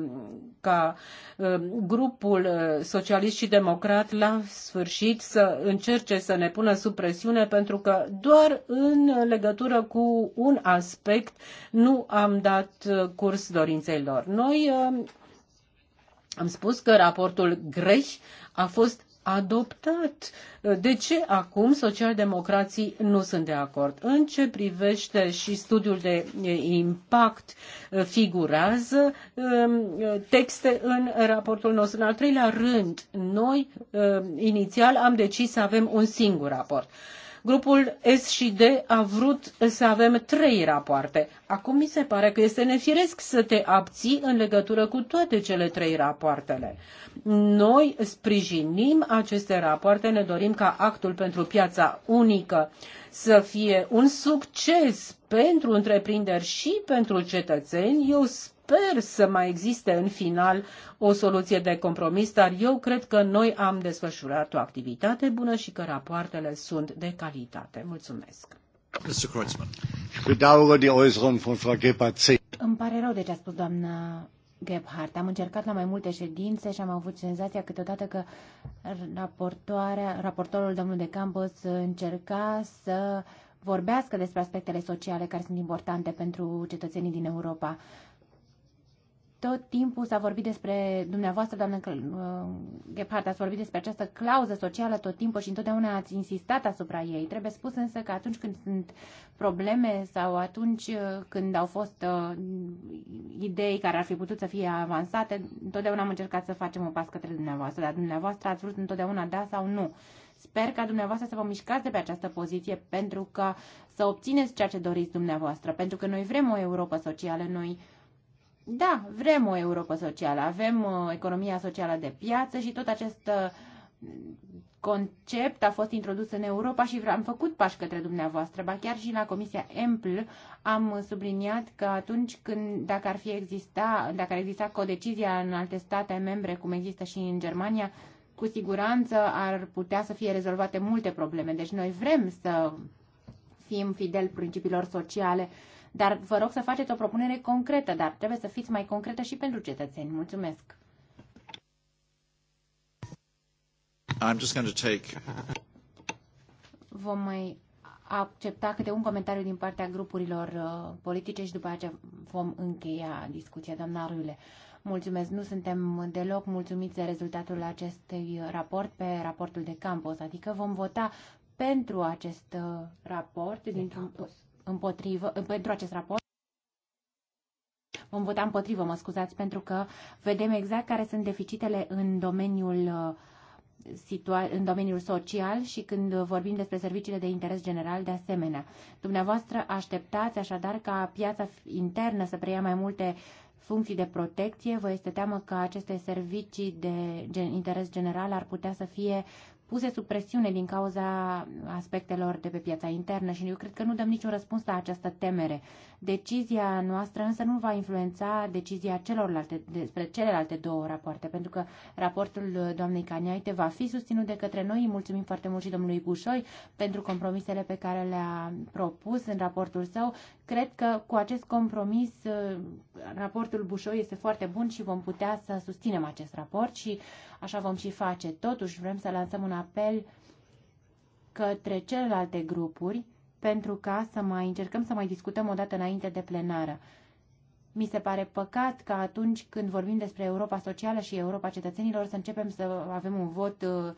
S3: ca uh, grupul uh, socialist și democrat la sfârșit să încerce să ne pună sub presiune, pentru că doar în legătură cu un aspect nu am dat curs dorinței lor. Noi am spus că raportul Greș a fost adoptat. De ce acum socialdemocrații nu sunt de acord? În ce privește și studiul de impact figurează um, texte în raportul nostru. În al treilea rând, noi um, inițial am decis să avem un singur raport. Grupul S și D a vrut să avem trei rapoarte. Acum mi se pare că este nefiresc să te abții în legătură cu toate cele trei rapoartele. Noi sprijinim aceste rapoarte, ne dorim ca actul pentru piața unică să fie un succes pentru întreprinderi și pentru cetățeni. Eu sper să mai existe în final o soluție de compromis, dar eu cred că noi am desfășurat o activitate bună și că rapoartele sunt de calitate. Mulțumesc.
S2: Mr.
S4: Îmi pare rău de ce a spus doamna Gebhardt. Am încercat la mai multe ședințe și am avut senzația câteodată că raportorul domnul de Campos încerca să vorbească despre aspectele sociale care sunt importante pentru cetățenii din Europa tot timpul s-a vorbit despre dumneavoastră, doamnă uh, Gephardt, ați vorbit despre această clauză socială tot timpul și întotdeauna ați insistat asupra ei. Trebuie spus însă că atunci când sunt probleme sau atunci uh, când au fost uh, idei care ar fi putut să fie avansate, întotdeauna am încercat să facem o pas către dumneavoastră, dar dumneavoastră ați vrut întotdeauna da sau nu. Sper ca dumneavoastră să vă mișcați de pe această poziție pentru că să obțineți ceea ce doriți dumneavoastră, pentru că noi vrem o Europa socială, noi da, vrem o Europa socială, avem uh, economia socială de piață și tot acest uh, concept a fost introdus în Europa și am făcut pași către dumneavoastră, ba chiar și la Comisia EMPL am subliniat că atunci când, dacă ar fi exista, dacă ar exista codecizia în alte state membre, cum există și în Germania, cu siguranță ar putea să fie rezolvate multe probleme. Deci noi vrem să fim fideli principiilor sociale dar vă rog să faceți o propunere concretă, dar trebuie să fiți mai concretă și pentru cetățeni. Mulțumesc!
S2: I'm just going to take...
S4: Vom mai accepta câte un comentariu din partea grupurilor uh, politice și după aceea vom încheia discuția, doamna Ruiule. Mulțumesc, nu suntem deloc mulțumiți de rezultatul acestui raport pe raportul de campus, adică vom vota pentru acest uh, raport de dintr-un... Campus împotrivă, pentru acest raport. Vom vota împotrivă, mă scuzați, pentru că vedem exact care sunt deficitele în domeniul uh, în domeniul social și când vorbim despre serviciile de interes general de asemenea. Dumneavoastră așteptați așadar ca piața internă să preia mai multe funcții de protecție, vă este teamă că aceste servicii de interes general ar putea să fie puse sub presiune din cauza aspectelor de pe piața internă și eu cred că nu dăm niciun răspuns la această temere. Decizia noastră însă nu va influența decizia celorlalte, despre celelalte două rapoarte, pentru că raportul doamnei Caniaite va fi susținut de către noi. Mulțumim foarte mult și domnului Bușoi pentru compromisele pe care le-a propus în raportul său. Cred că cu acest compromis raportul Bușoi este foarte bun și vom putea să susținem acest raport și uh, Așa vom și face. Totuși vrem să lansăm un apel către celelalte grupuri pentru ca să mai încercăm să mai discutăm o dată înainte de plenară. Mi se pare păcat că atunci când vorbim despre Europa socială și Europa cetățenilor să începem să avem un vot uh,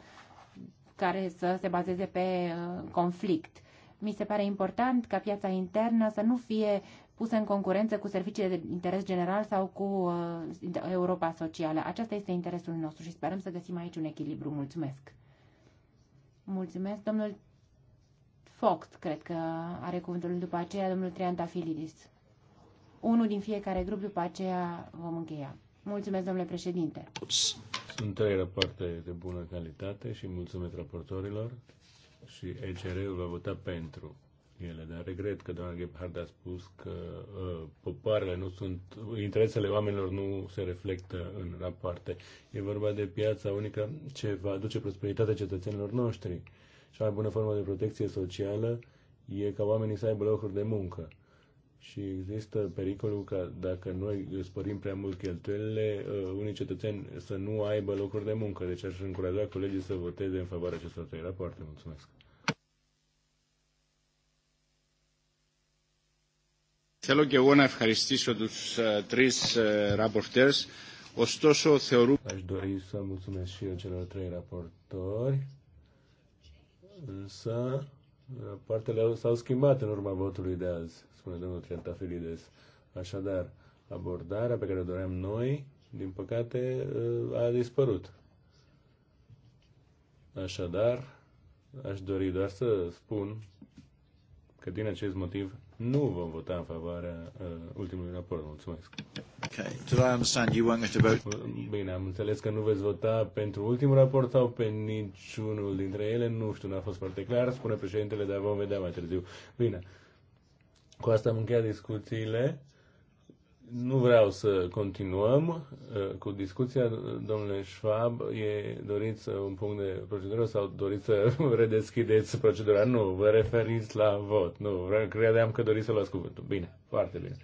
S4: care să se bazeze pe uh, conflict. Mi se pare important ca piața internă să nu fie puse în concurență cu serviciile de interes general sau cu uh, Europa Socială. Aceasta este interesul nostru și sperăm să găsim aici un echilibru. Mulțumesc! Mulțumesc, domnul Fox, cred că are cuvântul după aceea, domnul Triantafilidis. Unul din fiecare grup, după aceea vom încheia. Mulțumesc, domnule președinte.
S1: Sunt trei rapoarte de bună calitate și mulțumesc raportorilor și ECR va vota pentru ele, dar regret că doamna Gebhardt a spus că uh, popoarele nu sunt, interesele oamenilor nu se reflectă în rapoarte. E vorba de piața unică ce va aduce prosperitatea cetățenilor noștri. Și mai bună formă de protecție socială e ca oamenii să aibă locuri de muncă. Și există pericolul că dacă noi sporim prea mult cheltuielile, uh, unii cetățeni să nu aibă locuri de muncă. Deci aș încuraja colegii să voteze în favoarea acestor trei rapoarte. Mulțumesc! Θέλω και εγώ να ευχαριστήσω τους τρεις ραπορτέρς. Ωστόσο, θεωρούμε... Aș dori să mulțumesc și eu celor trei raportori, însă eh, partele s-au schimbat în urma votului de azi, spune domnul Triantafilides. Așadar, abordarea pe care o doream noi, din păcate, eh, a dispărut. Așadar, aș dori doar să spun că din acest motiv nu vom vota în favoarea uh, ultimului raport. Mulțumesc. Okay.
S2: Did I understand you weren't going to
S1: vote? Bine, am înțeles că nu veți vota pentru ultimul raport sau pe niciunul dintre ele. Nu știu, n-a fost foarte clar, spune președintele, dar vom vedea mai târziu. Bine. Cu asta am încheiat discuțiile. Nu vreau să continuăm uh, cu discuția, domnule Schwab. E, doriți uh, un punct de procedură sau doriți să (laughs) redeschideți procedura? Nu, vă referiți la vot. Nu, credeam că doriți să luați cuvântul. Bine, foarte bine.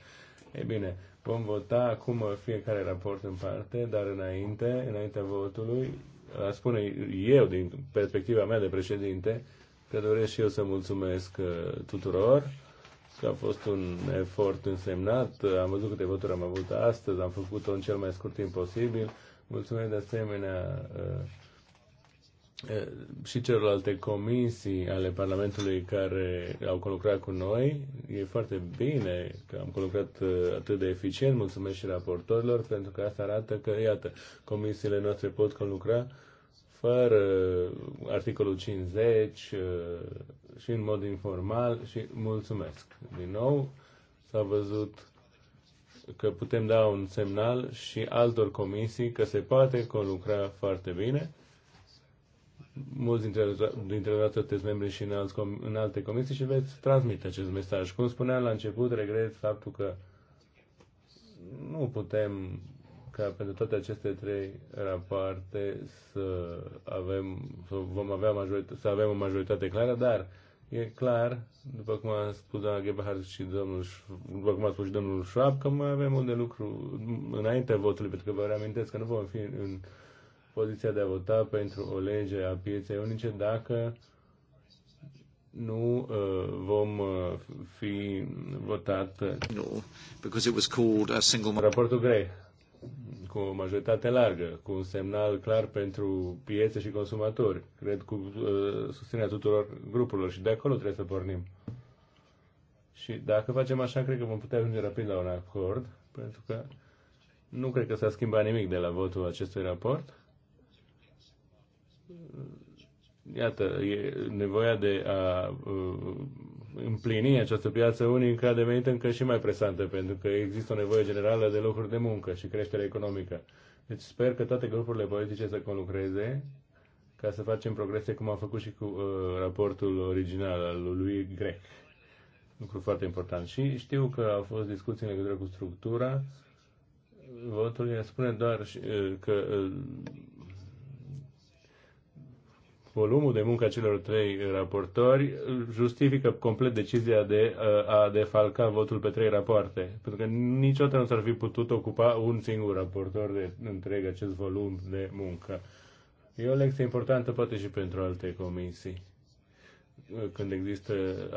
S1: E bine, vom vota acum fiecare raport în parte, dar înainte, înaintea votului, spune eu, din perspectiva mea de președinte, că doresc și eu să mulțumesc uh, tuturor că a fost un efort însemnat. Am văzut câte voturi am avut astăzi, am făcut-o în cel mai scurt timp posibil. Mulțumesc de asemenea uh, uh, și celorlalte comisii ale Parlamentului care au colucrat cu noi. E foarte bine că am colucrat uh, atât de eficient. Mulțumesc și raportorilor pentru că asta arată că, iată, comisiile noastre pot colucra fără articolul 50 uh, și în mod informal și mulțumesc. Din nou, s-a văzut că putem da un semnal și altor comisii că se poate conlucra foarte bine. Mulți dintre, dintre noastre sunteți membri și în, alți, în alte comisii și veți transmite acest mesaj. Cum spuneam la început, regret faptul că nu putem ca pentru toate aceste trei rapoarte să avem, să vom avea majoritate, să avem o majoritate clară, dar e clar, după cum a spus doamna Gebhardt și domnul, după cum a spus și domnul Schwab, că mai avem un de lucru înainte votului, pentru că vă reamintesc că nu vom fi în poziția de a vota pentru o lege a pieței unice dacă nu uh, vom uh, fi votat. No, because it was called a single... Raportul grei cu o majoritate largă, cu un semnal clar pentru piețe și consumatori, cred cu uh, susținerea tuturor grupurilor și de acolo trebuie să pornim. Și dacă facem așa, cred că vom putea ajunge rapid la un acord, pentru că nu cred că s-a schimbat nimic de la votul acestui raport. Iată, e nevoia de a uh, împlini această piață unică a devenit încă și mai presantă, pentru că există o nevoie generală de locuri de muncă și creștere economică. Deci sper că toate grupurile politice să conlucreze ca să facem progrese cum a făcut și cu uh, raportul original al lui Grec. Lucru foarte important. Și știu că au fost discuții în legătură cu structura ne Spune doar uh, că uh, volumul de muncă a celor trei raportori justifică complet decizia de uh, a defalca votul pe trei rapoarte, pentru că niciodată nu s-ar fi putut ocupa un singur raportor de întreg acest volum de muncă. E o lecție importantă poate și pentru alte comisii. Când există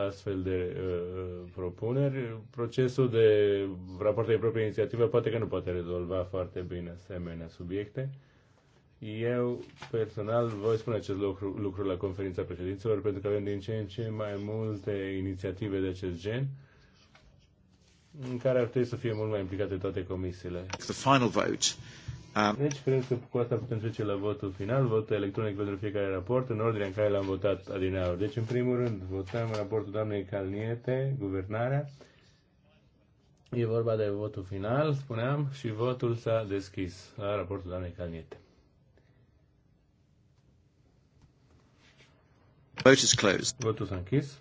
S1: astfel de uh, propuneri, procesul de raport de proprie inițiativă poate că nu poate rezolva foarte bine asemenea subiecte eu personal voi spune acest lucru, lucru la conferința președinților pentru că avem din ce în ce mai multe inițiative de acest gen în care ar trebui să fie mult mai implicate toate comisiile.
S2: The final vote.
S1: Um... Deci cred că cu asta putem trece la votul final, vot electronic pentru fiecare raport, în ordine în care l-am votat adineaur. Deci, în primul rând, votăm raportul doamnei Calniete, guvernarea. E vorba de votul final, spuneam, și votul s-a deschis la raportul doamnei Calniete. Vote is closed. Votul s-a închis.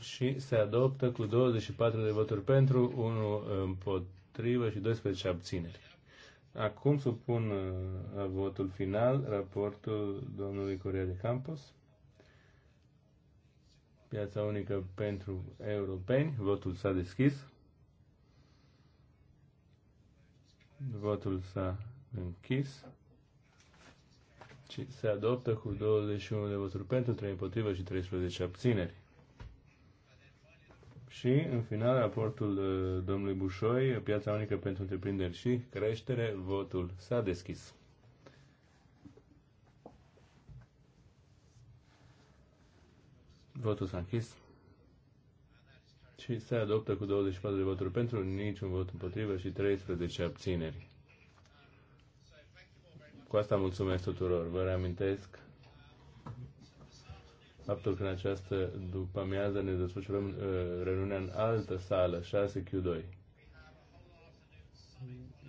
S1: Și se adoptă cu 24 de voturi pentru, 1 împotrivă și 12 abțineri. Acum supun la uh, votul final raportul domnului Corea de Campos. Piața unică pentru europeni. Votul s-a deschis. Votul s-a închis se adoptă cu 21 de voturi pentru, 3 împotrivă și 13 abțineri. Și, în final, raportul uh, domnului Bușoi, piața unică pentru întreprinderi și creștere, votul s-a deschis. Votul s-a închis și se adoptă cu 24 de voturi pentru, niciun vot împotrivă și 13 abțineri. Cu asta mulțumesc tuturor. Vă reamintesc faptul că în această după amiază ne desfășurăm uh, reuniunea în altă sală, 6Q2.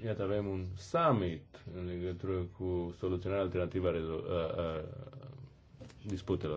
S1: Iată, avem un summit în legătură cu soluționarea alternativă a, a, a disputelor.